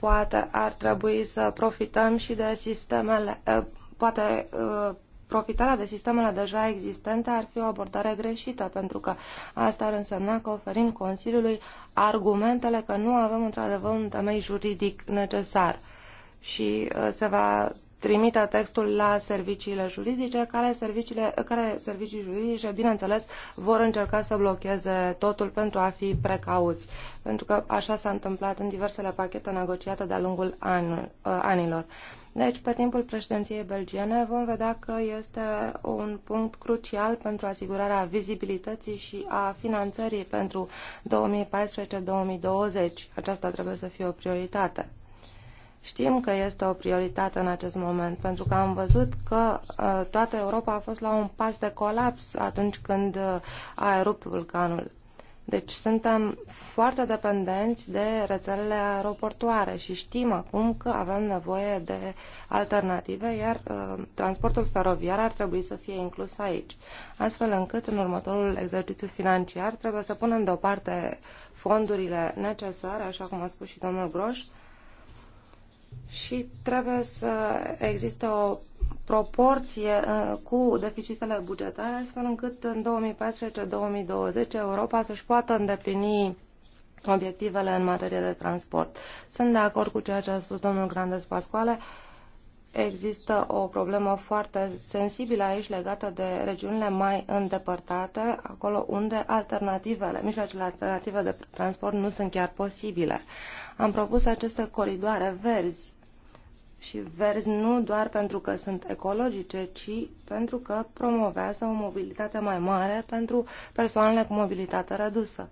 poate ar trebui să profităm și de sistemele, eh, poate eh, profitarea de sistemele deja existente ar fi o abordare greșită, pentru că asta ar însemna că oferim Consiliului argumentele că nu avem într-adevăr un temei juridic necesar și uh, se va trimite textul la serviciile juridice, care, serviciile, care servicii juridice, bineînțeles, vor încerca să blocheze totul pentru a fi precauți. Pentru că așa s-a întâmplat în diversele pachete negociate de-a lungul anul, uh, anilor. Deci, pe timpul președinției belgiene, vom vedea că este un punct crucial pentru asigurarea vizibilității și a finanțării pentru 2014-2020. Aceasta trebuie să fie o prioritate. Știm că este o prioritate în acest moment, pentru că am văzut că uh, toată Europa a fost la un pas de colaps atunci când uh, a erupt vulcanul. Deci suntem foarte dependenți de rețelele aeroportoare și știm acum că avem nevoie de alternative, iar uh, transportul feroviar ar trebui să fie inclus aici. Astfel încât în următorul exercițiu financiar trebuie să punem deoparte fondurile necesare, așa cum a spus și domnul Groș, uh, și trebuie să existe o proporție uh, cu deficitele bugetare, astfel încât în 2014-2020 Europa să-și poată îndeplini obiectivele în materie de transport. Sunt de acord cu ceea ce a spus domnul Grandes Pascoale. Există o problemă foarte sensibilă aici legată de regiunile mai îndepărtate, acolo unde alternativele, mijloacele alternative de transport nu sunt chiar posibile. Am propus aceste coridoare verzi și verzi nu doar pentru că sunt ecologice, ci pentru că promovează o mobilitate mai mare pentru persoanele cu mobilitate redusă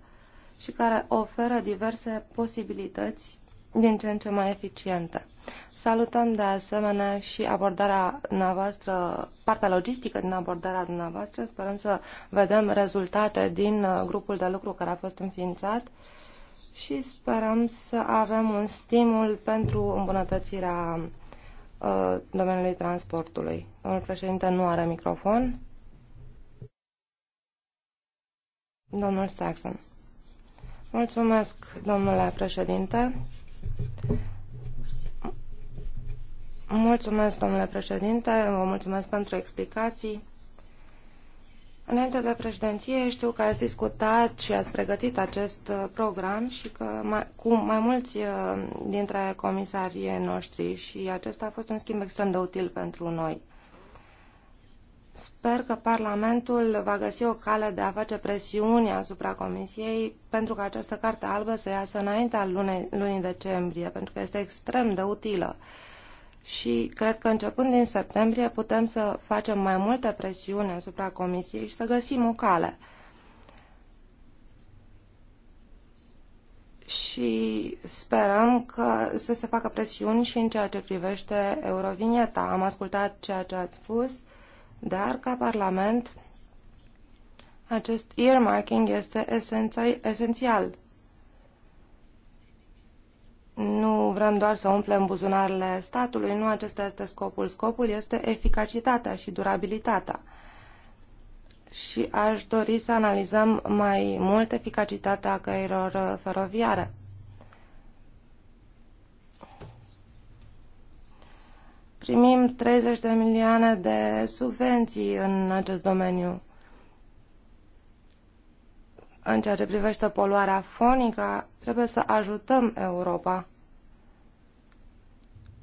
și care oferă diverse posibilități din ce în ce mai eficiente. Salutăm de asemenea și abordarea dumneavoastră, partea logistică din abordarea dumneavoastră. Sperăm să vedem rezultate din uh, grupul de lucru care a fost înființat și sperăm să avem un stimul pentru îmbunătățirea Uh, domeniului transportului. Domnul președinte nu are microfon. Domnul Saxon. Mulțumesc, domnule președinte. Mulțumesc, domnule președinte. Vă mulțumesc pentru explicații. Înainte de președinție, știu că ați discutat și ați pregătit acest uh, program și că mai, cu mai mulți uh, dintre comisarii noștri și acesta a fost un schimb extrem de util pentru noi. Sper că Parlamentul va găsi o cale de a face presiuni asupra Comisiei pentru că această carte albă să iasă înaintea lunii, lunii decembrie, pentru că este extrem de utilă. Uh, și cred că începând din septembrie putem să facem mai multe presiuni asupra Comisiei și să găsim o cale. și sperăm că să se facă presiuni și în ceea ce privește Eurovinieta. Am ascultat ceea ce ați spus, dar ca Parlament acest earmarking este esențial. Nu vrem doar să umplem buzunarele statului, nu acesta este scopul. Scopul este eficacitatea și durabilitatea. Și aș dori să analizăm mai mult eficacitatea căilor feroviare. Primim 30 de milioane de subvenții în acest domeniu. În ceea ce privește poluarea fonică, trebuie să ajutăm Europa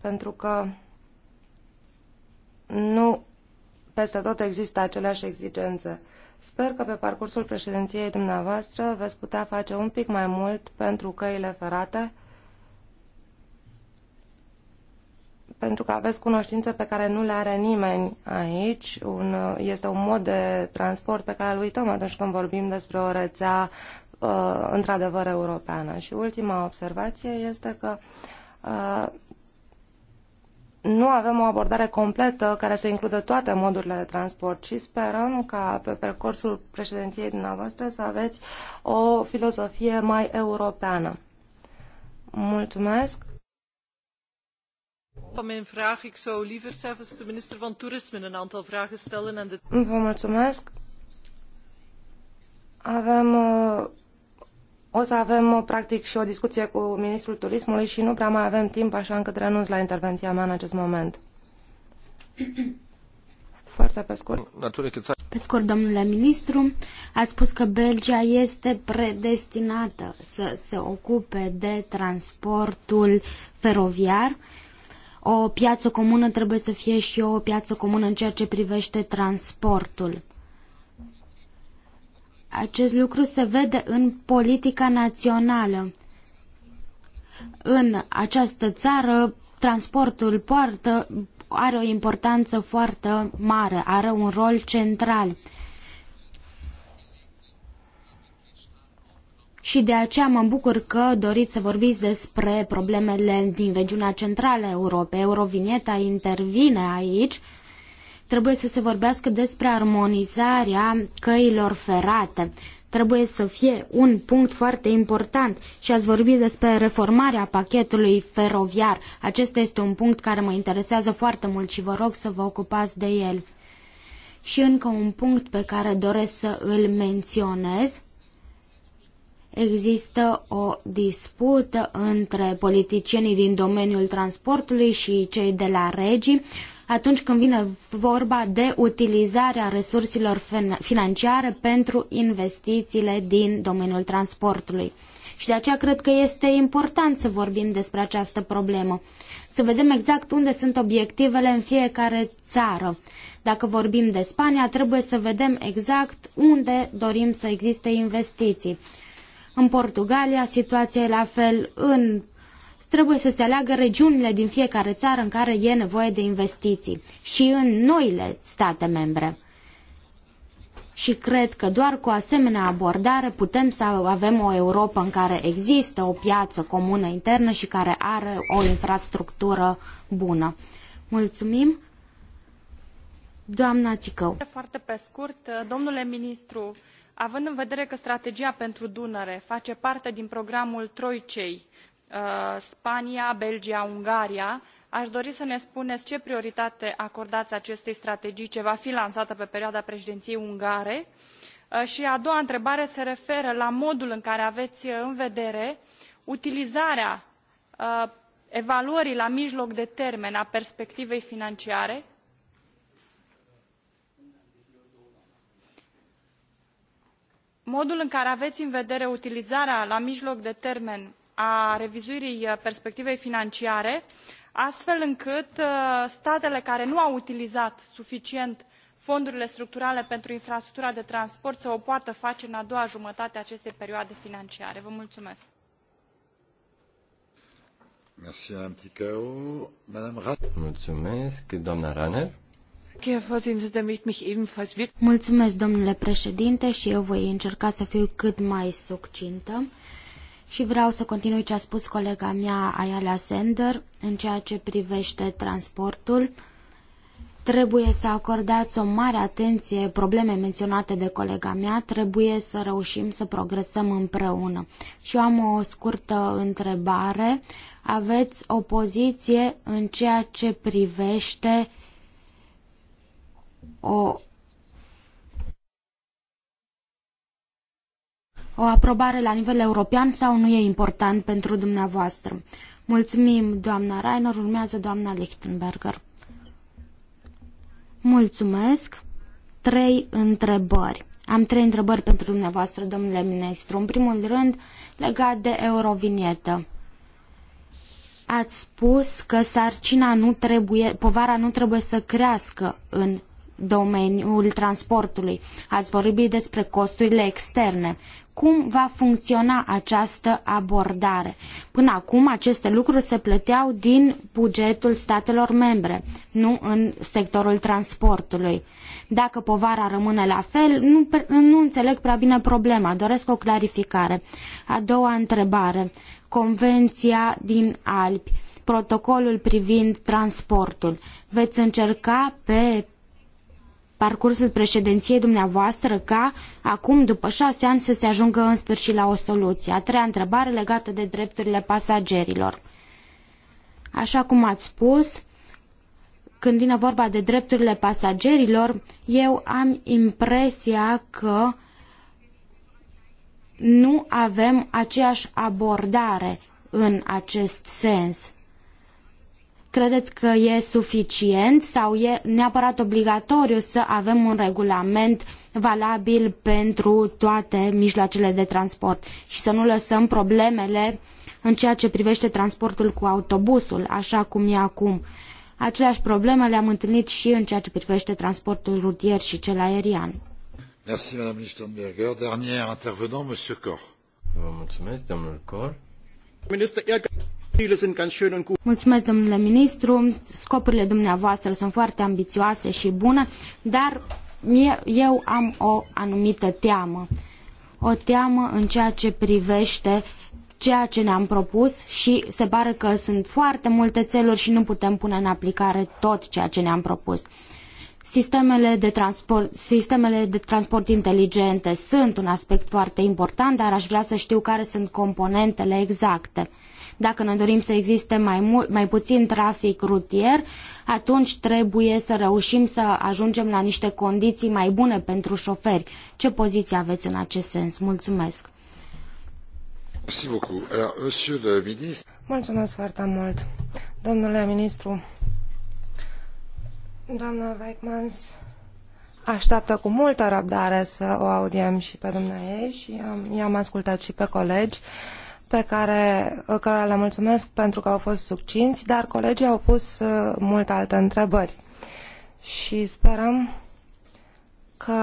pentru că nu peste tot există aceleași exigențe. Sper că pe parcursul președinției dumneavoastră veți putea face un pic mai mult pentru căile ferate, pentru că aveți cunoștință pe care nu le are nimeni aici. Un, este un mod de transport pe care îl uităm atunci când vorbim despre o rețea uh, într-adevăr europeană. Și ultima observație este că uh, nu avem o abordare completă care să includă toate modurile de transport și sperăm ca pe percursul președinției dumneavoastră să aveți o filozofie mai europeană. Mulțumesc! de... Vă mulțumesc! Avem eh, o să avem, uh, practic, și o discuție cu Ministrul Turismului și nu prea mai avem timp, așa încât renunț la intervenția mea în acest moment. Foarte pe scurt. Pe scurt, domnule ministru, ați spus că Belgia este predestinată să se ocupe de transportul feroviar. O piață comună trebuie să fie și o piață comună în ceea ce privește transportul acest lucru se vede în politica națională. În această țară, transportul poartă are o importanță foarte mare, are un rol central. și de aceea mă bucur că doriți să vorbiți despre problemele din regiunea centrală a Europei. Eurovinieta intervine aici Trebuie să se vorbească despre armonizarea căilor ferate. Trebuie să fie un punct foarte important și ați vorbit despre reformarea pachetului feroviar. Acesta este un punct care mă interesează foarte mult și vă rog să vă ocupați de el. Și încă un punct pe care doresc să îl menționez există o dispută între politicienii din domeniul transportului și cei de la regii atunci când vine vorba de utilizarea resurselor financiare pentru investițiile din domeniul transportului. Și de aceea cred că este important să vorbim despre această problemă, să vedem exact unde sunt obiectivele în fiecare țară. Dacă vorbim de Spania, trebuie să vedem exact unde dorim să existe investiții. În Portugalia situația e la fel, în trebuie să se aleagă regiunile din fiecare țară în care e nevoie de investiții și în noile state membre. Și cred că doar cu asemenea abordare putem să avem o Europa în care există o piață comună internă și care are o infrastructură bună. Mulțumim! Doamna Țicău. Foarte pe scurt, domnule ministru, având în vedere că strategia pentru Dunăre face parte din programul Troicei Uh, spania belgia ungaria a dori să ne spunei ce prioritate acordai acestei strategii ce va fi lansată pe perioada preediniei ungare uh, i a doua întrebare se referă la modul în care avei uh, în vedere utilizarea evaluării la mijloc de termen a perspectivei financiare modul în care avei în vedere utilizarea la mijloc de termen a revizuirii uh, perspectivei financiare astfel încât uh, statele care nu au utilizat suficient fondurile structurale pentru infrastructura de transport să o poată face în a doua jumătate a acestei perioade financiare. Vă mulțumesc. Mulțumesc, doamna Raner. Da mulțumesc, domnule președinte, și eu voi încerca să fiu cât mai succintă. Și vreau să continui ce a spus colega mea Ayala Sender în ceea ce privește transportul. Trebuie să acordați o mare atenție probleme menționate de colega mea, trebuie să reușim să progresăm împreună. Și eu am o scurtă întrebare. Aveți o poziție în ceea ce privește o O aprobare la nivel european sau nu e important pentru dumneavoastră? Mulțumim, doamna Rainer. Urmează doamna Lichtenberger. Mulțumesc. Trei întrebări. Am trei întrebări pentru dumneavoastră, domnule ministru. În primul rând, legat de eurovinietă. Ați spus că sarcina nu trebuie, povara nu trebuie să crească în domeniul transportului. Ați vorbit despre costurile externe cum va funcționa această abordare. Până acum aceste lucruri se plăteau din bugetul statelor membre, nu în sectorul transportului. Dacă povara rămâne la fel, nu, nu înțeleg prea bine problema, doresc o clarificare. A doua întrebare, Convenția din Alpi, protocolul privind transportul. Veți încerca pe parcursul președinției dumneavoastră ca, acum, după șase ani, să se ajungă în sfârșit la o soluție? A treia întrebare legată de drepturile pasagerilor. Așa cum ați spus, când vine vorba de drepturile pasagerilor, eu am impresia că nu avem aceeași abordare în acest sens. Credeți că e suficient sau e neapărat obligatoriu să avem un regulament valabil pentru toate mijloacele de transport și să nu lăsăm problemele în ceea ce privește transportul cu autobuzul, așa cum e acum. Aceleași probleme le-am întâlnit și în ceea ce privește transportul rutier și cel aerian. Merci, Madame Lichtenberger. Dernier intervenant, Monsieur Cor. Vă mulțumesc, domnul Cor. Minister... Mulțumesc, domnule ministru. Scopurile dumneavoastră sunt foarte ambițioase și bune, dar eu am o anumită teamă. O teamă în ceea ce privește ceea ce ne-am propus și se pare că sunt foarte multe țeluri și nu putem pune în aplicare tot ceea ce ne-am propus. Sistemele de, transport, sistemele de transport inteligente sunt un aspect foarte important, dar aș vrea să știu care sunt componentele exacte. Dacă ne dorim să existe mai, mult, mai puțin trafic rutier, atunci trebuie să reușim să ajungem la niște condiții mai bune pentru șoferi. Ce poziție aveți în acest sens? Mulțumesc! Mulțumesc foarte mult. Domnule ministru, doamna Weichmans așteaptă cu multă răbdare să o audiem și pe dumneavoastră și i-am ascultat și pe colegi. Uh, pe care cărora le mulțumesc pentru că au fost succinți, dar colegii au pus uh, multe alte întrebări. Și sperăm că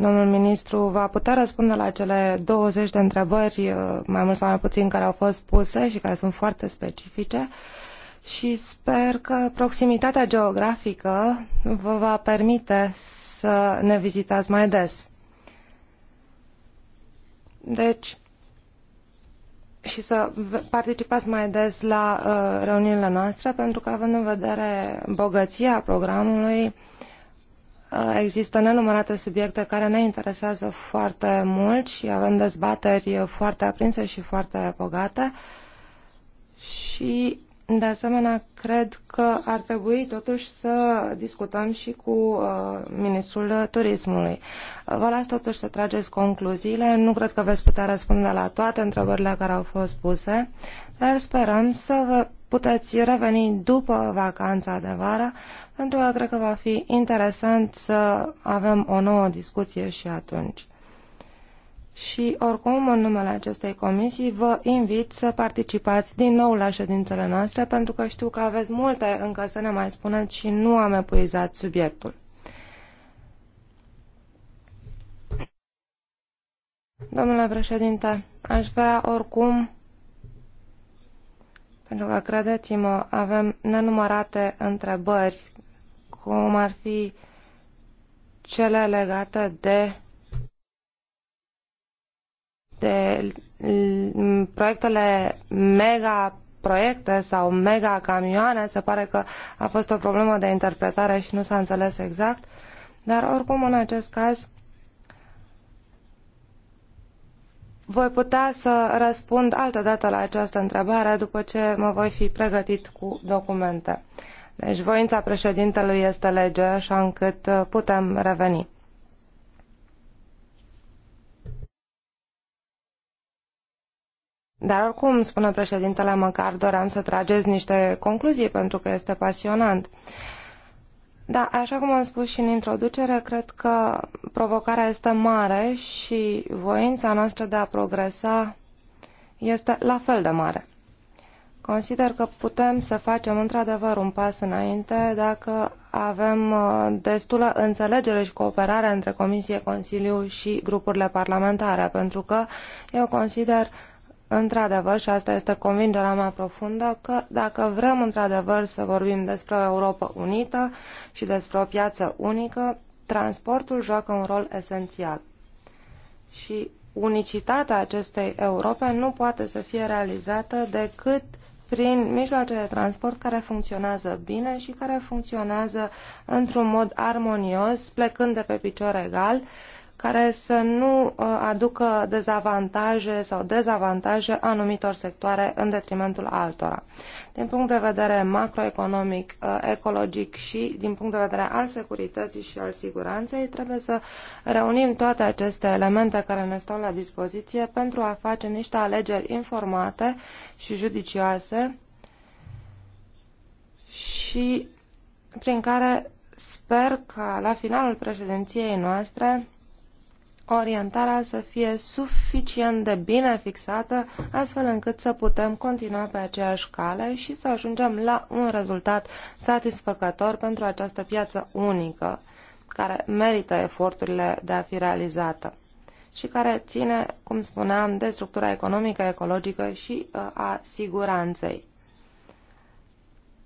domnul ministru va putea răspunde la cele 20 de întrebări, uh, mai mult sau mai puțin, care au fost puse și care sunt foarte specifice. Și sper că proximitatea geografică vă va permite să ne vizitați mai des. Deci, și să participați mai des la uh, reuniunile noastre, pentru că având în vedere bogăția programului, uh, există nenumărate subiecte care ne interesează foarte mult și avem dezbateri foarte aprinse și foarte bogate și de asemenea, cred că ar trebui totuși să discutăm și cu uh, Ministrul Turismului. Vă las totuși să trageți concluziile. Nu cred că veți putea răspunde la toate întrebările care au fost puse, dar sperăm să vă puteți reveni după vacanța de vară, pentru că cred că va fi interesant să avem o nouă discuție și atunci și oricum, în numele acestei comisii, vă invit să participați din nou la ședințele noastre, pentru că știu că aveți multe încă să ne mai spuneți și nu am epuizat subiectul. Domnule președinte, aș vrea oricum, pentru că credeți-mă, avem nenumărate întrebări, cum ar fi cele legate de de proiectele mega proiecte sau mega camioane, se pare că a fost o problemă de interpretare și nu s-a înțeles exact, dar oricum în acest caz voi putea să răspund altă dată la această întrebare după ce mă voi fi pregătit cu documente. Deci voința președintelui este lege, așa încât uh, putem reveni. Dar oricum, spune președintele, măcar doream să trageți niște concluzii pentru că este pasionant. Da, așa cum am spus și în introducere, cred că provocarea este mare și voința noastră de a progresa este la fel de mare. Consider că putem să facem într-adevăr un pas înainte dacă avem uh, destulă înțelegere și cooperare între Comisie, Consiliu și grupurile parlamentare, pentru că eu consider într-adevăr, și asta este convingerea mea profundă, că dacă vrem într-adevăr să vorbim despre o Europa unită și despre o piață unică, transportul joacă un rol esențial. Și unicitatea acestei Europe nu poate să fie realizată decât prin mijloace de transport care funcționează bine și care funcționează într-un mod armonios, plecând de pe picior egal, uh, care să nu uh, aducă dezavantaje sau dezavantaje anumitor sectoare în detrimentul altora. Din punct de vedere macroeconomic, uh, ecologic și din punct de vedere al securității și al siguranței, trebuie să reunim toate aceste elemente care ne stau la dispoziție pentru a face niște alegeri informate și judicioase și prin care sper ca la finalul președinției noastre orientarea să fie suficient de bine fixată, astfel încât să putem continua pe aceeași cale și să ajungem la un rezultat satisfăcător pentru această piață unică, care merită eforturile de a fi realizată și care ține, cum spuneam, de structura economică, ecologică și uh, a siguranței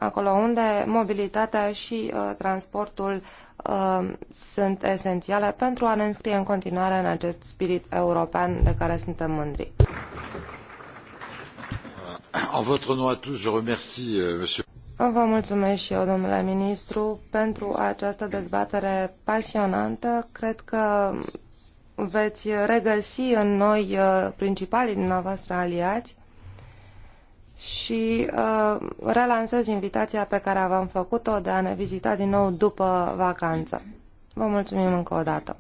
acolo unde mobilitatea și uh, transportul uh, sunt esențiale pentru a ne înscrie în continuare în acest spirit european de care suntem mândri. En votre nom à tous, je remercie, euh, monsieur... Vă mulțumesc și eu, domnule ministru, pentru această dezbatere pasionantă. Cred că veți regăsi în noi uh, principalii dumneavoastră aliați și uh, relansez invitația pe care v-am făcut-o de a ne vizita din nou după vacanță. Vă mulțumim încă o dată!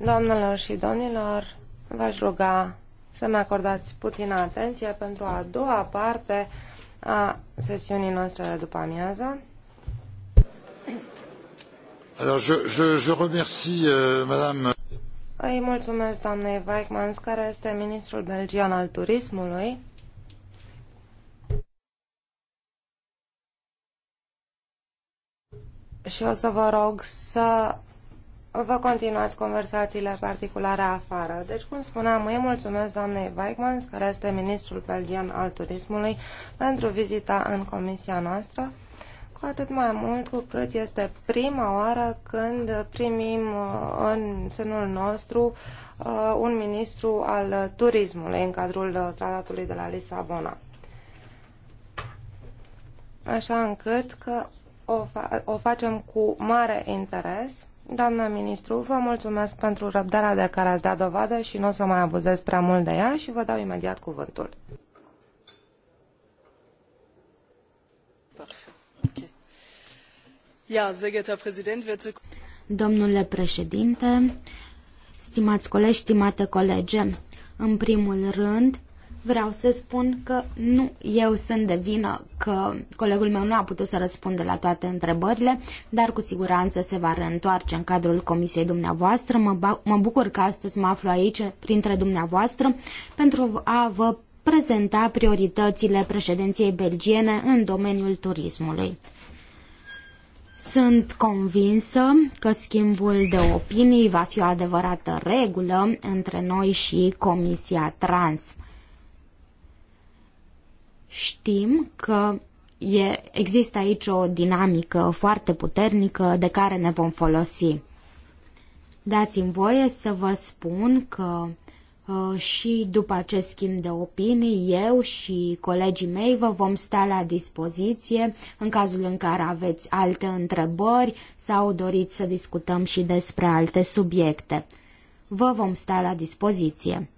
Doamnelor și domnilor, v-aș ruga să-mi acordați puțină atenție pentru a doua parte a sesiunii noastre de după amiază. Alors, je, je, je remercie, euh, madame... Îi mulțumesc doamnei Weichmans, care este ministrul belgian al turismului și o să vă rog să vă continuați conversațiile particulare afară. Deci, cum spuneam, îi mulțumesc doamnei Weichmans, care este ministrul belgian al turismului, pentru vizita în comisia noastră, cu atât mai mult cu cât este prima oară când primim uh, în sânul nostru uh, un ministru al turismului în cadrul uh, tratatului de la Lisabona. Așa încât că o, fa o facem cu mare interes. Doamna ministru, vă mulțumesc pentru răbdarea de care ați dat dovadă și nu o să mai abuzez prea mult de ea și vă dau imediat cuvântul. Domnule președinte, stimați colegi, stimate colege, în primul rând, Vreau să spun că nu eu sunt de vină că colegul meu nu a putut să răspundă la toate întrebările, dar cu siguranță se va reîntoarce în cadrul comisiei dumneavoastră. Mă, mă bucur că astăzi mă aflu aici printre dumneavoastră pentru a vă prezenta prioritățile președinției belgiene în domeniul turismului. Sunt convinsă că schimbul de opinii va fi o adevărată regulă între noi și Comisia Trans. Știm că e, există aici o dinamică foarte puternică de care ne vom folosi. Dați-mi voie să vă spun că uh, și după acest schimb de opinii, eu și colegii mei vă vom sta la dispoziție în cazul în care aveți alte întrebări sau doriți să discutăm și despre alte subiecte. Vă vom sta la dispoziție.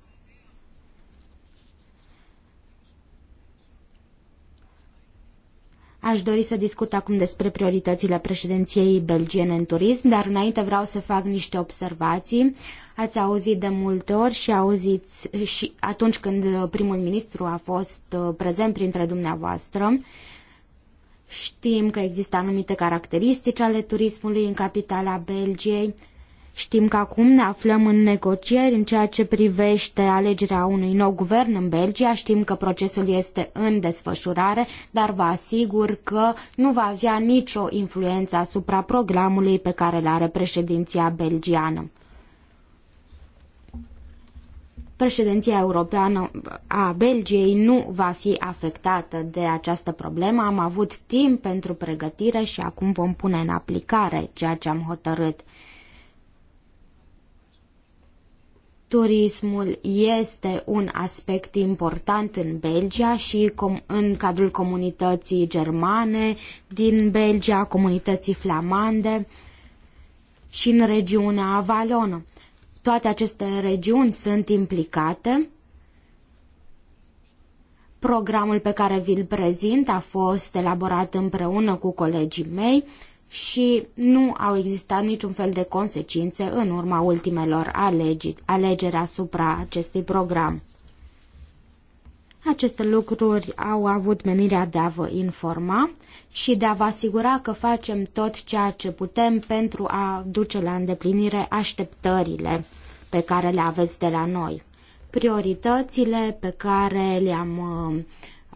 Aș dori să discut acum despre prioritățile președinției belgiene în turism, dar înainte vreau să fac niște observații. Ați auzit de multe ori și auziți și atunci când primul ministru a fost uh, prezent printre dumneavoastră. Știm că există anumite caracteristici ale turismului în capitala Belgiei, Știm că acum ne aflăm în negocieri în ceea ce privește alegerea unui nou guvern în Belgia. Știm că procesul este în desfășurare, dar vă asigur că nu va avea nicio influență asupra programului pe care îl are președinția belgiană. Președinția europeană a Belgiei nu va fi afectată de această problemă. Am avut timp pentru pregătire și acum vom pune în aplicare ceea ce am hotărât. Turismul este un aspect important în Belgia și în cadrul comunității germane din Belgia, comunității flamande și în regiunea Avalonă. Toate aceste regiuni sunt implicate. Programul pe care vi-l prezint a fost elaborat împreună cu colegii mei și nu au existat niciun fel de consecințe în urma ultimelor alegeri alegeri asupra acestui program. Aceste lucruri au avut menirea de a vă informa și de a vă asigura că facem tot ceea ce putem pentru a duce la îndeplinire așteptările pe care le aveți de la noi. Prioritățile pe care le-am uh,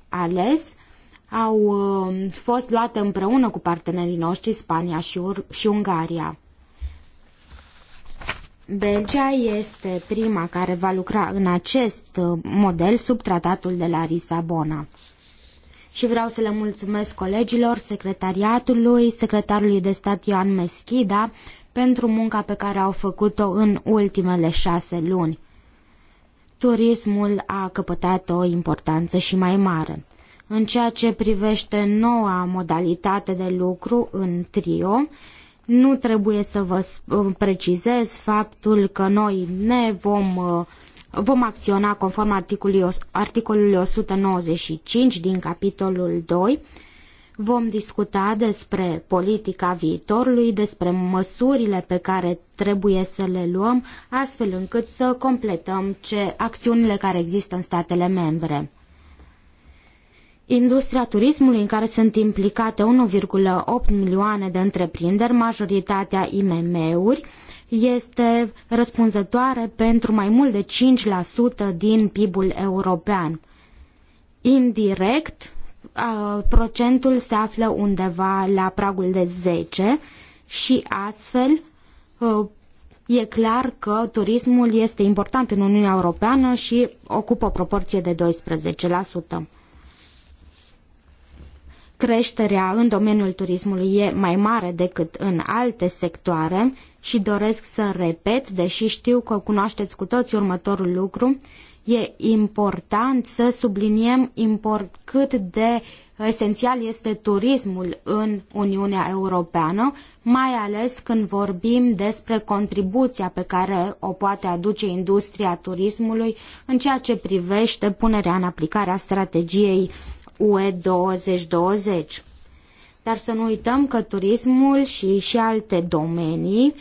ales au um, fost luate împreună cu partenerii noștri Spania și, Ur- și Ungaria. Belgia este prima care va lucra în acest uh, model sub tratatul de la Lisabona. Și vreau să le mulțumesc colegilor, secretariatului, secretarului de stat Ioan Meschida pentru munca pe care au făcut-o în ultimele șase luni. Turismul a căpătat o importanță și mai mare. În ceea ce privește noua modalitate de lucru în trio, nu trebuie să vă precizez faptul că noi ne vom, uh, vom acționa conform articolului, articolului 195 din capitolul 2. Vom discuta despre politica viitorului, despre măsurile pe care trebuie să le luăm, astfel încât să completăm ce acțiunile care există în statele membre. Industria turismului în care sunt implicate 1,8 milioane de întreprinderi, majoritatea IMM-uri, este răspunzătoare pentru mai mult de 5% din PIB-ul european. Indirect, procentul se află undeva la pragul de 10 și astfel e clar că turismul este important în Uniunea Europeană și ocupă o proporție de 12% creșterea în domeniul turismului e mai mare decât în alte sectoare și doresc să repet, deși știu că cunoașteți cu toți următorul lucru, e important să subliniem import cât de esențial este turismul în Uniunea Europeană, mai ales când vorbim despre contribuția pe care o poate aduce industria turismului în ceea ce privește punerea în aplicare a strategiei UE 2020. Dar să nu uităm că turismul și, și alte domenii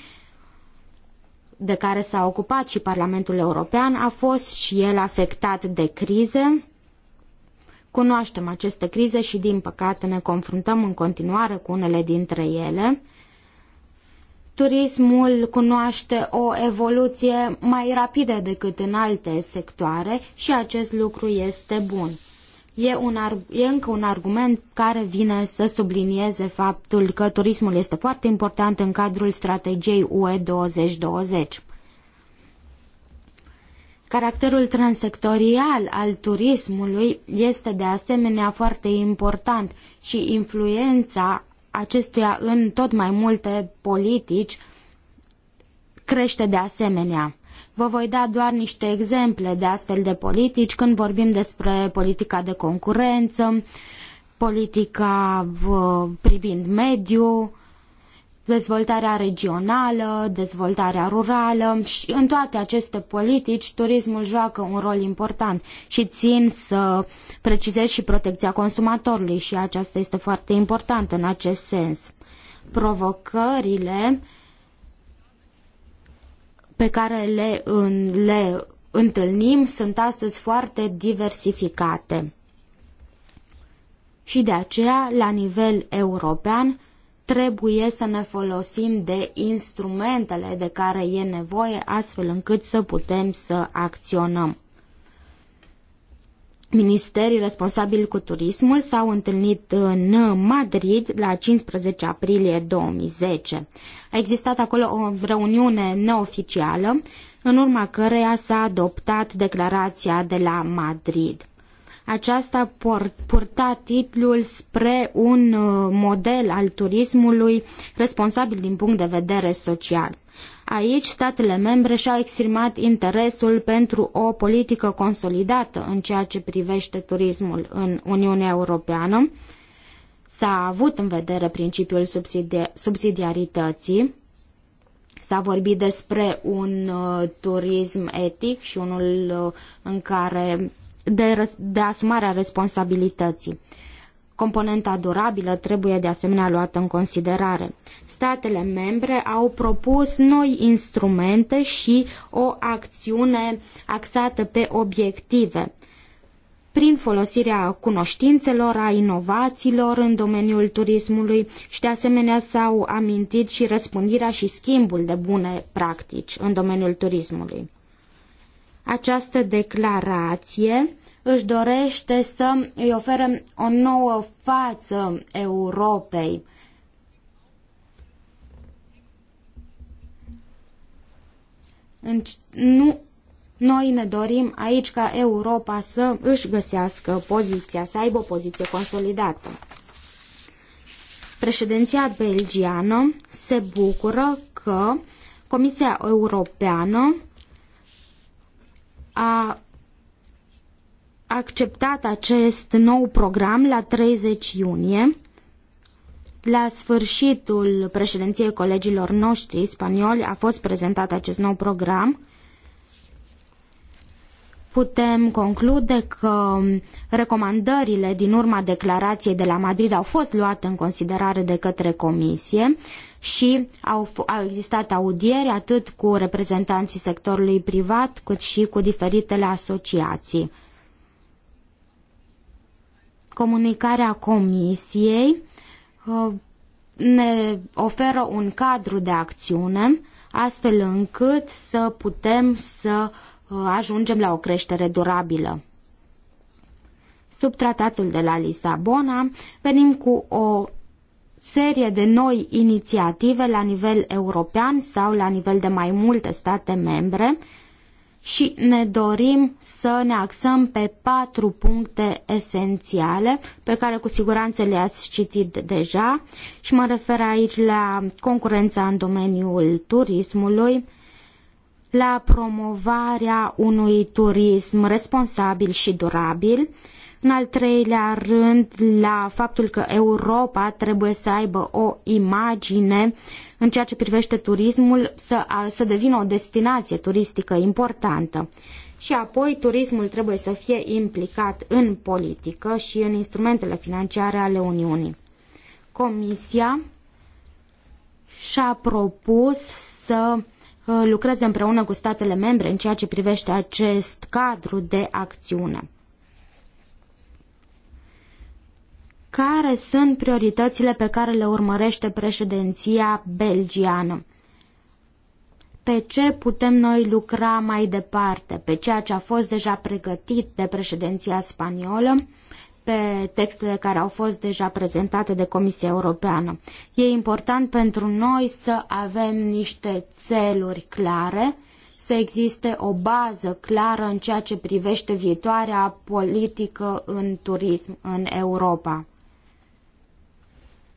de care s-a ocupat și Parlamentul European a fost și el afectat de crize. Cunoaștem aceste crize și, din păcate, ne confruntăm în continuare cu unele dintre ele. Turismul cunoaște o evoluție mai rapidă decât în alte sectoare și acest lucru este bun. E, un e încă un argument care vine să sublinieze faptul că turismul este foarte important în cadrul strategiei UE 2020. Caracterul transsectorial al turismului este de asemenea foarte important și influența acestuia în tot mai multe politici crește de asemenea. Vă voi da doar niște exemple de astfel de politici când vorbim despre politica de concurență, politica privind mediul, dezvoltarea regională, dezvoltarea rurală și în toate aceste politici turismul joacă un rol important și țin să precizez și protecția consumatorului și aceasta este foarte importantă în acest sens. Provocările pe care le, în, le întâlnim sunt astăzi foarte diversificate. Și de aceea, la nivel european, trebuie să ne folosim de instrumentele de care e nevoie astfel încât să putem să acționăm. Ministerii responsabili cu turismul s-au întâlnit în Madrid la 15 aprilie 2010. A existat acolo o reuniune neoficială, în urma căreia s-a adoptat declarația de la Madrid. Aceasta purta titlul spre un uh, model al turismului responsabil din punct de vedere social. Aici statele membre și-au exprimat interesul pentru o politică consolidată în ceea ce privește turismul în Uniunea Europeană. S-a avut în vedere principiul subsidi- subsidiarității. S-a vorbit despre un uh, turism etic și unul uh, în care de, de asumarea responsabilității. Componenta durabilă trebuie de asemenea luată în considerare. Statele membre au propus noi instrumente și o acțiune axată pe obiective prin folosirea cunoștințelor, a inovațiilor în domeniul turismului și de asemenea s-au amintit și răspândirea și schimbul de bune practici în domeniul turismului. Această declarație își dorește să îi ofere o nouă față Europei. Nu, noi ne dorim aici ca Europa să își găsească poziția, să aibă o poziție consolidată. Președinția belgiană se bucură că Comisia Europeană a acceptat acest nou program la 30 iunie. La sfârșitul președinției colegilor noștri spanioli a fost prezentat acest nou program. Putem conclude că recomandările din urma declarației de la Madrid au fost luate în considerare de către Comisie și au, au existat audieri atât cu reprezentanții sectorului privat cât și cu diferitele asociații comunicarea comisiei uh, ne oferă un cadru de acțiune astfel încât să putem să uh, ajungem la o creștere durabilă. Sub tratatul de la Lisabona venim cu o serie de noi inițiative la nivel european sau la nivel de mai multe state membre, uh, și ne dorim să ne axăm pe patru puncte esențiale pe care cu siguranță le-ați citit deja și mă refer aici la concurența în domeniul turismului, la promovarea unui turism responsabil și durabil, în al treilea rând la faptul că Europa trebuie să aibă o imagine uh, în ceea ce privește turismul, să, să devină o destinație turistică importantă. Și apoi turismul trebuie să fie implicat în politică și în instrumentele financiare ale Uniunii. Comisia și-a propus să uh, lucreze împreună cu statele membre în ceea ce privește acest cadru de acțiune. care sunt prioritățile pe care le urmărește președinția belgiană. Pe ce putem noi lucra mai departe? Pe ceea ce a fost deja pregătit de președinția spaniolă? pe textele care au fost deja prezentate de Comisia Europeană. E important pentru noi să avem niște țeluri clare, să existe o bază clară în ceea ce privește viitoarea politică în turism în Europa.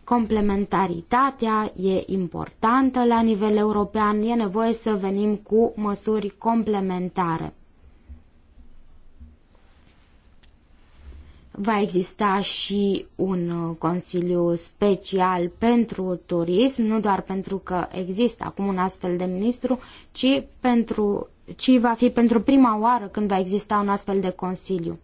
Complementaritatea e importantă la nivel european, e nevoie să venim cu măsuri complementare. Va exista și un uh, consiliu special pentru turism, nu doar pentru că există acum un astfel de ministru, ci, pentru, ci va fi pentru prima oară când va exista un astfel de consiliu.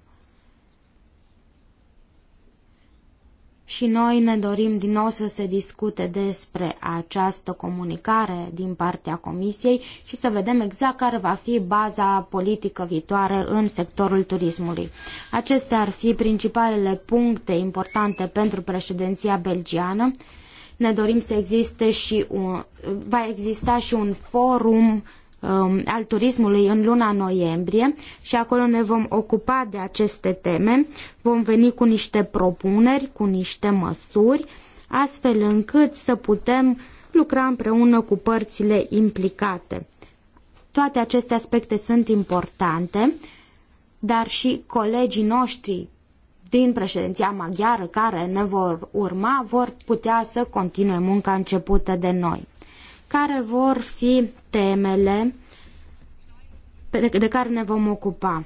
și noi ne dorim din nou să se discute despre această comunicare din partea Comisiei și să vedem exact care va fi baza politică viitoare în sectorul turismului. Acestea ar fi principalele puncte importante pentru președinția belgiană ne dorim să existe și un, va exista și un forum Um, al turismului în luna noiembrie și acolo ne vom ocupa de aceste teme. Vom veni cu niște propuneri, cu niște măsuri, astfel încât să putem lucra împreună cu părțile implicate. Toate aceste aspecte sunt importante, dar și colegii noștri din președinția maghiară care ne vor urma vor putea să continue munca începută de noi care vor fi temele de care ne vom ocupa.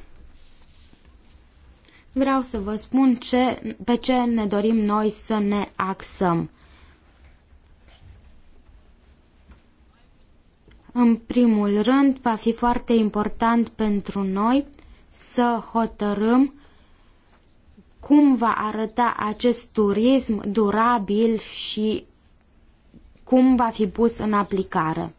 Vreau să vă spun ce, pe ce ne dorim noi să ne axăm. În primul rând, va fi foarte important pentru noi să hotărâm cum va arăta acest turism durabil și cum va fi pus în aplicare.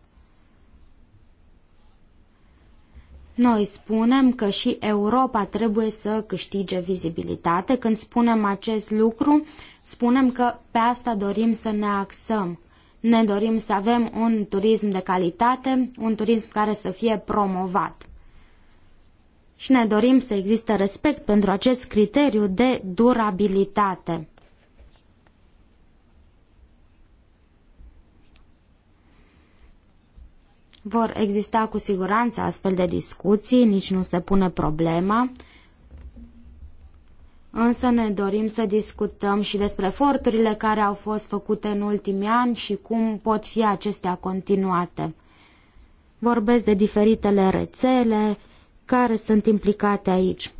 Noi spunem că și Europa trebuie să câștige vizibilitate. Când spunem acest lucru, spunem că pe asta dorim să ne axăm. Ne dorim să avem un turism de calitate, un turism care să fie promovat. Și ne dorim să existe respect pentru acest criteriu de durabilitate. Vor exista cu siguranță astfel de discuții, nici nu se pune problema, însă ne dorim să discutăm și despre eforturile care au fost făcute în ultimii ani și cum pot fi acestea continuate. Vorbesc de diferitele rețele care sunt implicate aici,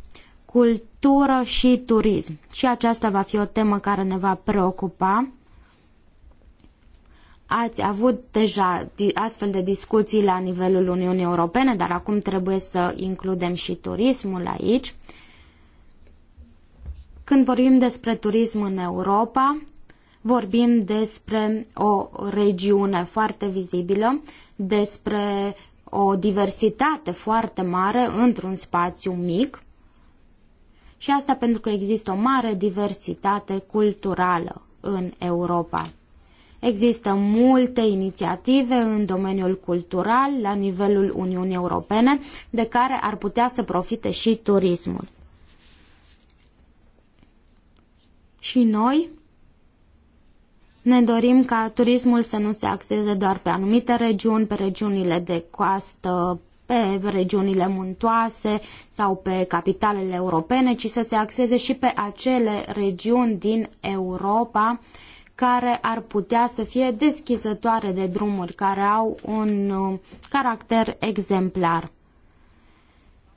cultură și turism. Și aceasta va fi o temă care ne va preocupa Ați avut deja astfel de discuții la nivelul Uniunii Europene, dar acum trebuie să includem și turismul aici. Când vorbim despre turism în Europa, vorbim despre o regiune foarte vizibilă, despre o diversitate foarte mare într-un spațiu mic și asta pentru că există o mare diversitate culturală în Europa. Există multe inițiative în domeniul cultural la nivelul Uniunii Europene de care ar putea să profite și turismul. Și noi ne dorim ca turismul să nu se axeze doar pe anumite regiuni, pe regiunile de coastă, pe regiunile muntoase sau pe capitalele europene, ci să se axeze și pe acele regiuni din Europa uh, care ar putea să fie deschizătoare de drumuri, care au un uh, caracter exemplar.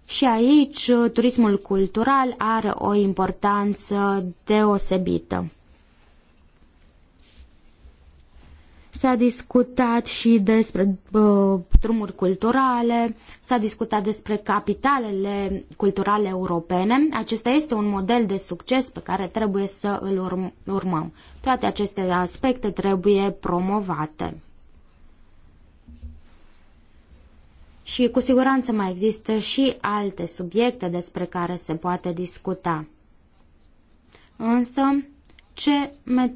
Și aici uh, turismul cultural are o importanță deosebită. S-a discutat și despre uh, drumuri culturale, s-a discutat despre capitalele culturale europene. Acesta este un model de succes pe care trebuie să îl urmăm. Toate aceste aspecte trebuie promovate. Și cu siguranță mai există și alte subiecte despre care se poate discuta. Însă, ce metode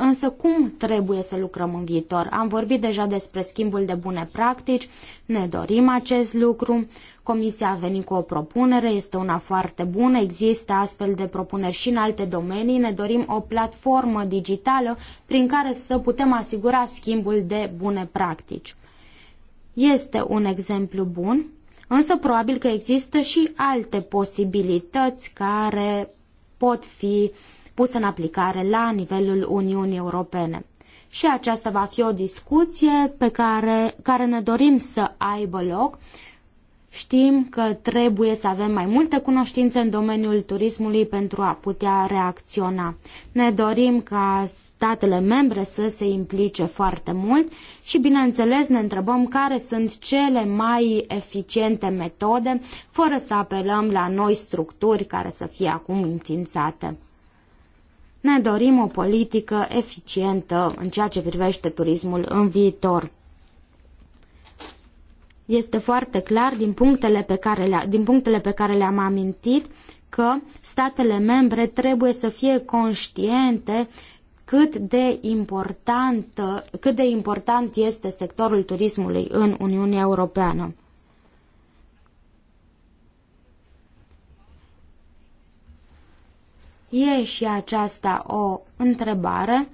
Însă cum trebuie să lucrăm în viitor? Am vorbit deja despre schimbul de bune practici, ne dorim acest lucru, Comisia a venit cu o propunere, este una foarte bună, există astfel de propuneri și în alte domenii, ne dorim o platformă digitală prin care să putem asigura schimbul de bune practici. Este un exemplu bun, însă probabil că există și alte posibilități care pot fi uh, pus în aplicare la nivelul Uniunii Europene. Și aceasta va fi o discuție pe care, care ne dorim să aibă loc. Știm că trebuie să avem mai multe cunoștințe în domeniul turismului pentru a putea reacționa. Ne dorim ca statele membre să se implice foarte mult și, bineînțeles, ne întrebăm care sunt cele mai eficiente metode, fără să apelăm la noi structuri care să fie acum înființate. Ne dorim o politică eficientă în ceea ce privește turismul în viitor. Este foarte clar din punctele pe care, le, din punctele pe care le-am amintit că statele membre trebuie să fie conștiente cât de, important, cât de important este sectorul turismului în Uniunea Europeană. E și aceasta o întrebare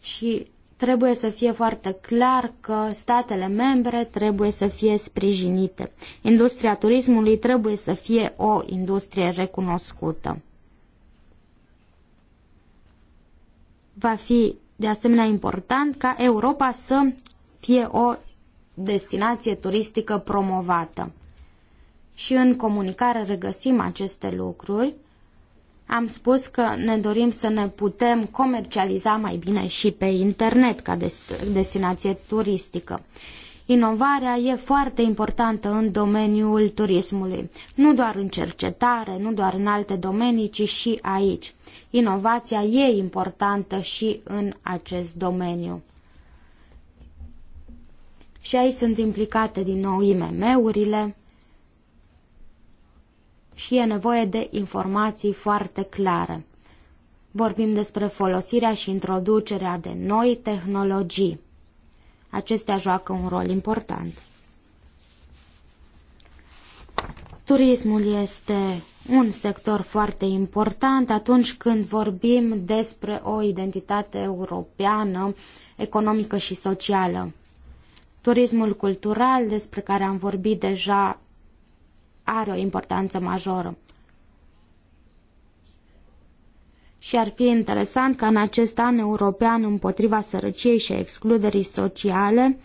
și trebuie să fie foarte clar că statele membre trebuie să fie sprijinite. Industria turismului trebuie să fie o industrie recunoscută. Va fi de asemenea important ca Europa să fie o destinație turistică promovată. Și în comunicare regăsim aceste lucruri. Am spus că ne dorim să ne putem comercializa mai bine și pe internet ca destinație turistică. Inovarea e foarte importantă în domeniul turismului, nu doar în cercetare, nu doar în alte domenii, ci și aici. Inovația e importantă și în acest domeniu. Și aici sunt implicate din nou IMM-urile, și e nevoie de informații foarte clare. Vorbim despre folosirea și introducerea de noi tehnologii. Acestea joacă un rol important. Turismul este un sector foarte important atunci când vorbim despre o identitate europeană, economică și socială. Turismul cultural, despre care am vorbit deja are o importanță majoră. Și ar fi interesant ca în acest an european împotriva sărăciei și excluderii sociale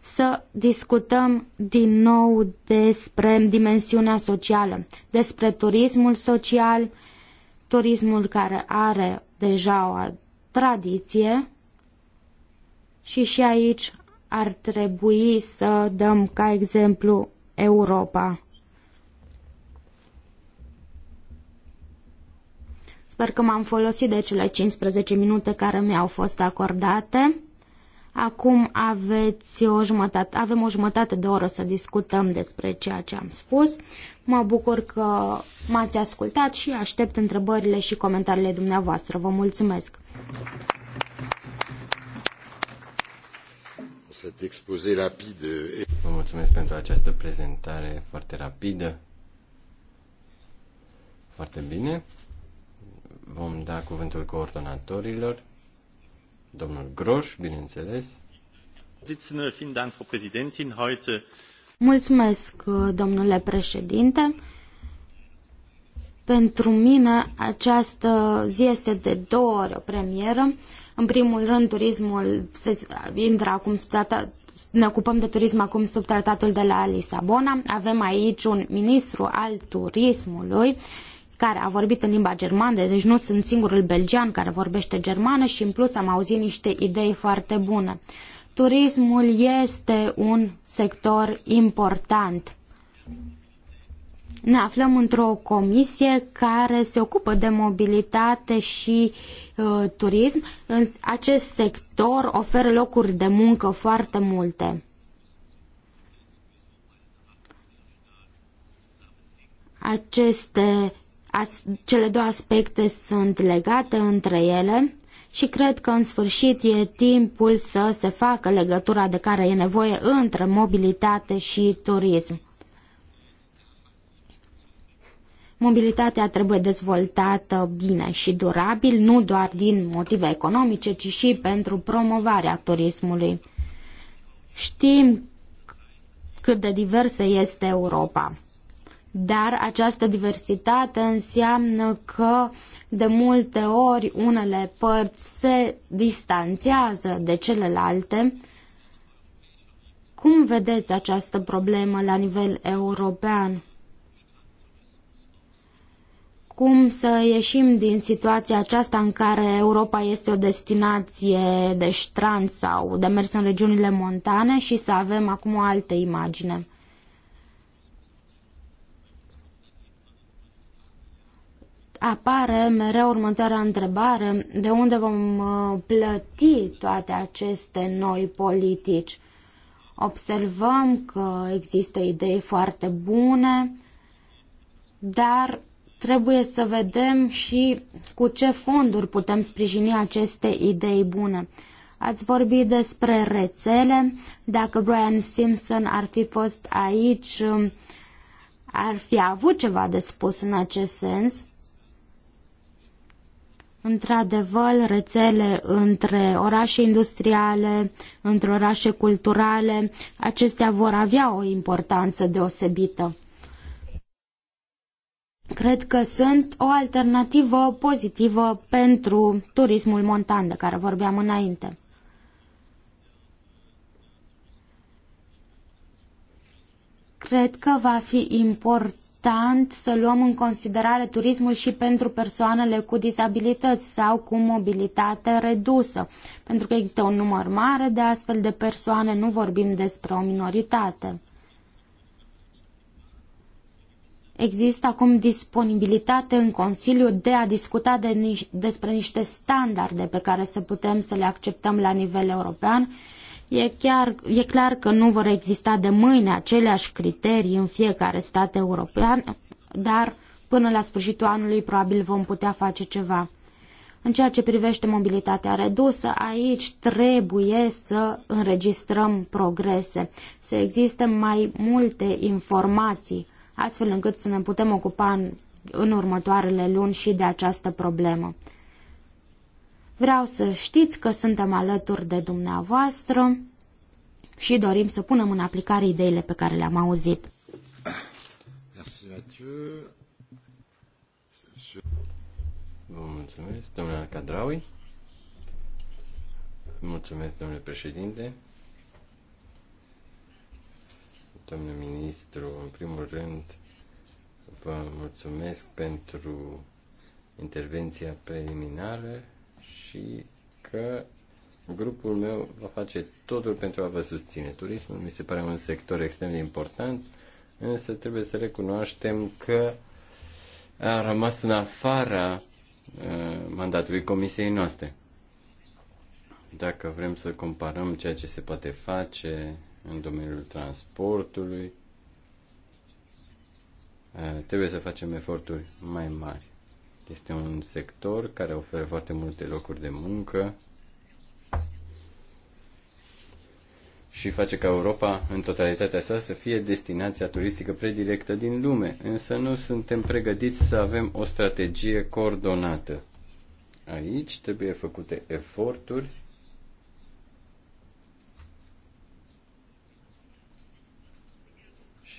să discutăm din nou despre dimensiunea socială, despre turismul social, turismul care are deja o tradiție și și aici ar trebui să dăm ca exemplu Europa. Sper că m-am folosit de cele 15 minute care mi-au fost acordate. Acum aveți o jumătate, avem o jumătate de oră să discutăm despre ceea ce am spus. Mă bucur că m-ați ascultat și aștept întrebările și comentariile dumneavoastră. Vă mulțumesc! Cet expozé rapide. Vă mulțumesc pentru această prezentare foarte rapidă. Foarte bine vom da cuvântul coordonatorilor. Domnul Groș, bineînțeles. Mulțumesc, domnule președinte. Pentru mine această zi este de două ori o premieră. În primul rând, turismul se intră acum spre ne ocupăm de turism acum sub tratatul de la Lisabona. Avem aici un ministru al turismului care a vorbit în limba germană, deci nu sunt singurul belgian care vorbește germană și în plus am auzit niște idei foarte bune. Turismul este un sector important. Ne aflăm într-o comisie care se ocupă de mobilitate și uh, turism. În acest sector oferă locuri de muncă foarte multe. Aceste As, cele două aspecte sunt legate între ele și cred că în sfârșit e timpul să se facă legătura de care e nevoie între mobilitate și turism. Mobilitatea trebuie dezvoltată bine și durabil, nu doar din motive economice, ci și pentru promovarea turismului. Știm cât de diversă este Europa dar această diversitate înseamnă că de multe ori unele părți se distanțează de celelalte. Cum vedeți această problemă la nivel european? cum să ieșim din situația aceasta în care Europa este o destinație de ștrand sau de mers în regiunile montane și să avem acum o altă imagine. apare mereu următoarea întrebare, de unde vom uh, plăti toate aceste noi politici? Observăm că există idei foarte bune, dar trebuie să vedem și cu ce fonduri putem sprijini aceste idei bune. Ați vorbit despre rețele. Dacă Brian Simpson ar fi fost aici, um, ar fi avut ceva de spus în acest sens. Într-adevăr, rețele între orașe industriale, între orașe culturale, acestea vor avea o importanță deosebită. Cred că sunt o alternativă pozitivă pentru turismul montan de care vorbeam înainte. Cred că va fi important important să luăm în considerare turismul și pentru persoanele cu dizabilități sau cu mobilitate redusă, pentru că există un număr mare de astfel de persoane, nu vorbim despre o minoritate. Există acum disponibilitate în Consiliu de a discuta de ni- despre niște standarde pe care să putem să le acceptăm la nivel european E, chiar, e clar că nu vor exista de mâine aceleași criterii în fiecare stat european, dar până la sfârșitul anului probabil vom putea face ceva. În ceea ce privește mobilitatea redusă, aici trebuie să înregistrăm progrese, să existe mai multe informații, astfel încât să ne putem ocupa în, în următoarele luni și de această problemă. Vreau să știți că suntem alături de dumneavoastră și dorim să punem în aplicare ideile pe care le-am auzit. Vă mulțumesc, domnule Alcadraui. Mulțumesc, domnule președinte. Domnule ministru, în primul rând, vă mulțumesc pentru intervenția preliminară și că grupul meu va face totul pentru a vă susține. Turismul mi se pare un sector extrem de important, însă trebuie să recunoaștem că a rămas în afara uh, mandatului comisiei noastre. Dacă vrem să comparăm ceea ce se poate face în domeniul transportului, uh, trebuie să facem eforturi mai mari. Este un sector care oferă foarte multe locuri de muncă și face ca Europa, în totalitatea sa, să fie destinația turistică predilectă din lume. Însă nu suntem pregătiți să avem o strategie coordonată. Aici trebuie făcute eforturi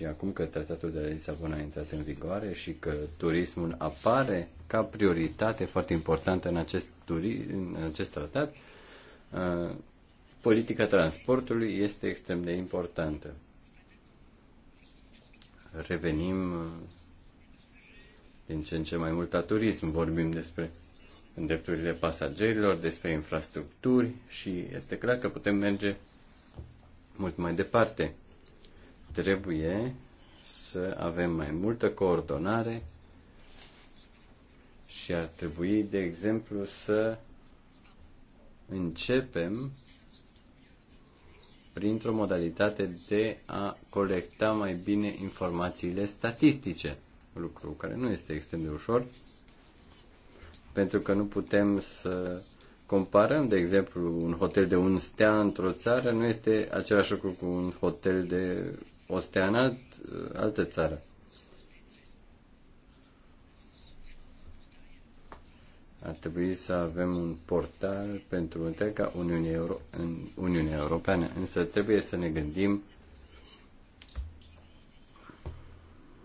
și acum că tratatul de la Lisabona a intrat în vigoare și că turismul apare ca prioritate foarte importantă în acest, turi, în acest tratat, uh, politica transportului este extrem de importantă. Revenim uh, din ce în ce mai mult la turism, vorbim despre drepturile pasagerilor, despre infrastructuri și este clar că putem merge mult mai departe. Trebuie să avem mai multă coordonare și ar trebui, de exemplu, să începem printr-o modalitate de a colecta mai bine informațiile statistice, lucru care nu este extrem de ușor, pentru că nu putem să comparăm, de exemplu, un hotel de un stea într-o țară nu este același lucru cu un hotel de o stea în alt, altă țară. Ar trebui să avem un portal pentru întreaga Uniune Euro- în Uniunea Europeană, însă trebuie să ne gândim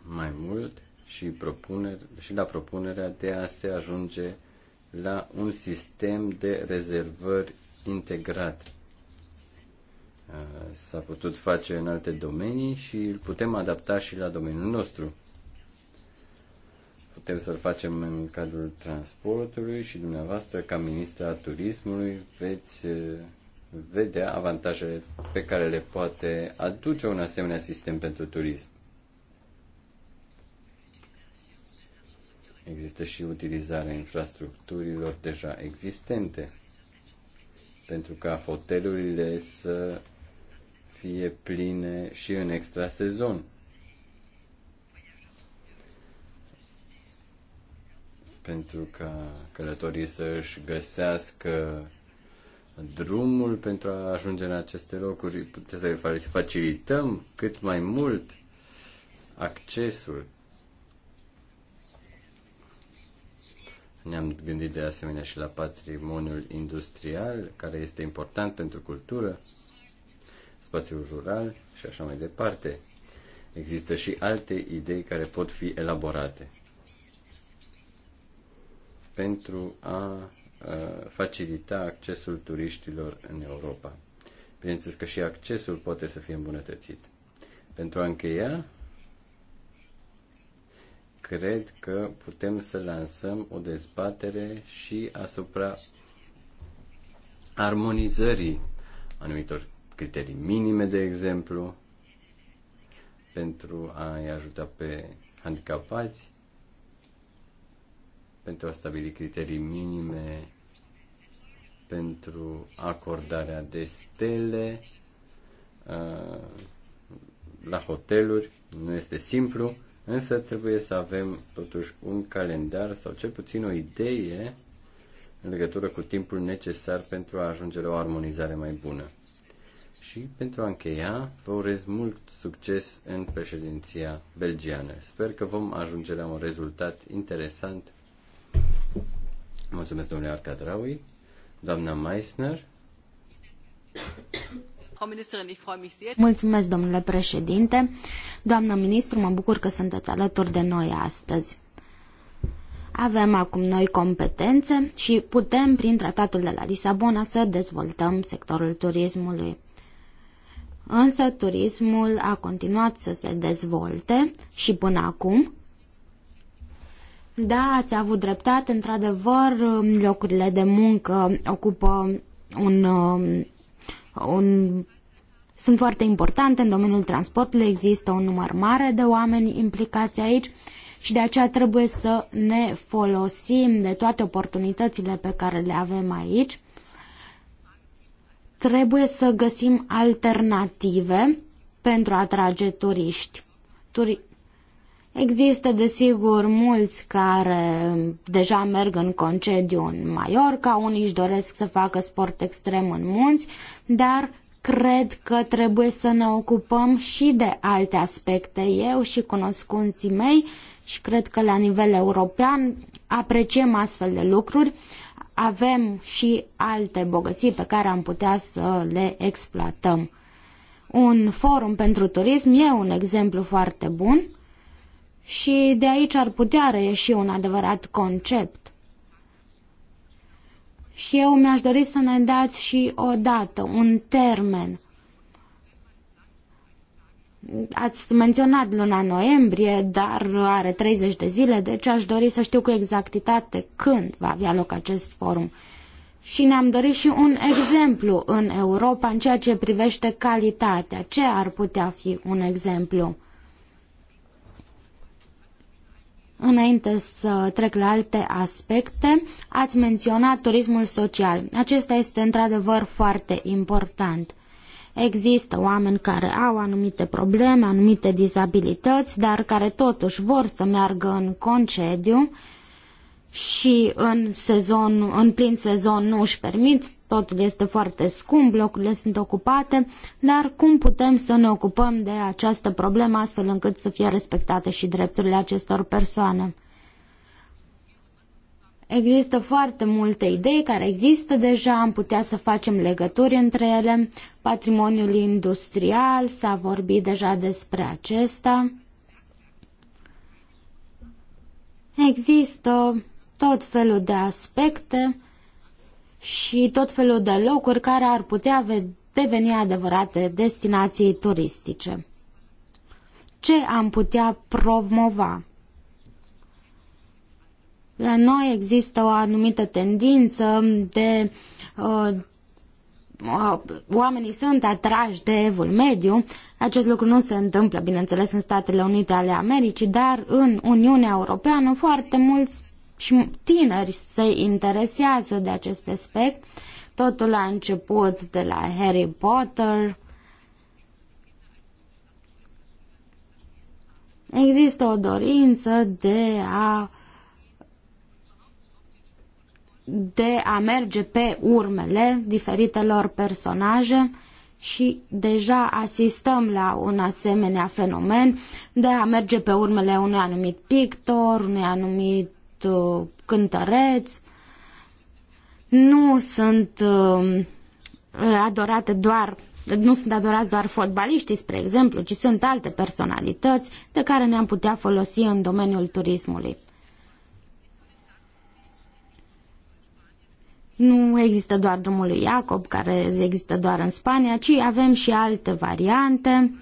mai mult și, și la propunerea de a se ajunge la un sistem de rezervări integrat Uh, s-a putut face în alte domenii și îl putem adapta și la domeniul nostru. Putem să-l facem în cadrul transportului și dumneavoastră, ca ministra turismului, veți uh, vedea avantajele pe care le poate aduce un asemenea sistem pentru turism. Există și utilizarea infrastructurilor deja existente pentru ca hotelurile să fie pline și în extrasezon. Pentru ca călătorii să își găsească drumul pentru a ajunge în aceste locuri, putem să facilităm cât mai mult accesul. Ne-am gândit de asemenea și la patrimoniul industrial, care este important pentru cultură spațiul rural și așa mai departe. Există și alte idei care pot fi elaborate pentru a facilita accesul turiștilor în Europa. Bineînțeles că și accesul poate să fie îmbunătățit. Pentru a încheia, cred că putem să lansăm o dezbatere și asupra armonizării anumitor criterii minime, de exemplu, pentru a-i ajuta pe handicapați, pentru a stabili criterii minime pentru acordarea de stele la hoteluri. Nu este simplu, însă trebuie să avem totuși un calendar sau cel puțin o idee în legătură cu timpul necesar pentru a ajunge la o armonizare mai bună. Și pentru a încheia, vă urez mult succes în președinția belgiană. Sper că vom ajunge la un rezultat interesant. Mulțumesc, domnule Arcadraui, doamna Meissner. Mulțumesc, domnule președinte. Doamna ministru, mă bucur că sunteți alături de noi astăzi. Avem acum noi competențe și putem, prin tratatul de la Lisabona, să dezvoltăm sectorul turismului. Însă turismul a continuat să se dezvolte și până acum. Da, ați avut dreptate, într-adevăr, locurile de muncă ocupă un, um, un sunt foarte importante în domeniul transportului, există un număr mare de oameni implicați aici și de aceea trebuie să ne folosim de toate oportunitățile pe care le avem aici Trebuie să găsim alternative pentru a atrage turiști. Turi... Există, desigur, mulți care deja merg în concediu în Mallorca, unii își doresc să facă sport extrem în munți, dar cred că trebuie să ne ocupăm și de alte aspecte. Eu și cunoscunții mei și cred că la nivel european apreciem astfel de lucruri avem și alte bogății pe care am putea să le exploatăm. Un forum pentru turism e un exemplu foarte bun și de aici ar putea reieși un adevărat concept. Și eu mi-aș dori să ne dați și o dată, un termen, ați menționat luna noiembrie, dar are 30 de zile, deci aș dori să știu cu exactitate când va avea loc acest forum. Și ne-am dorit și un exemplu în Europa în ceea ce privește calitatea. Ce ar putea fi un exemplu? Înainte să trec la alte aspecte, ați menționat turismul social. Acesta este într-adevăr foarte important. Există oameni care au anumite probleme, anumite dizabilități, dar care totuși vor să meargă în concediu și în, sezon, în plin sezon nu își permit, totul este foarte scump, locurile sunt ocupate, dar cum putem să ne ocupăm de această problemă astfel încât să fie respectate și drepturile acestor persoane? Există foarte multe idei care există deja, am putea să facem legături între ele. Patrimoniul industrial, s-a vorbit deja despre acesta. Există tot felul de aspecte și tot felul de locuri care ar putea deveni adevărate destinații turistice. Ce am putea promova? La noi există o anumită tendință de uh, oamenii sunt atrași de evul mediu. Acest lucru nu se întâmplă, bineînțeles, în Statele Unite ale Americii, dar în Uniunea Europeană foarte mulți și tineri se interesează de acest aspect. Totul a început de la Harry Potter. Există o dorință de a uh, de a merge pe urmele diferitelor personaje și deja asistăm la un asemenea fenomen de a merge pe urmele unui anumit pictor, unui anumit uh, cântăreț. Nu sunt uh, adorate doar nu sunt adorați doar fotbaliștii, spre exemplu, ci sunt alte personalități de care ne-am putea folosi în domeniul turismului. nu există doar drumul lui Iacob, care există doar în Spania, ci avem și alte variante.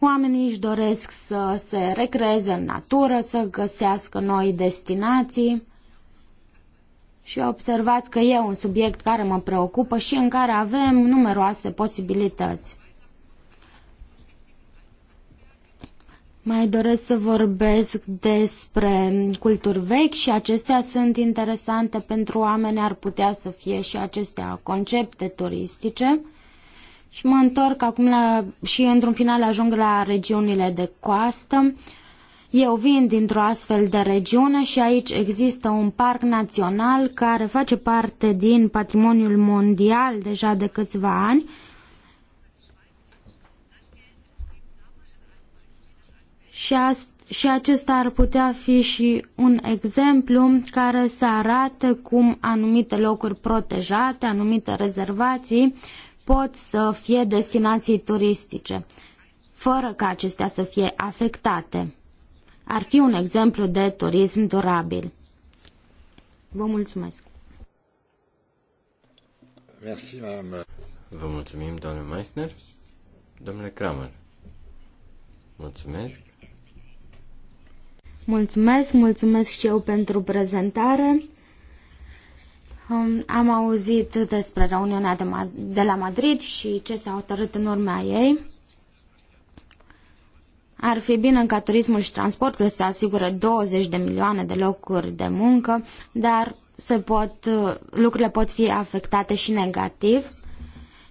Oamenii își doresc să se recreeze în natură, să găsească noi destinații. Și observați că e un subiect care mă preocupă și în care avem numeroase posibilități. Mai doresc să vorbesc despre culturi vechi și acestea sunt interesante pentru oameni, ar putea să fie și acestea concepte turistice. Și mă întorc acum la, și într-un final ajung la regiunile de coastă. Eu vin dintr-o astfel de regiune și aici există un parc național care face parte din patrimoniul mondial deja de câțiva ani și, și acesta ar putea fi și un exemplu care să arate cum anumite locuri protejate, anumite rezervații pot să fie destinații turistice, fără ca acestea să fie afectate. Ar fi un exemplu de turism durabil. Vă mulțumesc! Merci, madame. Vă mulțumim, domnule Meissner. Domnule Kramer, mulțumesc. Mulțumesc, mulțumesc și eu pentru prezentare. Am auzit despre reuniunea de, Ma- de la Madrid și ce s-a hotărât în urma ei. Ar fi bine ca turismul și transportul să asigure 20 de milioane de locuri de muncă, dar se pot, lucrurile pot fi afectate și negativ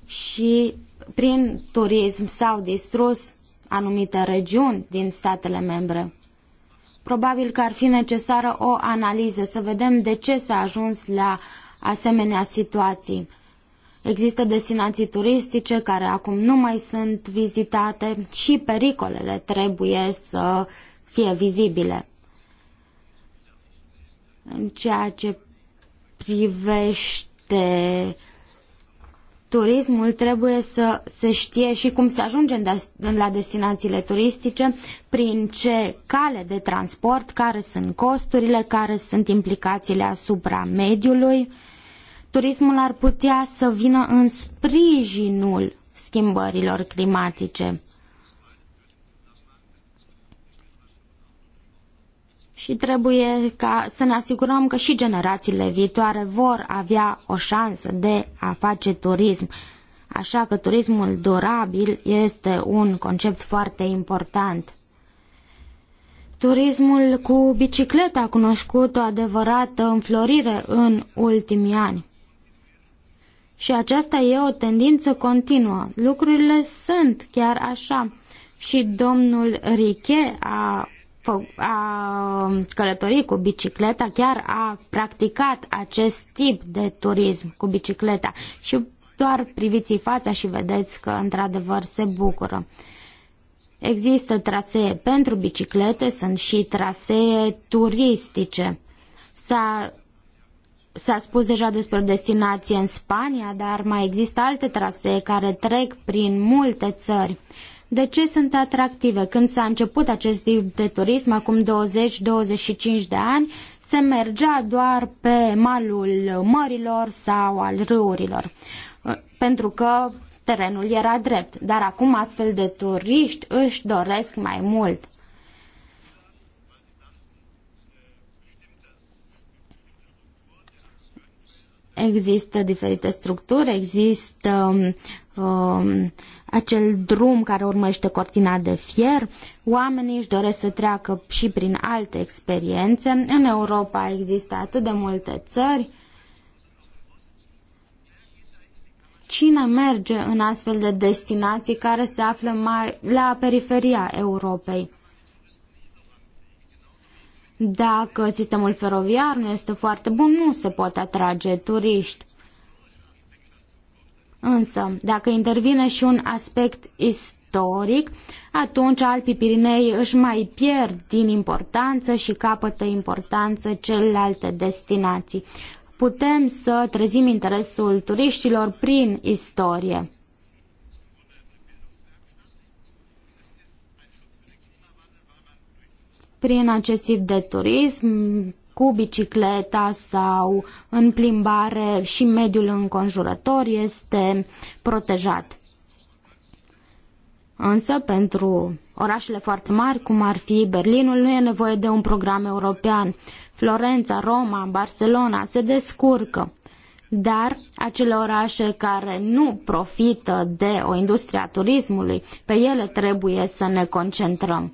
și prin turism s-au distrus anumite regiuni din statele membre. Probabil că ar fi necesară o analiză, să vedem de ce s-a ajuns la asemenea situații. Există destinații turistice care acum nu mai sunt vizitate și pericolele trebuie să fie vizibile. În ceea ce privește turismul trebuie să se știe și cum se ajunge la destinațiile turistice, prin ce cale de transport, care sunt costurile, care sunt implicațiile asupra mediului. Turismul ar putea să vină în sprijinul schimbărilor climatice. și trebuie ca să ne asigurăm că și generațiile viitoare vor avea o șansă de a face turism. Așa că turismul durabil este un concept foarte important. Turismul cu bicicletă a cunoscut o adevărată înflorire în ultimii ani. Și aceasta e o tendință continuă. Lucrurile sunt chiar așa. Și domnul Riche a a călătorit cu bicicleta, chiar a practicat acest tip de turism cu bicicleta și doar priviți fața și vedeți că într-adevăr se bucură. Există trasee pentru biciclete, sunt și trasee turistice. S-a S-a spus deja despre o destinație în Spania, dar mai există alte trasee care trec prin multe țări. De ce sunt atractive? Când s-a început acest tip de turism, acum 20-25 de ani, se mergea doar pe malul mărilor sau al râurilor, pentru că terenul era drept, dar acum astfel de turiști își doresc mai mult. Există diferite structuri, există um, acel drum care urmăște cortina de fier, oamenii își doresc să treacă și prin alte experiențe. În Europa există atât de multe țări. Cine merge în astfel de destinații care se află mai la periferia Europei? Dacă sistemul feroviar nu este foarte bun, nu se pot atrage turiști. Însă, dacă intervine și un aspect istoric, atunci Alpii Pirinei își mai pierd din importanță și capătă importanță celelalte destinații. Putem să trezim interesul turiștilor prin istorie. Prin acest tip de turism cu bicicleta sau în plimbare și mediul înconjurător este protejat. Însă, pentru orașele foarte mari, cum ar fi Berlinul, nu e nevoie de un program european. Florența, Roma, Barcelona se descurcă. Dar acele orașe care nu profită de o industrie a turismului, pe ele trebuie să ne concentrăm.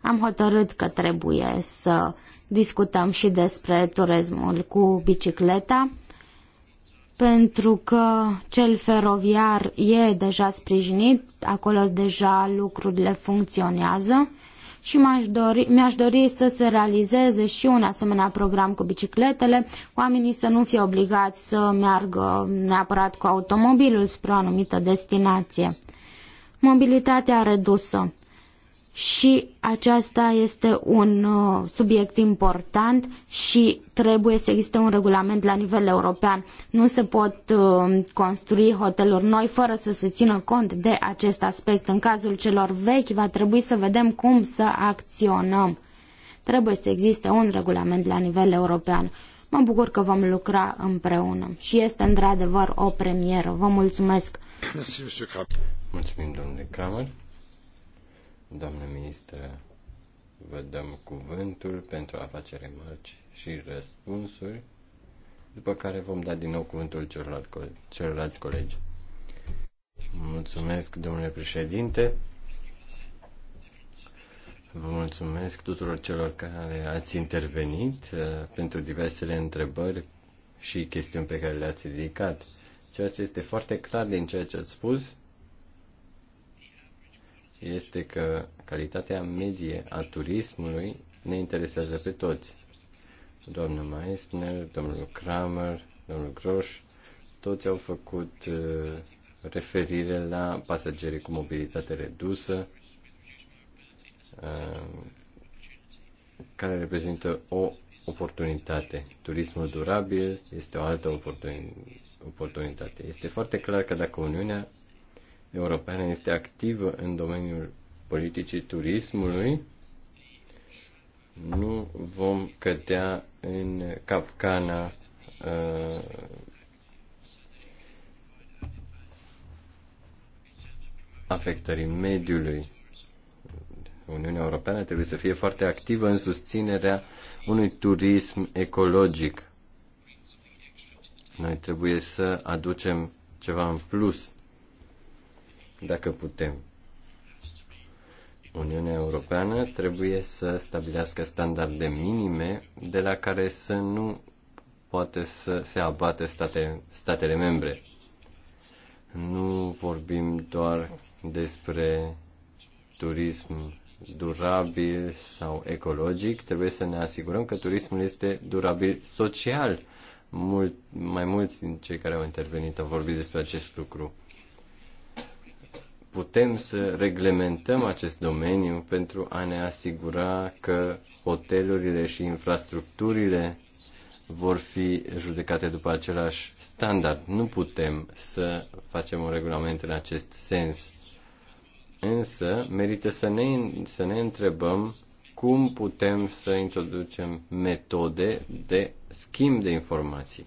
am hotărât că trebuie să discutăm și despre turismul cu bicicleta, pentru că cel feroviar e deja sprijinit, acolo deja lucrurile funcționează și mi-aș dori, mi dori să se realizeze și un asemenea program cu bicicletele, oamenii să nu fie obligați să meargă neapărat cu automobilul spre o anumită destinație. Mobilitatea redusă și aceasta este un uh, subiect important și trebuie să existe un regulament la nivel european. Nu se pot uh, construi hoteluri noi fără să se țină cont de acest aspect. În cazul celor vechi va trebui să vedem cum să acționăm. Trebuie să existe un regulament la nivel european. Mă bucur că vom lucra împreună și este într-adevăr o premieră. Vă mulțumesc! Mulțumim, domnule Kramer. Doamnă ministră, vă dăm cuvântul pentru a face remarci și răspunsuri, după care vom da din nou cuvântul celorlalți colegi. Mulțumesc, domnule președinte. Vă mulțumesc tuturor celor care ați intervenit uh, pentru diversele întrebări și chestiuni pe care le-ați ridicat. Ceea ce este foarte clar din ceea ce ați spus este că calitatea medie a turismului ne interesează pe toți. Doamna Meissner, domnul Kramer, domnul Groș, toți au făcut uh, referire la pasagerii cu mobilitate redusă, uh, care reprezintă o oportunitate. Turismul durabil este o altă oportunitate. Este foarte clar că dacă Uniunea Europeană este activă în domeniul politicii turismului, nu vom cădea în capcana uh, afectării mediului. Uniunea Europeană trebuie să fie foarte activă în susținerea unui turism ecologic. Noi trebuie să aducem ceva în plus dacă putem. Uniunea Europeană trebuie să stabilească standarde minime de la care să nu poate să se abate state, statele membre. Nu vorbim doar despre turism durabil sau ecologic, trebuie să ne asigurăm că turismul este durabil social. Mult, mai mulți din cei care au intervenit au vorbit despre acest lucru putem să reglementăm acest domeniu pentru a ne asigura că hotelurile și infrastructurile vor fi judecate după același standard. Nu putem să facem un regulament în acest sens. Însă, merită să ne, să ne întrebăm cum putem să introducem metode de schimb de informații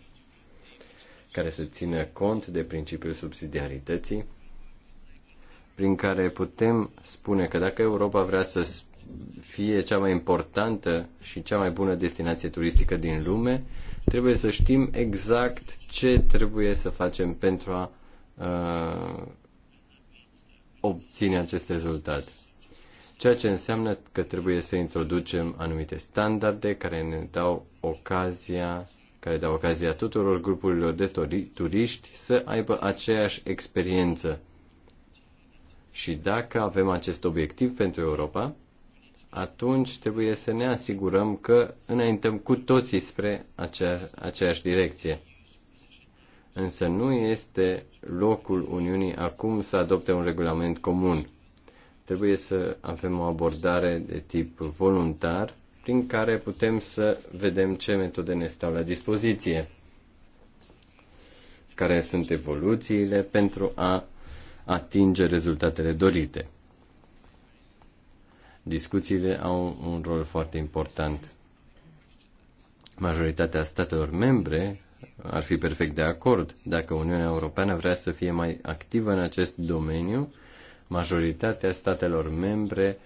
care să țină cont de principiul subsidiarității prin care putem spune că dacă Europa vrea să fie cea mai importantă și cea mai bună destinație turistică din lume, trebuie să știm exact ce trebuie să facem pentru a uh, obține acest rezultat. Ceea ce înseamnă că trebuie să introducem anumite standarde care ne dau ocazia care dau ocazia tuturor grupurilor de turiști să aibă aceeași experiență și dacă avem acest obiectiv pentru Europa, atunci trebuie să ne asigurăm că înaintăm cu toții spre acea, aceeași direcție. Însă nu este locul Uniunii acum să adopte un regulament comun. Trebuie să avem o abordare de tip voluntar prin care putem să vedem ce metode ne stau la dispoziție, care sunt evoluțiile pentru a atinge rezultatele dorite. Discuțiile au un rol foarte important. Majoritatea statelor membre ar fi perfect de acord. Dacă Uniunea Europeană vrea să fie mai activă în acest domeniu, majoritatea statelor membre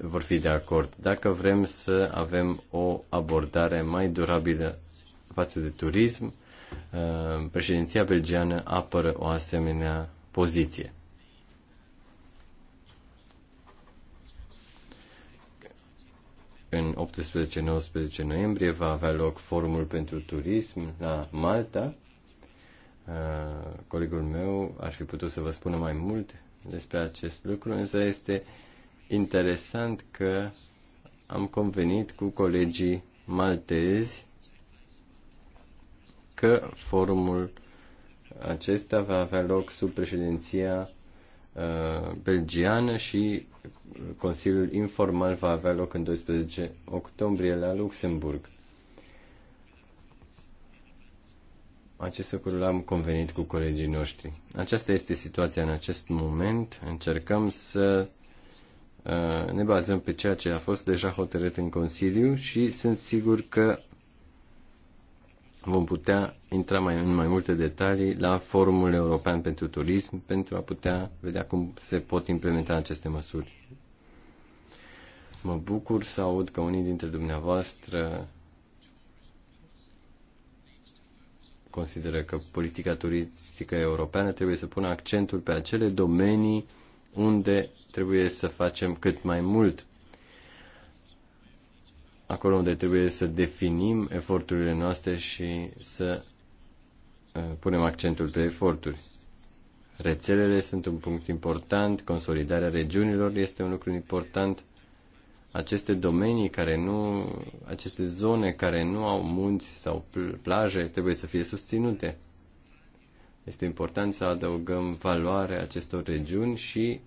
vor fi de acord. Dacă vrem să avem o abordare mai durabilă față de turism, uh, președinția belgeană apără o asemenea poziție. în 18-19 noiembrie va avea loc forumul pentru turism la Malta. Uh, colegul meu ar fi putut să vă spună mai mult despre acest lucru, însă este interesant că am convenit cu colegii maltezi că forumul acesta va avea loc sub președinția Uh, belgiană și Consiliul informal va avea loc în 12 octombrie la Luxemburg. Acest lucru l-am convenit cu colegii noștri. Aceasta este situația în acest moment. Încercăm să uh, ne bazăm pe ceea ce a fost deja hotărât în Consiliu și sunt sigur că vom putea intra mai, în mai multe detalii la Forumul European pentru Turism pentru a putea vedea cum se pot implementa aceste măsuri. Mă bucur să aud că unii dintre dumneavoastră consideră că politica turistică europeană trebuie să pună accentul pe acele domenii unde trebuie să facem cât mai mult acolo unde trebuie să definim eforturile noastre și să uh, punem accentul pe eforturi. Rețelele sunt un punct important, consolidarea regiunilor este un lucru important. Aceste domenii care nu, aceste zone care nu au munți sau plaje trebuie să fie susținute. Este important să adăugăm valoare acestor regiuni și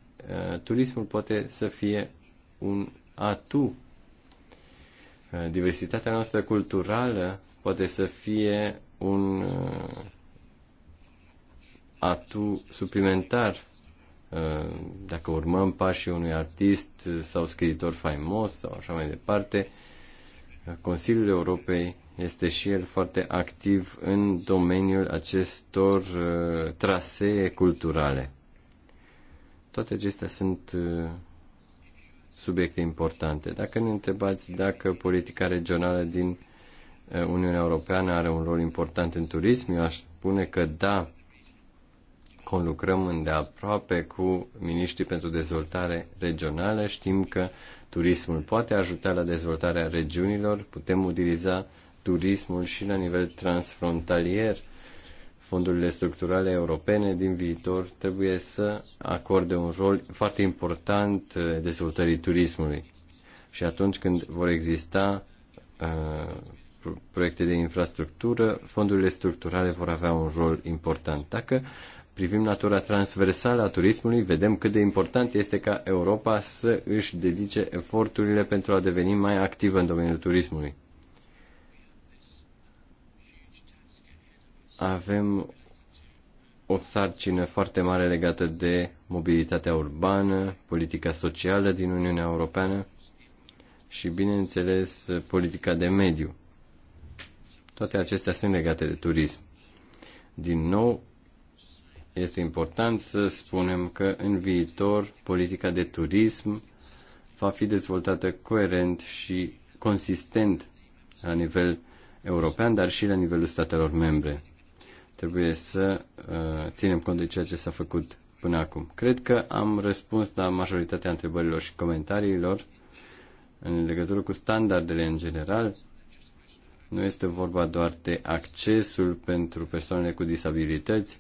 uh, turismul poate să fie un atu Eh, diversitatea noastră culturală poate să fie un eh, atu suplimentar eh, dacă urmăm pașii unui artist sau scriitor faimos sau așa mai departe, Consiliul Europei este și el foarte activ în domeniul acestor trasee culturale. Toate acestea sunt subiecte importante. Dacă ne întrebați dacă politica regională din uh, Uniunea Europeană are un rol important în turism, eu aș spune că da, conlucrăm îndeaproape cu miniștrii pentru dezvoltare regională. Știm că turismul poate ajuta la dezvoltarea regiunilor, putem utiliza turismul și la nivel transfrontalier fondurile structurale europene din viitor trebuie să acorde un rol foarte important uh, dezvoltării turismului. Și atunci când vor exista uh, proiecte de infrastructură, fondurile structurale vor avea un rol important. Dacă privim natura transversală a turismului, vedem cât de important este ca Europa să își dedice eforturile pentru a deveni mai activă în domeniul turismului. avem o sarcină foarte mare legată de mobilitatea urbană, politica socială din Uniunea Europeană și, bineînțeles, politica de mediu. Toate acestea sunt legate de turism. Din nou, este important să spunem că în viitor politica de turism va fi dezvoltată coerent și consistent la nivel european, dar și la nivelul statelor membre. Trebuie să uh, ținem cont de ceea ce s-a făcut până acum. Cred că am răspuns la majoritatea întrebărilor și comentariilor în legătură cu standardele în general. Nu este vorba doar de accesul pentru persoanele cu disabilități.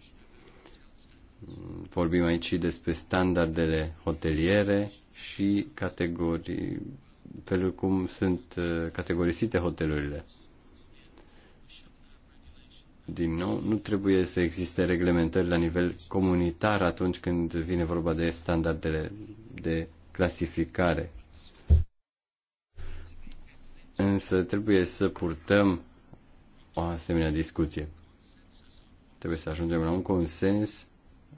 Vorbim aici și despre standardele hoteliere și categorii, felul cum sunt uh, categorisite hotelurile din nou, nu trebuie să existe reglementări la nivel comunitar atunci când vine vorba de standardele de clasificare. Însă trebuie să purtăm o asemenea discuție. Trebuie să ajungem la un consens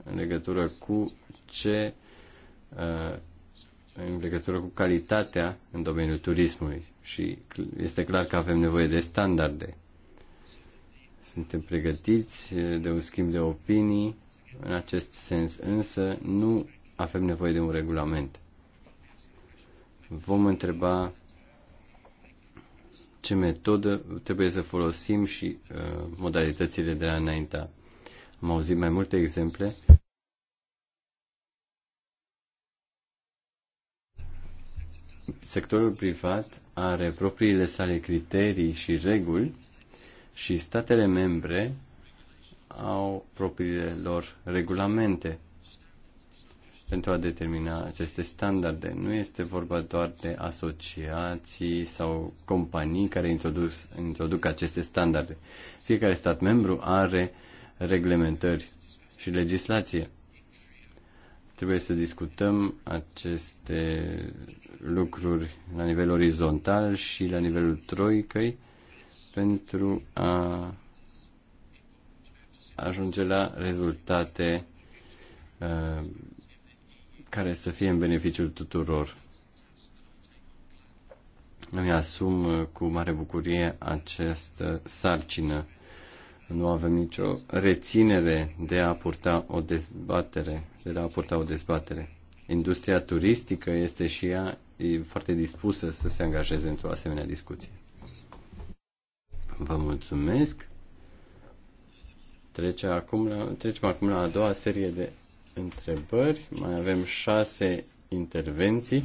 în legătură cu ce, uh, în legătură cu calitatea în domeniul turismului. Și este clar că avem nevoie de standarde suntem pregătiți de un schimb de opinii în acest sens, însă nu avem nevoie de un regulament. Vom întreba ce metodă trebuie să folosim și uh, modalitățile de a înainta. Am auzit mai multe exemple. Sectorul privat are propriile sale criterii și reguli și statele membre au propriile lor regulamente pentru a determina aceste standarde. Nu este vorba doar de asociații sau companii care introduc, introduc aceste standarde. Fiecare stat membru are reglementări și legislație. Trebuie să discutăm aceste lucruri la nivel orizontal și la nivelul troicăi pentru a ajunge la rezultate uh, care să fie în beneficiul tuturor. Îmi asum uh, cu mare bucurie această sarcină. Nu avem nicio reținere de a purta o dezbatere, de a purta o dezbatere. Industria turistică este și ea foarte dispusă să se angajeze într-o asemenea discuție. Vă mulțumesc. Trece acum la, trecem acum la a doua serie de întrebări. Mai avem șase intervenții.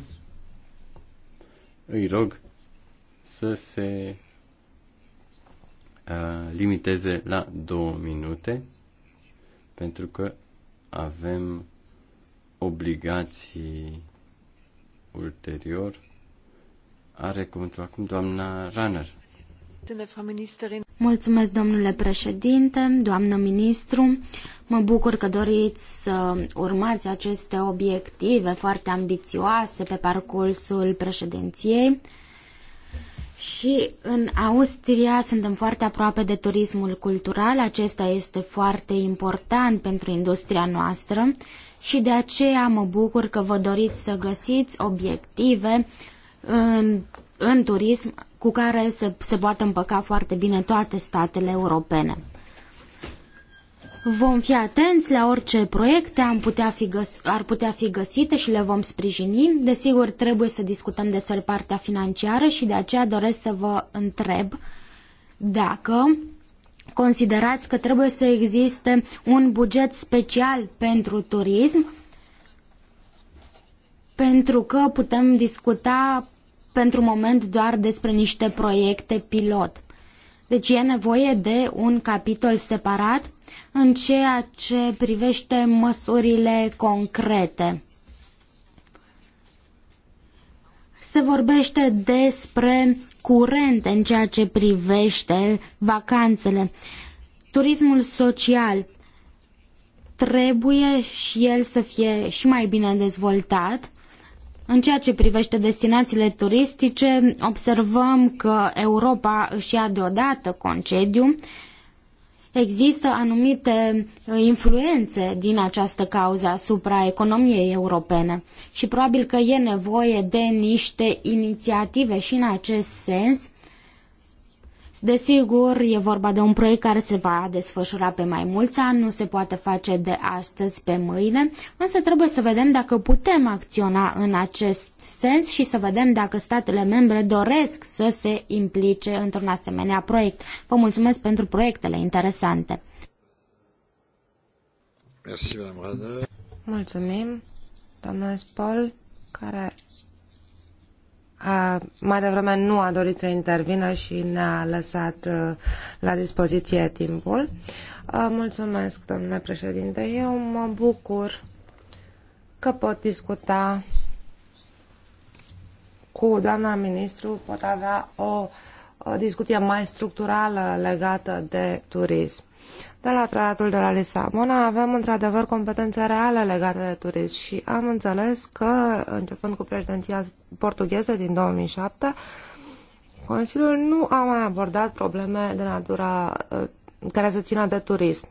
Îi rog să se uh, limiteze la două minute, pentru că avem obligații ulterior. Are cuvântul acum doamna Runner. Mulțumesc, domnule președinte, doamnă ministru. Mă bucur că doriți să urmați aceste obiective foarte ambițioase pe parcursul președinției. Și în Austria suntem foarte aproape de turismul cultural, acesta este foarte important pentru industria noastră și de aceea mă bucur că vă doriți să găsiți obiective în în turism cu care se, se poate împăca foarte bine toate statele europene. Vom fi atenți la orice proiecte am putea fi găs- ar putea fi găsite și le vom sprijini. Desigur, trebuie să discutăm despre partea financiară și de aceea doresc să vă întreb dacă considerați că trebuie să existe un buget special pentru turism, pentru că putem discuta pentru moment doar despre niște proiecte pilot. Deci e nevoie de un capitol separat în ceea ce privește măsurile concrete. Se vorbește despre curent în ceea ce privește vacanțele. Turismul social trebuie și el să fie și mai bine dezvoltat în ceea ce privește destinațiile turistice, observăm că Europa își ia deodată concediu. Există anumite uh, influențe din această cauză asupra economiei europene și probabil că e nevoie de niște inițiative și în acest sens Desigur, e vorba de un proiect care se va desfășura pe mai mulți ani, nu se poate face de astăzi pe mâine, însă trebuie să vedem dacă putem acționa în acest sens și să vedem dacă statele membre doresc să se implice într-un asemenea proiect. Vă mulțumesc pentru proiectele interesante. Mulțumim, doamna Spol, care a, mai devreme nu a dorit să intervină și ne-a lăsat uh, la dispoziție timpul. A, mulțumesc, domnule președinte. Eu mă bucur că pot discuta cu doamna ministru, pot avea o, o discuție mai structurală legată de turism. De la tratatul de la Lisabona avem într-adevăr competențe reale legate de turism și am înțeles că, începând cu președinția portugheză din 2007, Consiliul nu a mai abordat probleme de natura uh, care se țină de turism.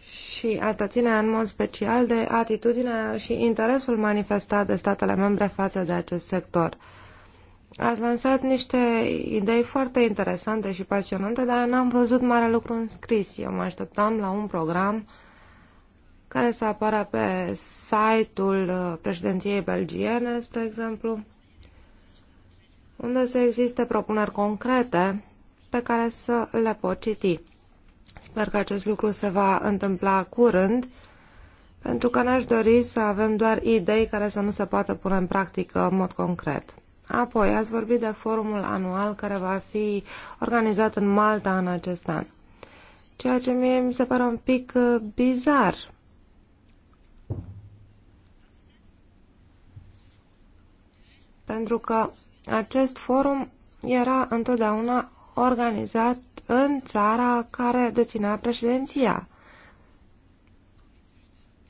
Și asta ține în mod special de atitudinea și interesul manifestat de statele membre față de acest sector. Ați lansat niște idei foarte interesante și pasionante, dar n-am văzut mare lucru în scris. Eu mă așteptam la un program care să apară pe site-ul uh, președinției belgiene, spre exemplu, unde să existe propuneri concrete pe care să le pot citi. Sper că acest lucru se va întâmpla curând, pentru că n-aș dori să avem doar idei care să nu se poată pune în practică în mod concret. Apoi, ați vorbit de forumul anual care va fi organizat în Malta în acest an, ceea ce mie mi se pare un pic uh, bizar. Pentru că acest forum era întotdeauna organizat în țara care deținea președinția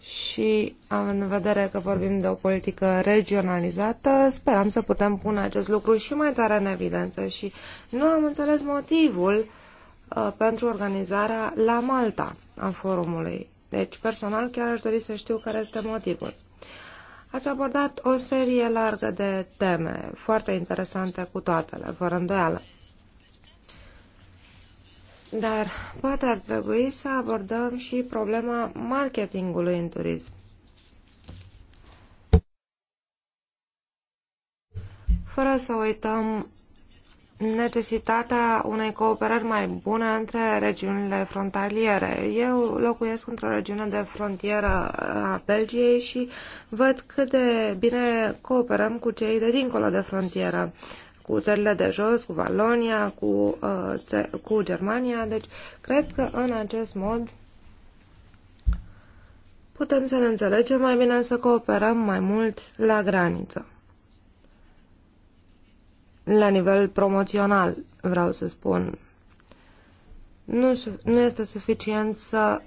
și în vedere că vorbim de o politică regionalizată, sperăm să putem pune acest lucru și mai tare în evidență și nu am înțeles motivul uh, pentru organizarea la Malta a forumului. Deci, personal, chiar aș dori să știu care este motivul. Ați abordat o serie largă de teme, foarte interesante cu toatele, fără îndoială. Dar poate ar trebui să abordăm și problema marketingului în turism. Fără să uităm necesitatea unei cooperări mai bune între regiunile frontaliere. Eu locuiesc într-o regiune de frontieră a Belgiei și văd cât de bine cooperăm cu cei de dincolo de frontieră cu țările de jos, cu Valonia, cu, uh, cu Germania. Deci, cred că în acest mod putem să ne înțelegem mai bine, să cooperăm mai mult la graniță. La nivel promoțional, vreau să spun. Nu, nu este suficient să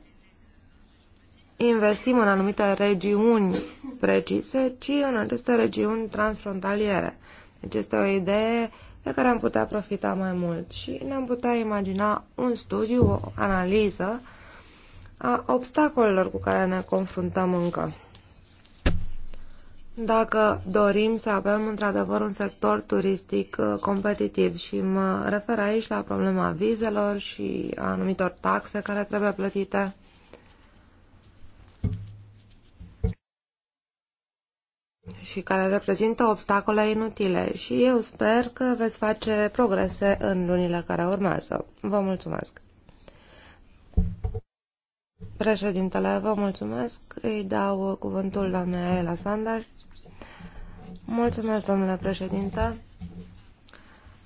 investim în anumite regiuni precise, ci în aceste regiuni transfrontaliere. Deci este o idee de care am putea profita mai mult și ne-am putea imagina un studiu, o analiză a obstacolelor cu care ne confruntăm încă. Dacă dorim să avem într-adevăr un sector turistic uh, competitiv și mă refer aici la problema vizelor și a anumitor taxe care trebuie plătite, și care reprezintă obstacole inutile și eu sper că veți face progrese în lunile care urmează. Vă mulțumesc! Președintele, vă mulțumesc. Îi dau cuvântul doamnei Aela Sanders. Mulțumesc, domnule președinte.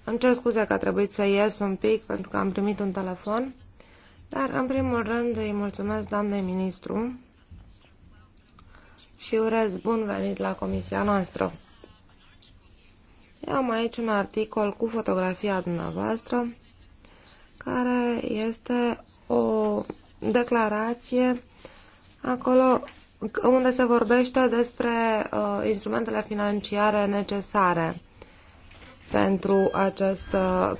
Îmi cer scuze că a trebuit să ies un pic pentru că am primit un telefon, dar în primul rând îi mulțumesc doamnei ministru și urez bun venit la comisia noastră. Eu am aici un articol cu fotografia dumneavoastră, care este o declarație acolo unde se vorbește despre uh, instrumentele financiare necesare pentru, acest,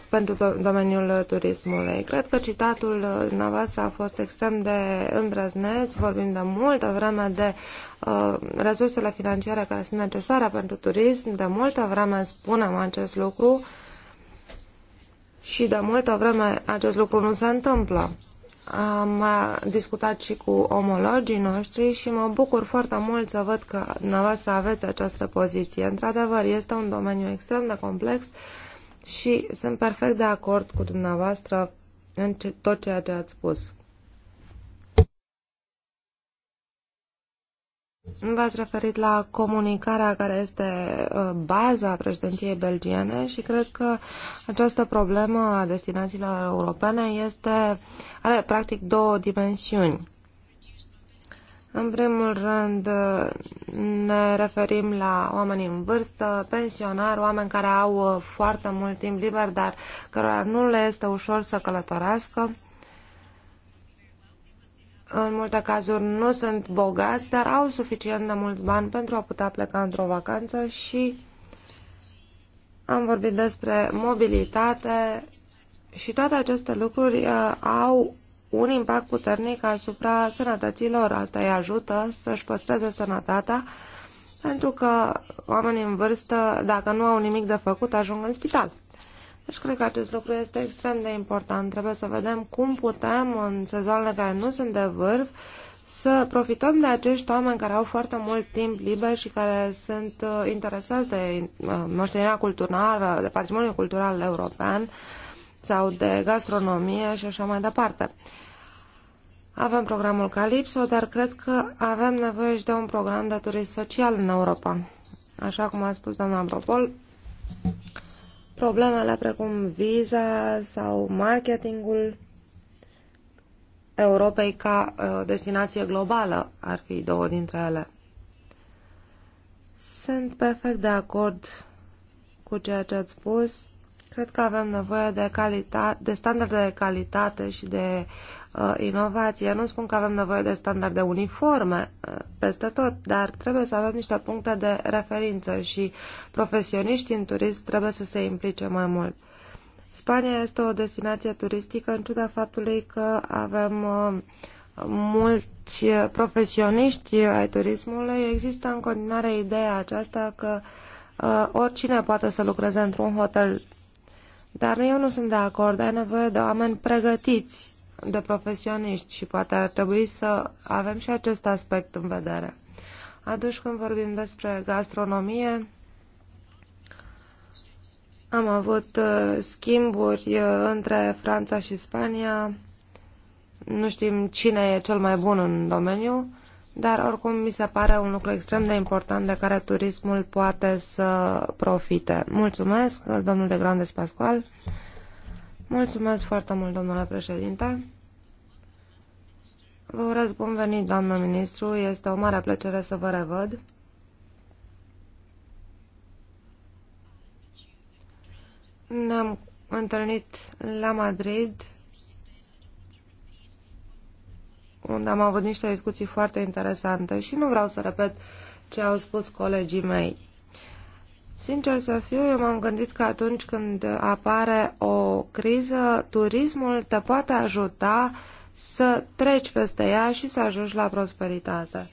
pentru domeniul turismului. Cred că citatul dumneavoastră a fost extrem de îndrăzneț, vorbim de multă vreme de uh, resursele financiare care sunt necesare pentru turism, de multă vreme spunem acest lucru și de multă vreme acest lucru nu se întâmplă. Am uh, discutat și cu omologii noștri și mă bucur foarte mult să văd că dumneavoastră aveți această poziție. Într-adevăr, este un domeniu extrem de complex și sunt perfect de acord cu dumneavoastră în tot ceea ce ați spus. V-ați referit la comunicarea care este uh, baza președinției belgiene și cred că această problemă a destinațiilor europene este, are practic două dimensiuni. În primul rând ne referim la oameni în vârstă, pensionari, oameni care au uh, foarte mult timp liber, dar cărora nu le este ușor să călătorească în multe cazuri nu sunt bogați, dar au suficient de mulți bani pentru a putea pleca într-o vacanță și am vorbit despre mobilitate și toate aceste lucruri uh, au un impact puternic asupra sănătății lor. Asta îi ajută să-și păstreze sănătatea pentru că oamenii în vârstă, dacă nu au nimic de făcut, ajung în spital. Deci cred că acest lucru este extrem de important. Trebuie să vedem cum putem în sezoanele care nu sunt de vârf să profităm de acești oameni care au foarte mult timp liber și care sunt uh, interesați de uh, moștenirea culturală, de patrimoniul cultural european sau de gastronomie și așa mai departe. Avem programul Calipso, dar cred că avem nevoie și de un program de turism social în Europa. Așa cum a spus doamna Propol, problemele precum viza sau marketingul Europei ca uh, destinație globală ar fi două dintre ele. Sunt perfect de acord cu ceea ce ați spus Cred că avem nevoie de, calitate, de standarde de calitate și de uh, inovație. Nu spun că avem nevoie de standarde uniforme uh, peste tot, dar trebuie să avem niște puncte de referință și profesioniștii în turism trebuie să se implice mai mult. Spania este o destinație turistică în ciuda faptului că avem uh, mulți profesioniști ai turismului, există în continuare ideea aceasta că uh, oricine poate să lucreze într-un hotel dar eu nu sunt de acord, ai nevoie de oameni pregătiți, de profesioniști și poate ar trebui să avem și acest aspect în vedere. Atunci când vorbim despre gastronomie, am avut uh, schimburi uh, între Franța și Spania. Nu știm cine e cel mai bun în domeniu dar oricum mi se pare un lucru extrem de important de care turismul poate să profite. Mulțumesc, domnul de Grandes Pascual. Mulțumesc foarte mult, domnule președinte. Vă urez bun venit, doamnă ministru. Este o mare plăcere să vă revăd. Ne-am întâlnit la Madrid unde am avut niște discuții foarte interesante și nu vreau să repet ce au spus colegii mei. Sincer să fiu, eu m-am gândit că atunci când apare o criză, turismul te poate ajuta să treci peste ea și să ajungi la prosperitate.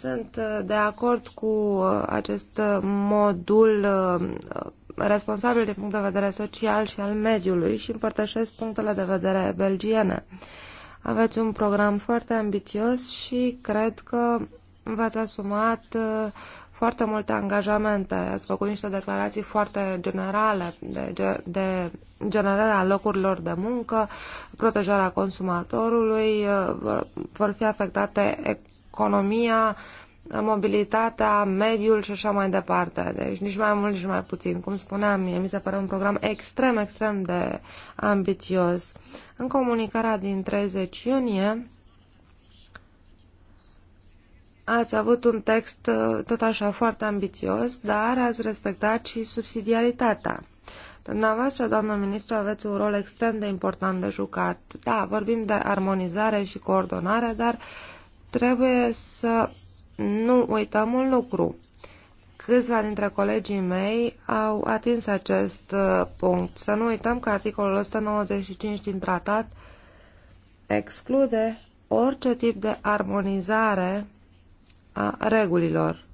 Sunt uh, de acord cu uh, acest uh, modul responsabil din punct de vedere social și al mediului și împărtășesc punctele de vedere belgiene. Aveți un program foarte ambițios și cred că v-ați asumat uh, foarte multe angajamente. Ați făcut niște declarații foarte generale de, de generarea locurilor de muncă, protejarea consumatorului, uh, vor fi afectate economia, mobilitatea, mediul și așa mai departe. Deci nici mai mult, nici mai puțin. Cum spuneam, mie mi se pare un program extrem, extrem de ambițios. În comunicarea din 30 iunie ați avut un text uh, tot așa foarte ambițios, dar ați respectat și subsidiaritatea. Dumneavoastră, doamnă ministru, aveți un rol extrem de important de jucat. Da, vorbim de armonizare și coordonare, dar trebuie să nu uităm un lucru. Câțiva dintre colegii mei au atins acest uh, punct. Să nu uităm că articolul 195 din tratat exclude orice tip de armonizare a regulilor.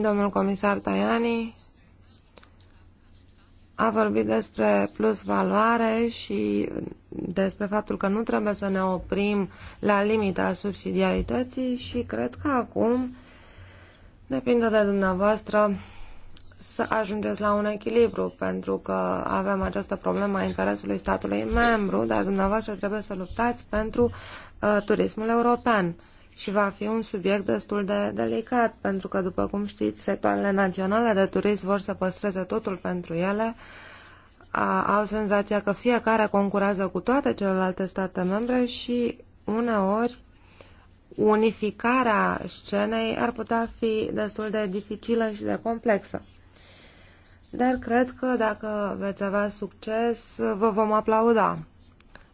Domnul comisar Tajani a vorbit despre plus valoare și despre faptul că nu trebuie să ne oprim la limita subsidiarității și cred că acum depinde de dumneavoastră să ajungeți la un echilibru, pentru că avem această problemă a interesului statului membru, dar dumneavoastră trebuie să luptați pentru uh, turismul european și va fi un subiect destul de delicat, pentru că, după cum știți, sectoarele naționale de turism vor să păstreze totul pentru ele, au senzația că fiecare concurează cu toate celelalte state membre și uneori unificarea scenei ar putea fi destul de dificilă și de complexă. Dar cred că dacă veți avea succes, vă vom aplauda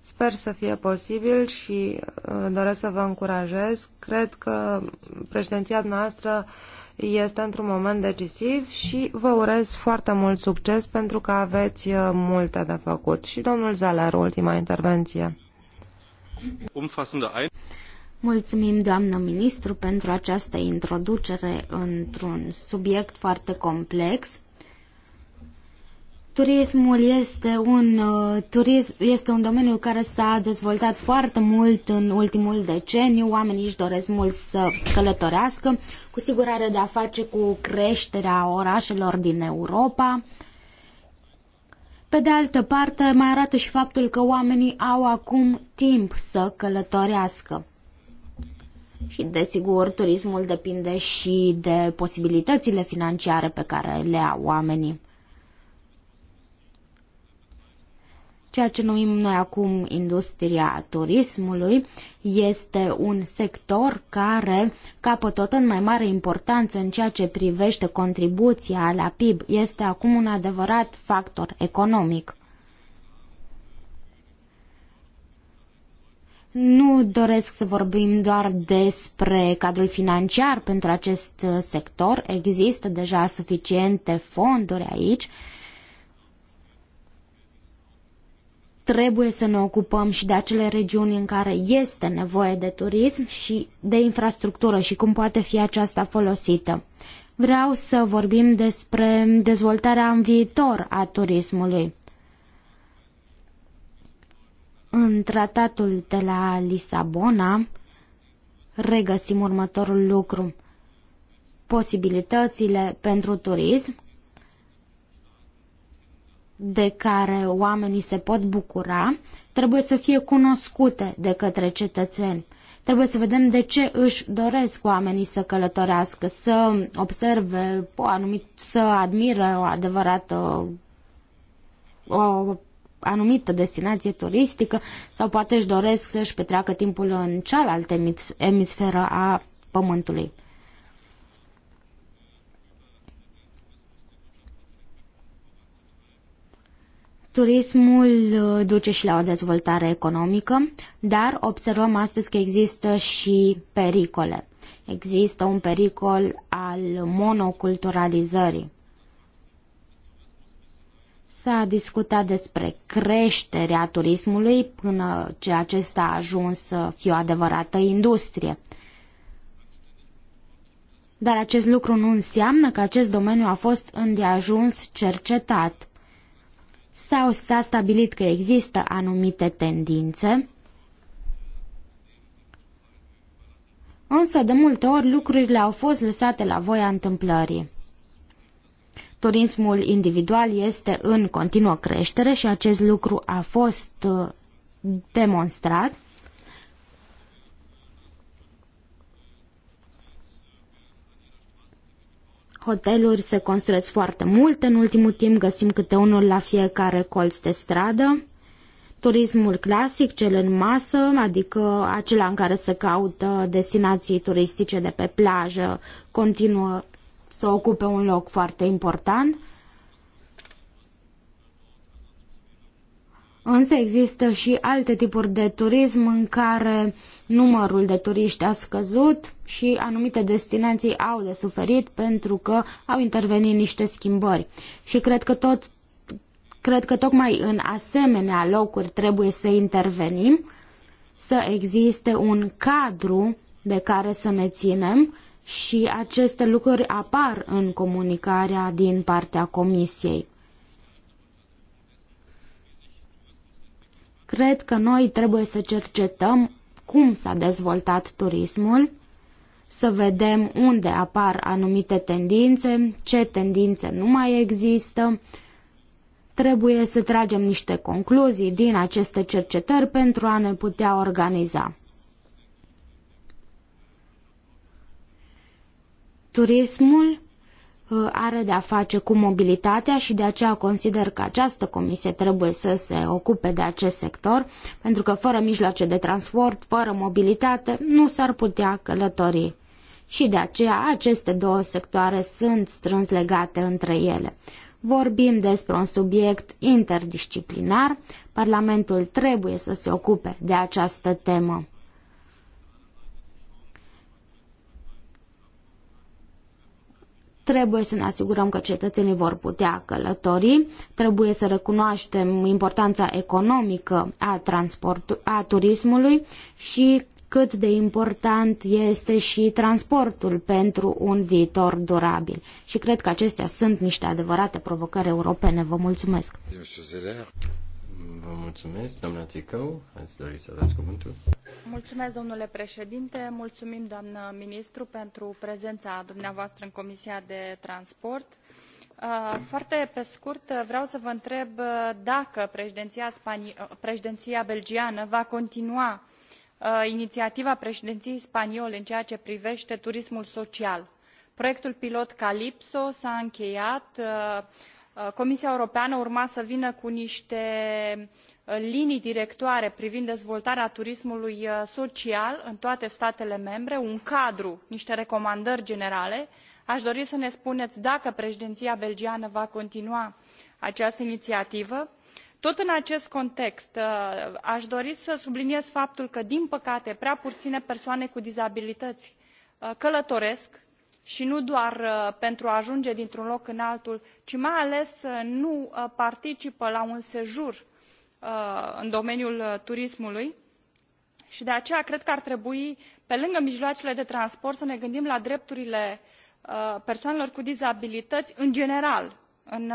Sper să fie posibil și uh, doresc să vă încurajez. Cred că președinția noastră este într-un moment decisiv și vă urez foarte mult succes pentru că aveți uh, multe de făcut. Și domnul Zeller, ultima intervenție. Mulțumim, doamnă ministru, pentru această introducere într-un subiect foarte complex. Turismul este un, uh, turism, este un domeniu care s-a dezvoltat foarte mult în ultimul deceniu. Oamenii își doresc mult să călătorească, cu sigurare de a face cu creșterea orașelor din Europa. Pe de altă parte, mai arată și faptul că oamenii au acum timp să călătorească. Și, desigur, turismul depinde și de posibilitățile financiare pe care le au oamenii. Ceea ce numim noi acum industria turismului este un sector care capătă tot în mai mare importanță în ceea ce privește contribuția la PIB. Este acum un adevărat factor economic. Nu doresc să vorbim doar despre cadrul financiar pentru acest sector. Există deja suficiente fonduri aici trebuie să ne ocupăm și de acele regiuni în care este nevoie de turism și de infrastructură și cum poate fi aceasta folosită. Vreau să vorbim despre dezvoltarea în viitor a turismului. În tratatul de la Lisabona regăsim următorul lucru. Posibilitățile pentru turism de care oamenii se pot bucura trebuie să fie cunoscute de către cetățeni. Trebuie să vedem de ce își doresc oamenii să călătorească, să observe o anumit, să admire o adevărată o anumită destinație turistică sau poate își doresc să-și petreacă timpul în cealaltă emisferă a Pământului. Turismul uh, duce și la o dezvoltare economică, dar observăm astăzi că există și pericole. Există un pericol al monoculturalizării. S-a discutat despre creșterea turismului până ce acesta a ajuns să fie o adevărată industrie. Dar acest lucru nu înseamnă că acest domeniu a fost îndeajuns cercetat sau s-a stabilit că există anumite tendințe, însă de multe ori lucrurile au fost lăsate la voia întâmplării. Turismul individual este în continuă creștere și acest lucru a fost uh, demonstrat. Hoteluri se construiesc foarte multe, în ultimul timp găsim câte unul la fiecare colț de stradă. Turismul clasic, cel în masă, adică acela în care se caută destinații turistice de pe plajă, continuă să ocupe un loc foarte important Însă există și alte tipuri de turism în care numărul de turiști a scăzut și anumite destinații au de suferit pentru că au intervenit niște schimbări. Și cred că tot cred că tocmai în asemenea locuri trebuie să intervenim, să existe un cadru de care să ne ținem și aceste lucruri apar în comunicarea din partea Comisiei. Cred că noi trebuie să cercetăm cum s-a dezvoltat turismul, să vedem unde apar anumite tendințe, ce tendințe nu mai există. Trebuie să tragem niște concluzii din aceste cercetări pentru a ne putea organiza. Turismul Uh, are de a face cu mobilitatea și de aceea consider că această comisie trebuie să se ocupe de acest sector, pentru că fără mijloace de transport, fără mobilitate, nu s-ar putea călători. Și de aceea aceste două sectoare sunt strâns legate între ele. Vorbim despre un subiect interdisciplinar, Parlamentul trebuie să se ocupe de această temă. Trebuie să ne asigurăm că cetățenii vor putea călători, trebuie să recunoaștem importanța economică a, transport, a turismului și cât de important este și transportul pentru un viitor durabil. Și cred că acestea sunt niște adevărate provocări europene. Vă mulțumesc! Vă mulțumesc, doamna Țicău. Ați dori să dați cuvântul? Mulțumesc, domnule președinte. Mulțumim, doamnă ministru, pentru prezența dumneavoastră în Comisia de Transport. Uh, foarte pe scurt, vreau să vă întreb uh, dacă președinția, Spani- uh, președinția belgiană va continua inițiativa președinției spaniole în ceea ce privește turismul social. Proiectul pilot Calypso s-a încheiat Uh, comisia europeană urma să vină cu nite uh, linii directoare privind dezvoltarea turismului uh, social în toate statele membre un cadru nite recomandări generale a dori să ne spunei dacă preedinia belgiană va continua această iniiativă tot în acest context a dori să subliniez faptul că din păcate prea puine persoane cu dizabilităi călătoresc i nu doar uh, pentru a ajunge dintr un loc în altul ci mai ales uh, nu uh, participă la un sejur în domeniul turismului i de aceea cred că ar trebui pe lângă mijloacele de transport să ne gândim la drepturile persoanelor cu dizabilităi în general în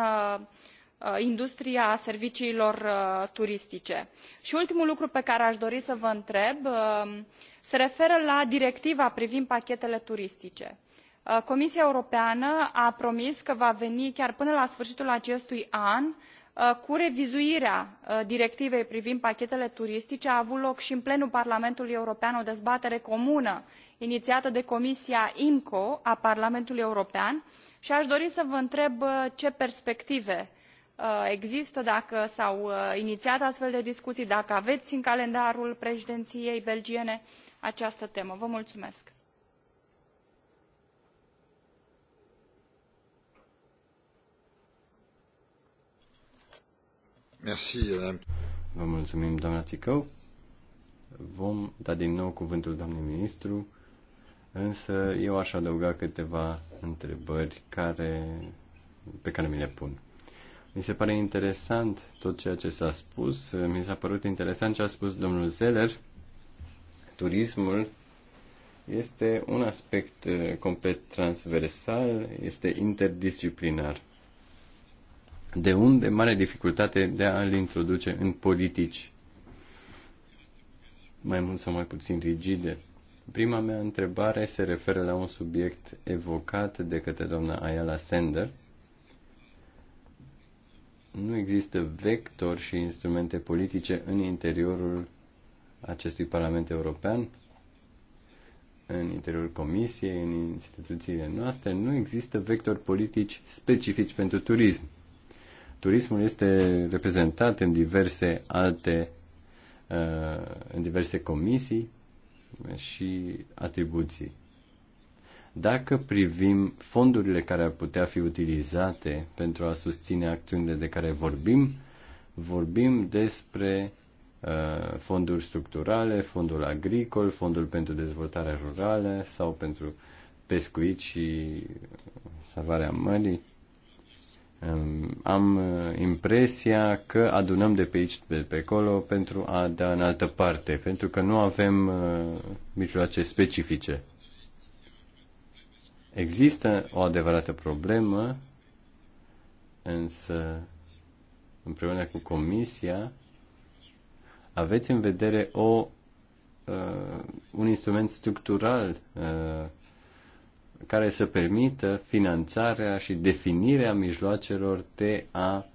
industria serviciilor turistice. i ultimul lucru pe care a dori să vă întreb se referă la directiva privind pachetele turistice. Uh, comisia europeană a promis că va veni chiar până la sfâritul acestui an uh, cu revizuirea uh, directivei privind pachetele turistice a avut loc i în plenul parlamentului european o dezbatere comună iniiată de comisia imco a parlamentului european i a dori să vă întreb ce perspective există dacă s au iniiat astfel de discuii dacă avei în calendarul preediniei belgiene această temă. Vă mulțumesc. Merci. Vă mulțumim, doamna Țicău. Vom da din nou cuvântul doamnei ministru, însă eu aș adăuga câteva întrebări care, pe care mi le pun. Mi se pare interesant tot ceea ce s-a spus. Mi s-a părut interesant ce a spus domnul Zeller. Turismul este un aspect eh, complet transversal, este interdisciplinar de unde mare dificultate de a-l introduce în politici mai mult sau mai puțin rigide. Prima mea întrebare se referă la un subiect evocat de către doamna Ayala Sender. Nu există vector și instrumente politice în interiorul acestui Parlament European, în interiorul Comisiei, în instituțiile noastre. Nu există vectori politici specifici pentru turism. Turismul este reprezentat în diverse alte, uh, în diverse comisii și atribuții. Dacă privim fondurile care ar putea fi utilizate pentru a susține acțiunile de care vorbim, vorbim despre uh, fonduri structurale, fondul agricol, fondul pentru dezvoltare rurală sau pentru pescuit și salvarea mării Ehm, am eh, impresia că adunăm de pe aici, de pe acolo, pentru a da în altă parte, pentru că nu avem eh, mijloace specifice. Există o adevărată problemă, însă, împreună cu Comisia, aveți în vedere o, uh, un instrument structural uh, care să permită finanțarea și definirea mijloacelor de a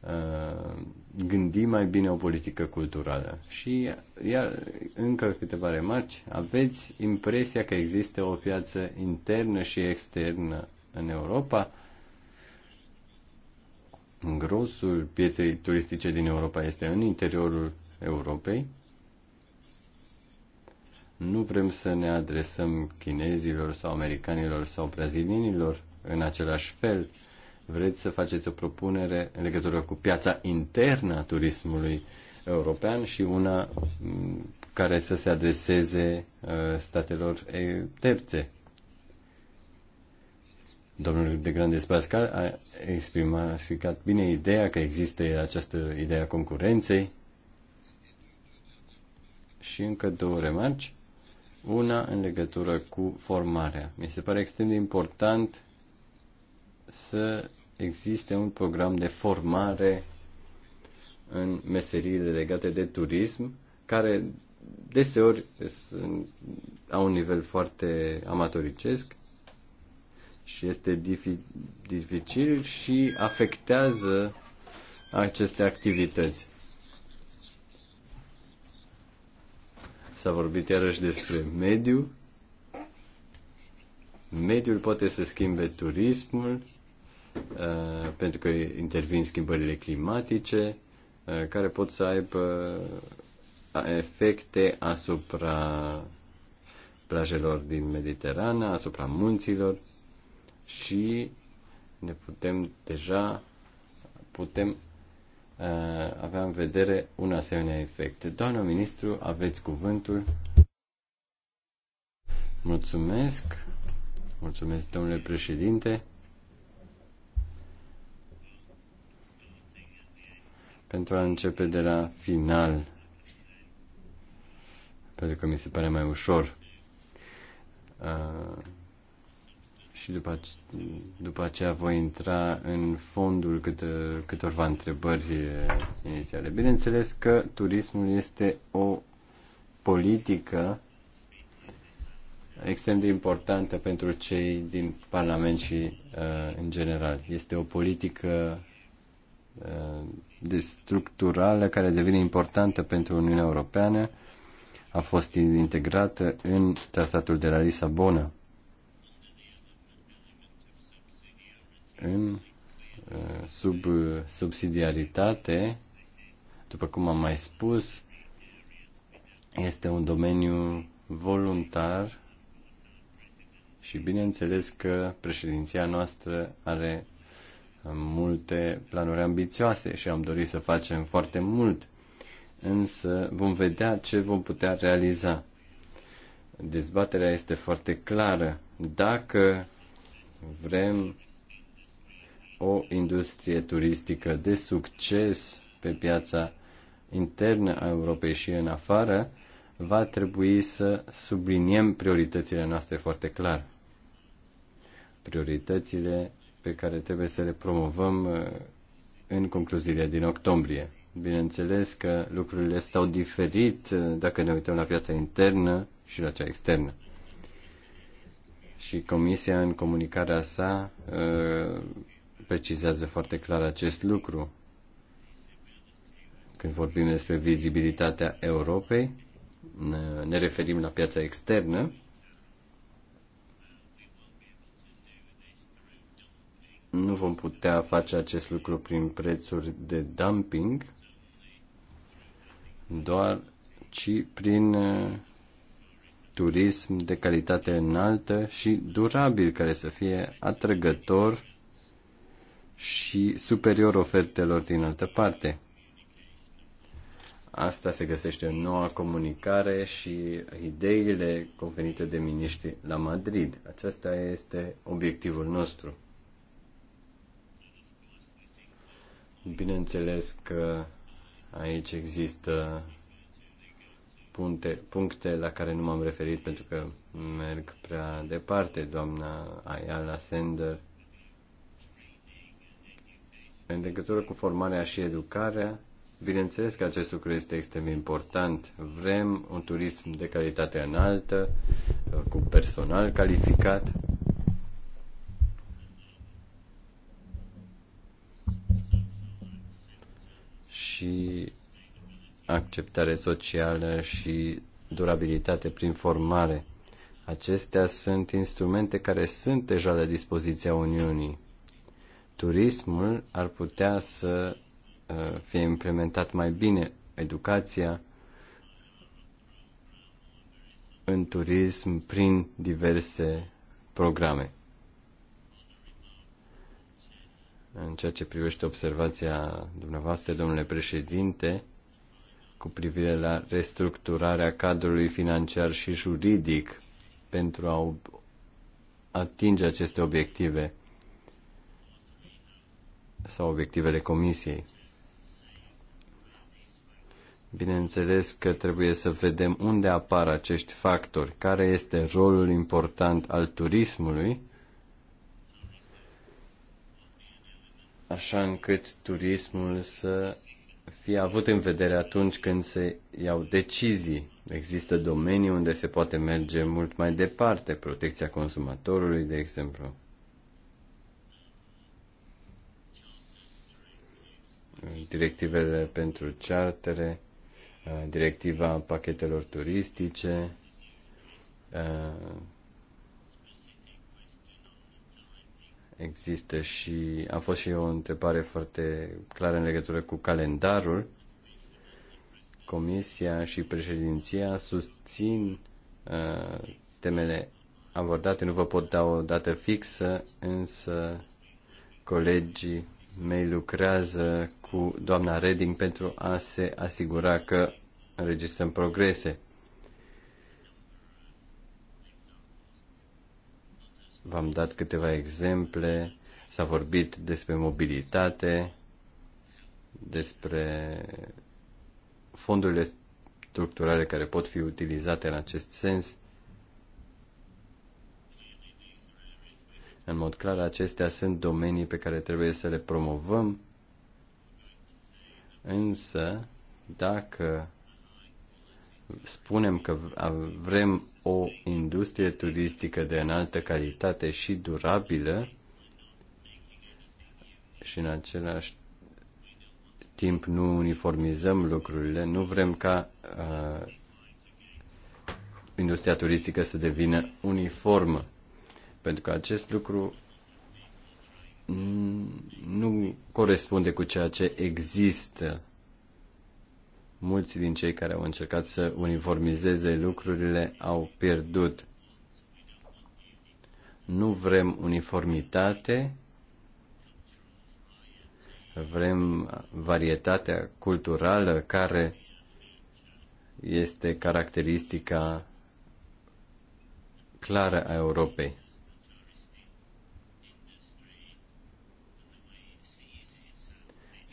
uh, gândi mai bine o politică culturală. Și iar încă câteva remarci. Aveți impresia că există o piață internă și externă în Europa? Grosul pieței turistice din Europa este în interiorul Europei nu vrem să ne adresăm chinezilor sau americanilor sau brazilienilor în același fel. Vreți să faceți o propunere în legătură cu piața internă a turismului european și una mm, care să se adreseze uh, statelor terțe. Domnul de Grandes Pascal a exprimat bine ideea că există această idee a concurenței. Și încă două remarci una în legătură cu formarea. Mi se pare extrem de important să existe un program de formare în meseriile legate de turism, care deseori sunt, au un nivel foarte amatoricesc și este dificil și afectează aceste activități. S-a vorbit iarăși despre mediu. Mediul poate să schimbe turismul, uh, pentru că intervin schimbările climatice, uh, care pot să aibă uh, efecte asupra plajelor din Mediterana, asupra munților și ne putem deja putem avea în vedere un asemenea efect. Doamna ministru, aveți cuvântul. Mulțumesc. Mulțumesc, domnule președinte. Pentru a începe de la final, pentru că mi se pare mai ușor. Uh, și după, după aceea voi intra în fondul câte, câtorva întrebări inițiale. Bineînțeles că turismul este o politică extrem de importantă pentru cei din Parlament și uh, în general. Este o politică uh, de structurală care devine importantă pentru Uniunea Europeană. A fost integrată în Tratatul de la Lisabona. în uh, sub uh, subsidiaritate, după cum am mai spus, este un domeniu voluntar și bineînțeles că președinția noastră are uh, multe planuri ambițioase și am dorit să facem foarte mult, însă vom vedea ce vom putea realiza. Dezbaterea este foarte clară. Dacă vrem o industrie turistică de succes pe piața internă a Europei și în afară, va trebui să subliniem prioritățile noastre foarte clar. Prioritățile pe care trebuie să le promovăm uh, în concluziile din octombrie. Bineînțeles că lucrurile stau diferit uh, dacă ne uităm la piața internă și la cea externă. Și Comisia, în comunicarea sa, uh, precizează foarte clar acest lucru. Când vorbim despre vizibilitatea Europei, ne referim la piața externă. Nu vom putea face acest lucru prin prețuri de dumping, doar ci prin uh, turism de calitate înaltă și durabil, care să fie atrăgător și superior ofertelor din altă parte. Asta se găsește în noua comunicare și ideile convenite de miniștri la Madrid. Acesta este obiectivul nostru. Bineînțeles că aici există puncte puncte la care nu m-am referit pentru că merg prea departe. Doamna Ayala Sender în legătură cu formarea și educarea, bineînțeles că acest lucru este extrem important. Vrem un turism de calitate înaltă, cu personal calificat. Și acceptare socială și durabilitate prin formare. Acestea sunt instrumente care sunt deja la dispoziția Uniunii turismul ar putea să uh, fie implementat mai bine, educația în turism prin diverse programe. În ceea ce privește observația dumneavoastră, domnule președinte, cu privire la restructurarea cadrului financiar și juridic pentru a atinge aceste obiective sau obiectivele comisiei. Bineînțeles că trebuie să vedem unde apar acești factori, care este rolul important al turismului, așa încât turismul să fie avut în vedere atunci când se iau decizii. Există domenii unde se poate merge mult mai departe, protecția consumatorului, de exemplu. directivele pentru chartere, uh, directiva pachetelor turistice, uh, există și a fost și o întrebare foarte clară în legătură cu calendarul. Comisia și președinția susțin uh, temele abordate. Nu vă pot da o dată fixă, însă colegii mei lucrează cu doamna Reding pentru a se asigura că înregistrăm progrese. V-am dat câteva exemple, s-a vorbit despre mobilitate, despre fondurile structurale care pot fi utilizate în acest sens. În mod clar, acestea sunt domenii pe care trebuie să le promovăm Însă, dacă spunem că vrem o industrie turistică de înaltă calitate și durabilă și în același timp nu uniformizăm lucrurile, nu vrem ca uh, industria turistică să devină uniformă, pentru că acest lucru nu corespunde cu ceea ce există. Mulți din cei care au încercat să uniformizeze lucrurile au pierdut. Nu vrem uniformitate, vrem varietatea culturală care este caracteristica clară a Europei.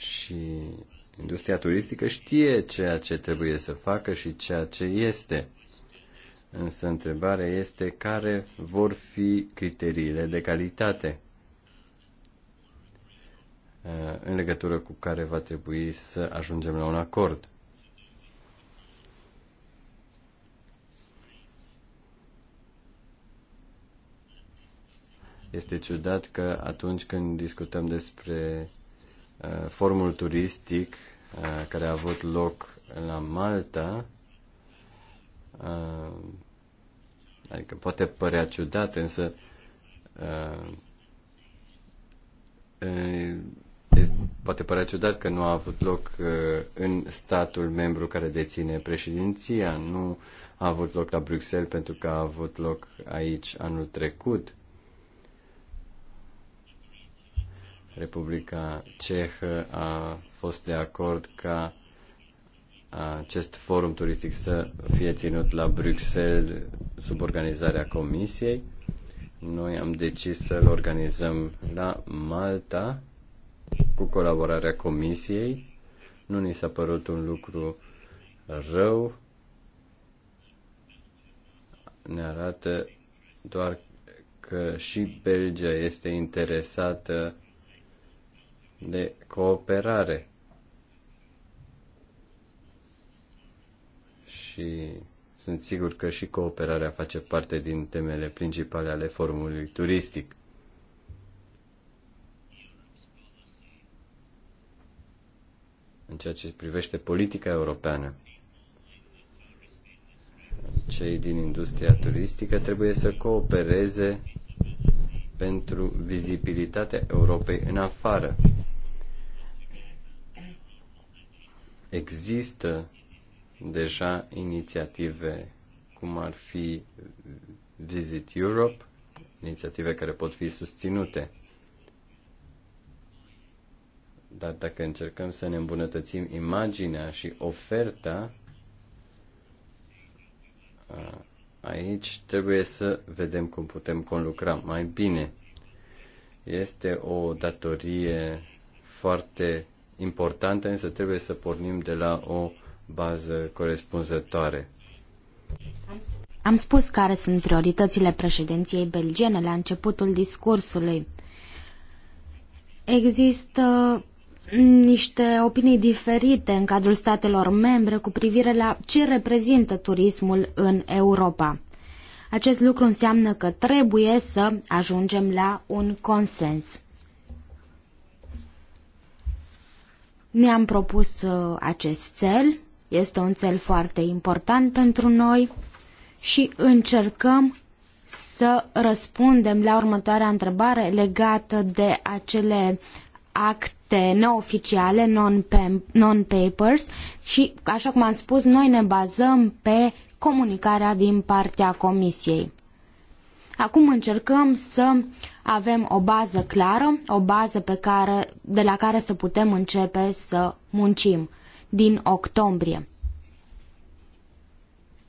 și industria turistică știe ceea ce trebuie să facă și ceea ce este. Însă întrebarea este care vor fi criteriile de calitate uh, în legătură cu care va trebui să ajungem la un acord. Este ciudat că atunci când discutăm despre Eh, forumul turistic eh, care a avut loc la Malta, eh, adică poate părea ciudat, însă poate părea ciudat că nu a avut loc în statul membru care deține președinția, nu a avut loc la Bruxelles pentru că a avut loc aici anul trecut. Republica Cehă a fost de acord ca acest forum turistic să fie ținut la Bruxelles sub organizarea Comisiei. Noi am decis să-l organizăm la Malta cu colaborarea Comisiei. Nu ni s-a părut un lucru rău. Ne arată doar că și Belgia este interesată de cooperare. Și sunt sigur că și cooperarea face parte din temele principale ale forumului turistic. În ceea ce privește politica europeană, cei din industria turistică trebuie să coopereze pentru vizibilitatea Europei în afară. Există deja inițiative cum ar fi Visit Europe, inițiative care pot fi susținute. Dar dacă încercăm să ne îmbunătățim imaginea și oferta, aici trebuie să vedem cum putem conlucra mai bine. Este o datorie foarte importante, însă trebuie să pornim de la o bază corespunzătoare. Am spus care sunt prioritățile președinției belgiene la începutul discursului. Există niște opinii diferite în cadrul statelor membre cu privire la ce reprezintă turismul în Europa. Acest lucru înseamnă că trebuie să ajungem la un consens. Ne-am propus uh, acest cel, este un cel foarte important pentru noi și încercăm să răspundem la următoarea întrebare legată de acele acte neoficiale, non-papers și, așa cum am spus, noi ne bazăm pe comunicarea din partea Comisiei. Acum încercăm să avem o bază clară, o bază pe care, de la care să putem începe să muncim din octombrie.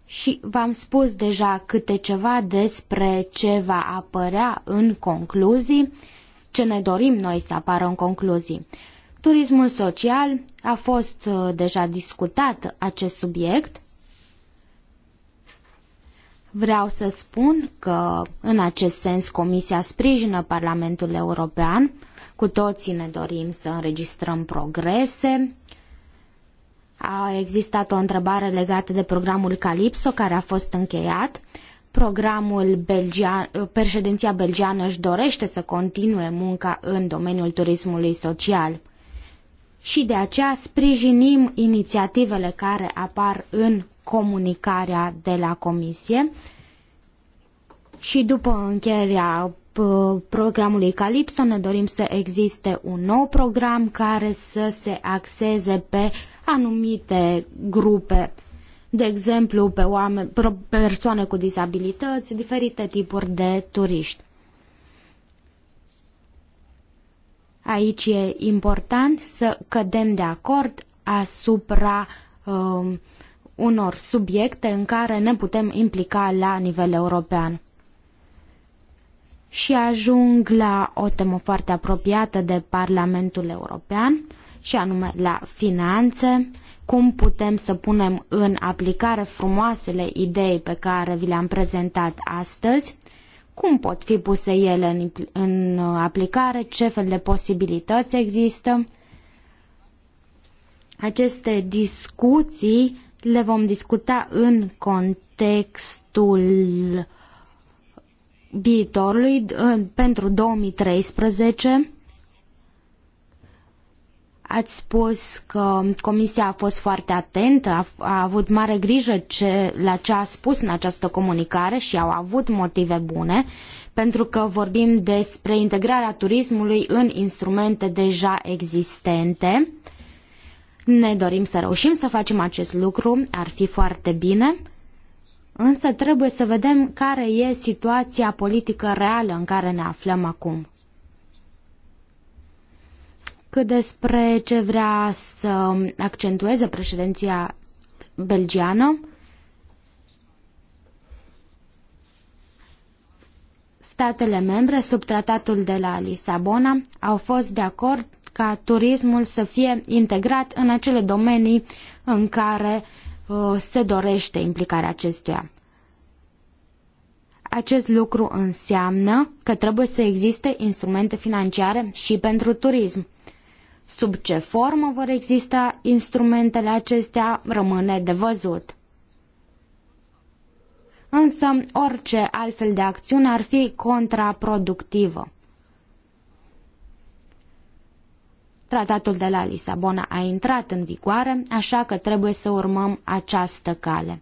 Și v-am spus deja câte ceva despre ce va apărea în concluzii, ce ne dorim noi să apară în concluzii. Turismul social a fost uh, deja discutat acest subiect Vreau să spun că, în acest sens, Comisia sprijină Parlamentul European. Cu toții ne dorim să înregistrăm progrese. A existat o întrebare legată de programul Calypso, care a fost încheiat. Programul belgian, președinția belgiană își dorește să continue munca în domeniul turismului social și de aceea sprijinim inițiativele care apar în comunicarea de la comisie și după încheierea uh, programului Calypso ne dorim să existe un nou program care să se axeze pe anumite grupe, de exemplu pe oameni, persoane cu dizabilități, diferite tipuri de turiști. Aici e important să cădem de acord asupra uh, unor subiecte în care ne putem implica la nivel european. Și ajung la o temă foarte apropiată de Parlamentul European, și anume la finanțe, cum putem să punem în aplicare frumoasele idei pe care vi le-am prezentat astăzi, cum pot fi puse ele în, în aplicare, ce fel de posibilități există. Aceste discuții le vom discuta în contextul viitorului pentru 2013. Ați spus că Comisia a fost foarte atentă, a, a avut mare grijă ce, la ce a spus în această comunicare și au avut motive bune, pentru că vorbim despre integrarea turismului în instrumente deja existente. Uh, ne dorim să reușim să facem acest lucru, ar fi foarte bine, însă trebuie să vedem care e situația politică reală în care ne aflăm acum. Cât despre ce vrea să accentueze președinția belgiană, statele membre sub tratatul de la Lisabona au fost de acord ca turismul să fie integrat în acele domenii în care uh, se dorește implicarea acestuia. Acest lucru înseamnă că trebuie să existe instrumente financiare și pentru turism. Sub ce formă vor exista instrumentele acestea rămâne de văzut. Însă, orice altfel de acțiune ar fi contraproductivă. Tratatul de la Lisabona a intrat în vigoare, așa că trebuie să urmăm această cale.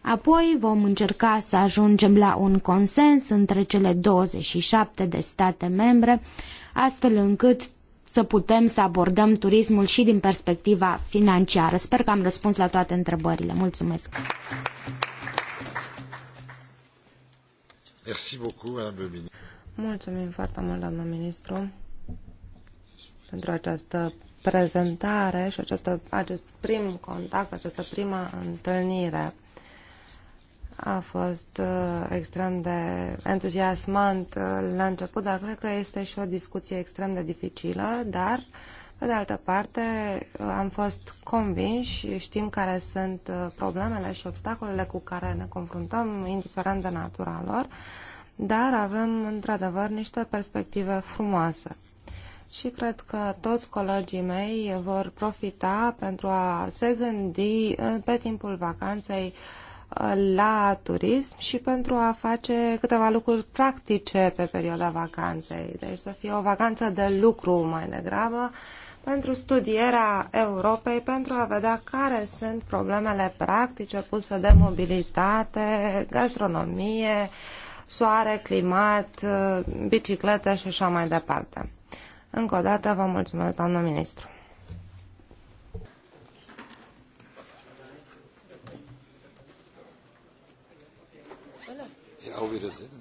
Apoi vom încerca să ajungem la un consens între cele 27 de state membre, astfel încât să putem să abordăm turismul și din perspectiva financiară. Sper că am răspuns la toate întrebările. Mulțumesc! Mulțumim foarte mult, doamnă ministru pentru această prezentare și această, acest prim contact, această prima întâlnire. A fost uh, extrem de entuziasmant uh, la început, dar cred că este și o discuție extrem de dificilă, dar, pe de altă parte, uh, am fost convinși, știm care sunt uh, problemele și obstacolele cu care ne confruntăm, indiferent de natura lor, dar avem, într-adevăr, niște perspective frumoase și cred că toți colegii mei vor profita pentru a se gândi pe timpul vacanței uh, la turism și pentru a face câteva lucruri practice pe perioada vacanței. Deci să fie o vacanță de lucru mai degrabă pentru studierea Europei, pentru a vedea care sunt problemele practice puse de mobilitate, gastronomie, soare, climat, uh, biciclete și așa mai departe. Încă o dată vă mulțumesc, doamnă ministru. Ja, Auf Wiedersehen.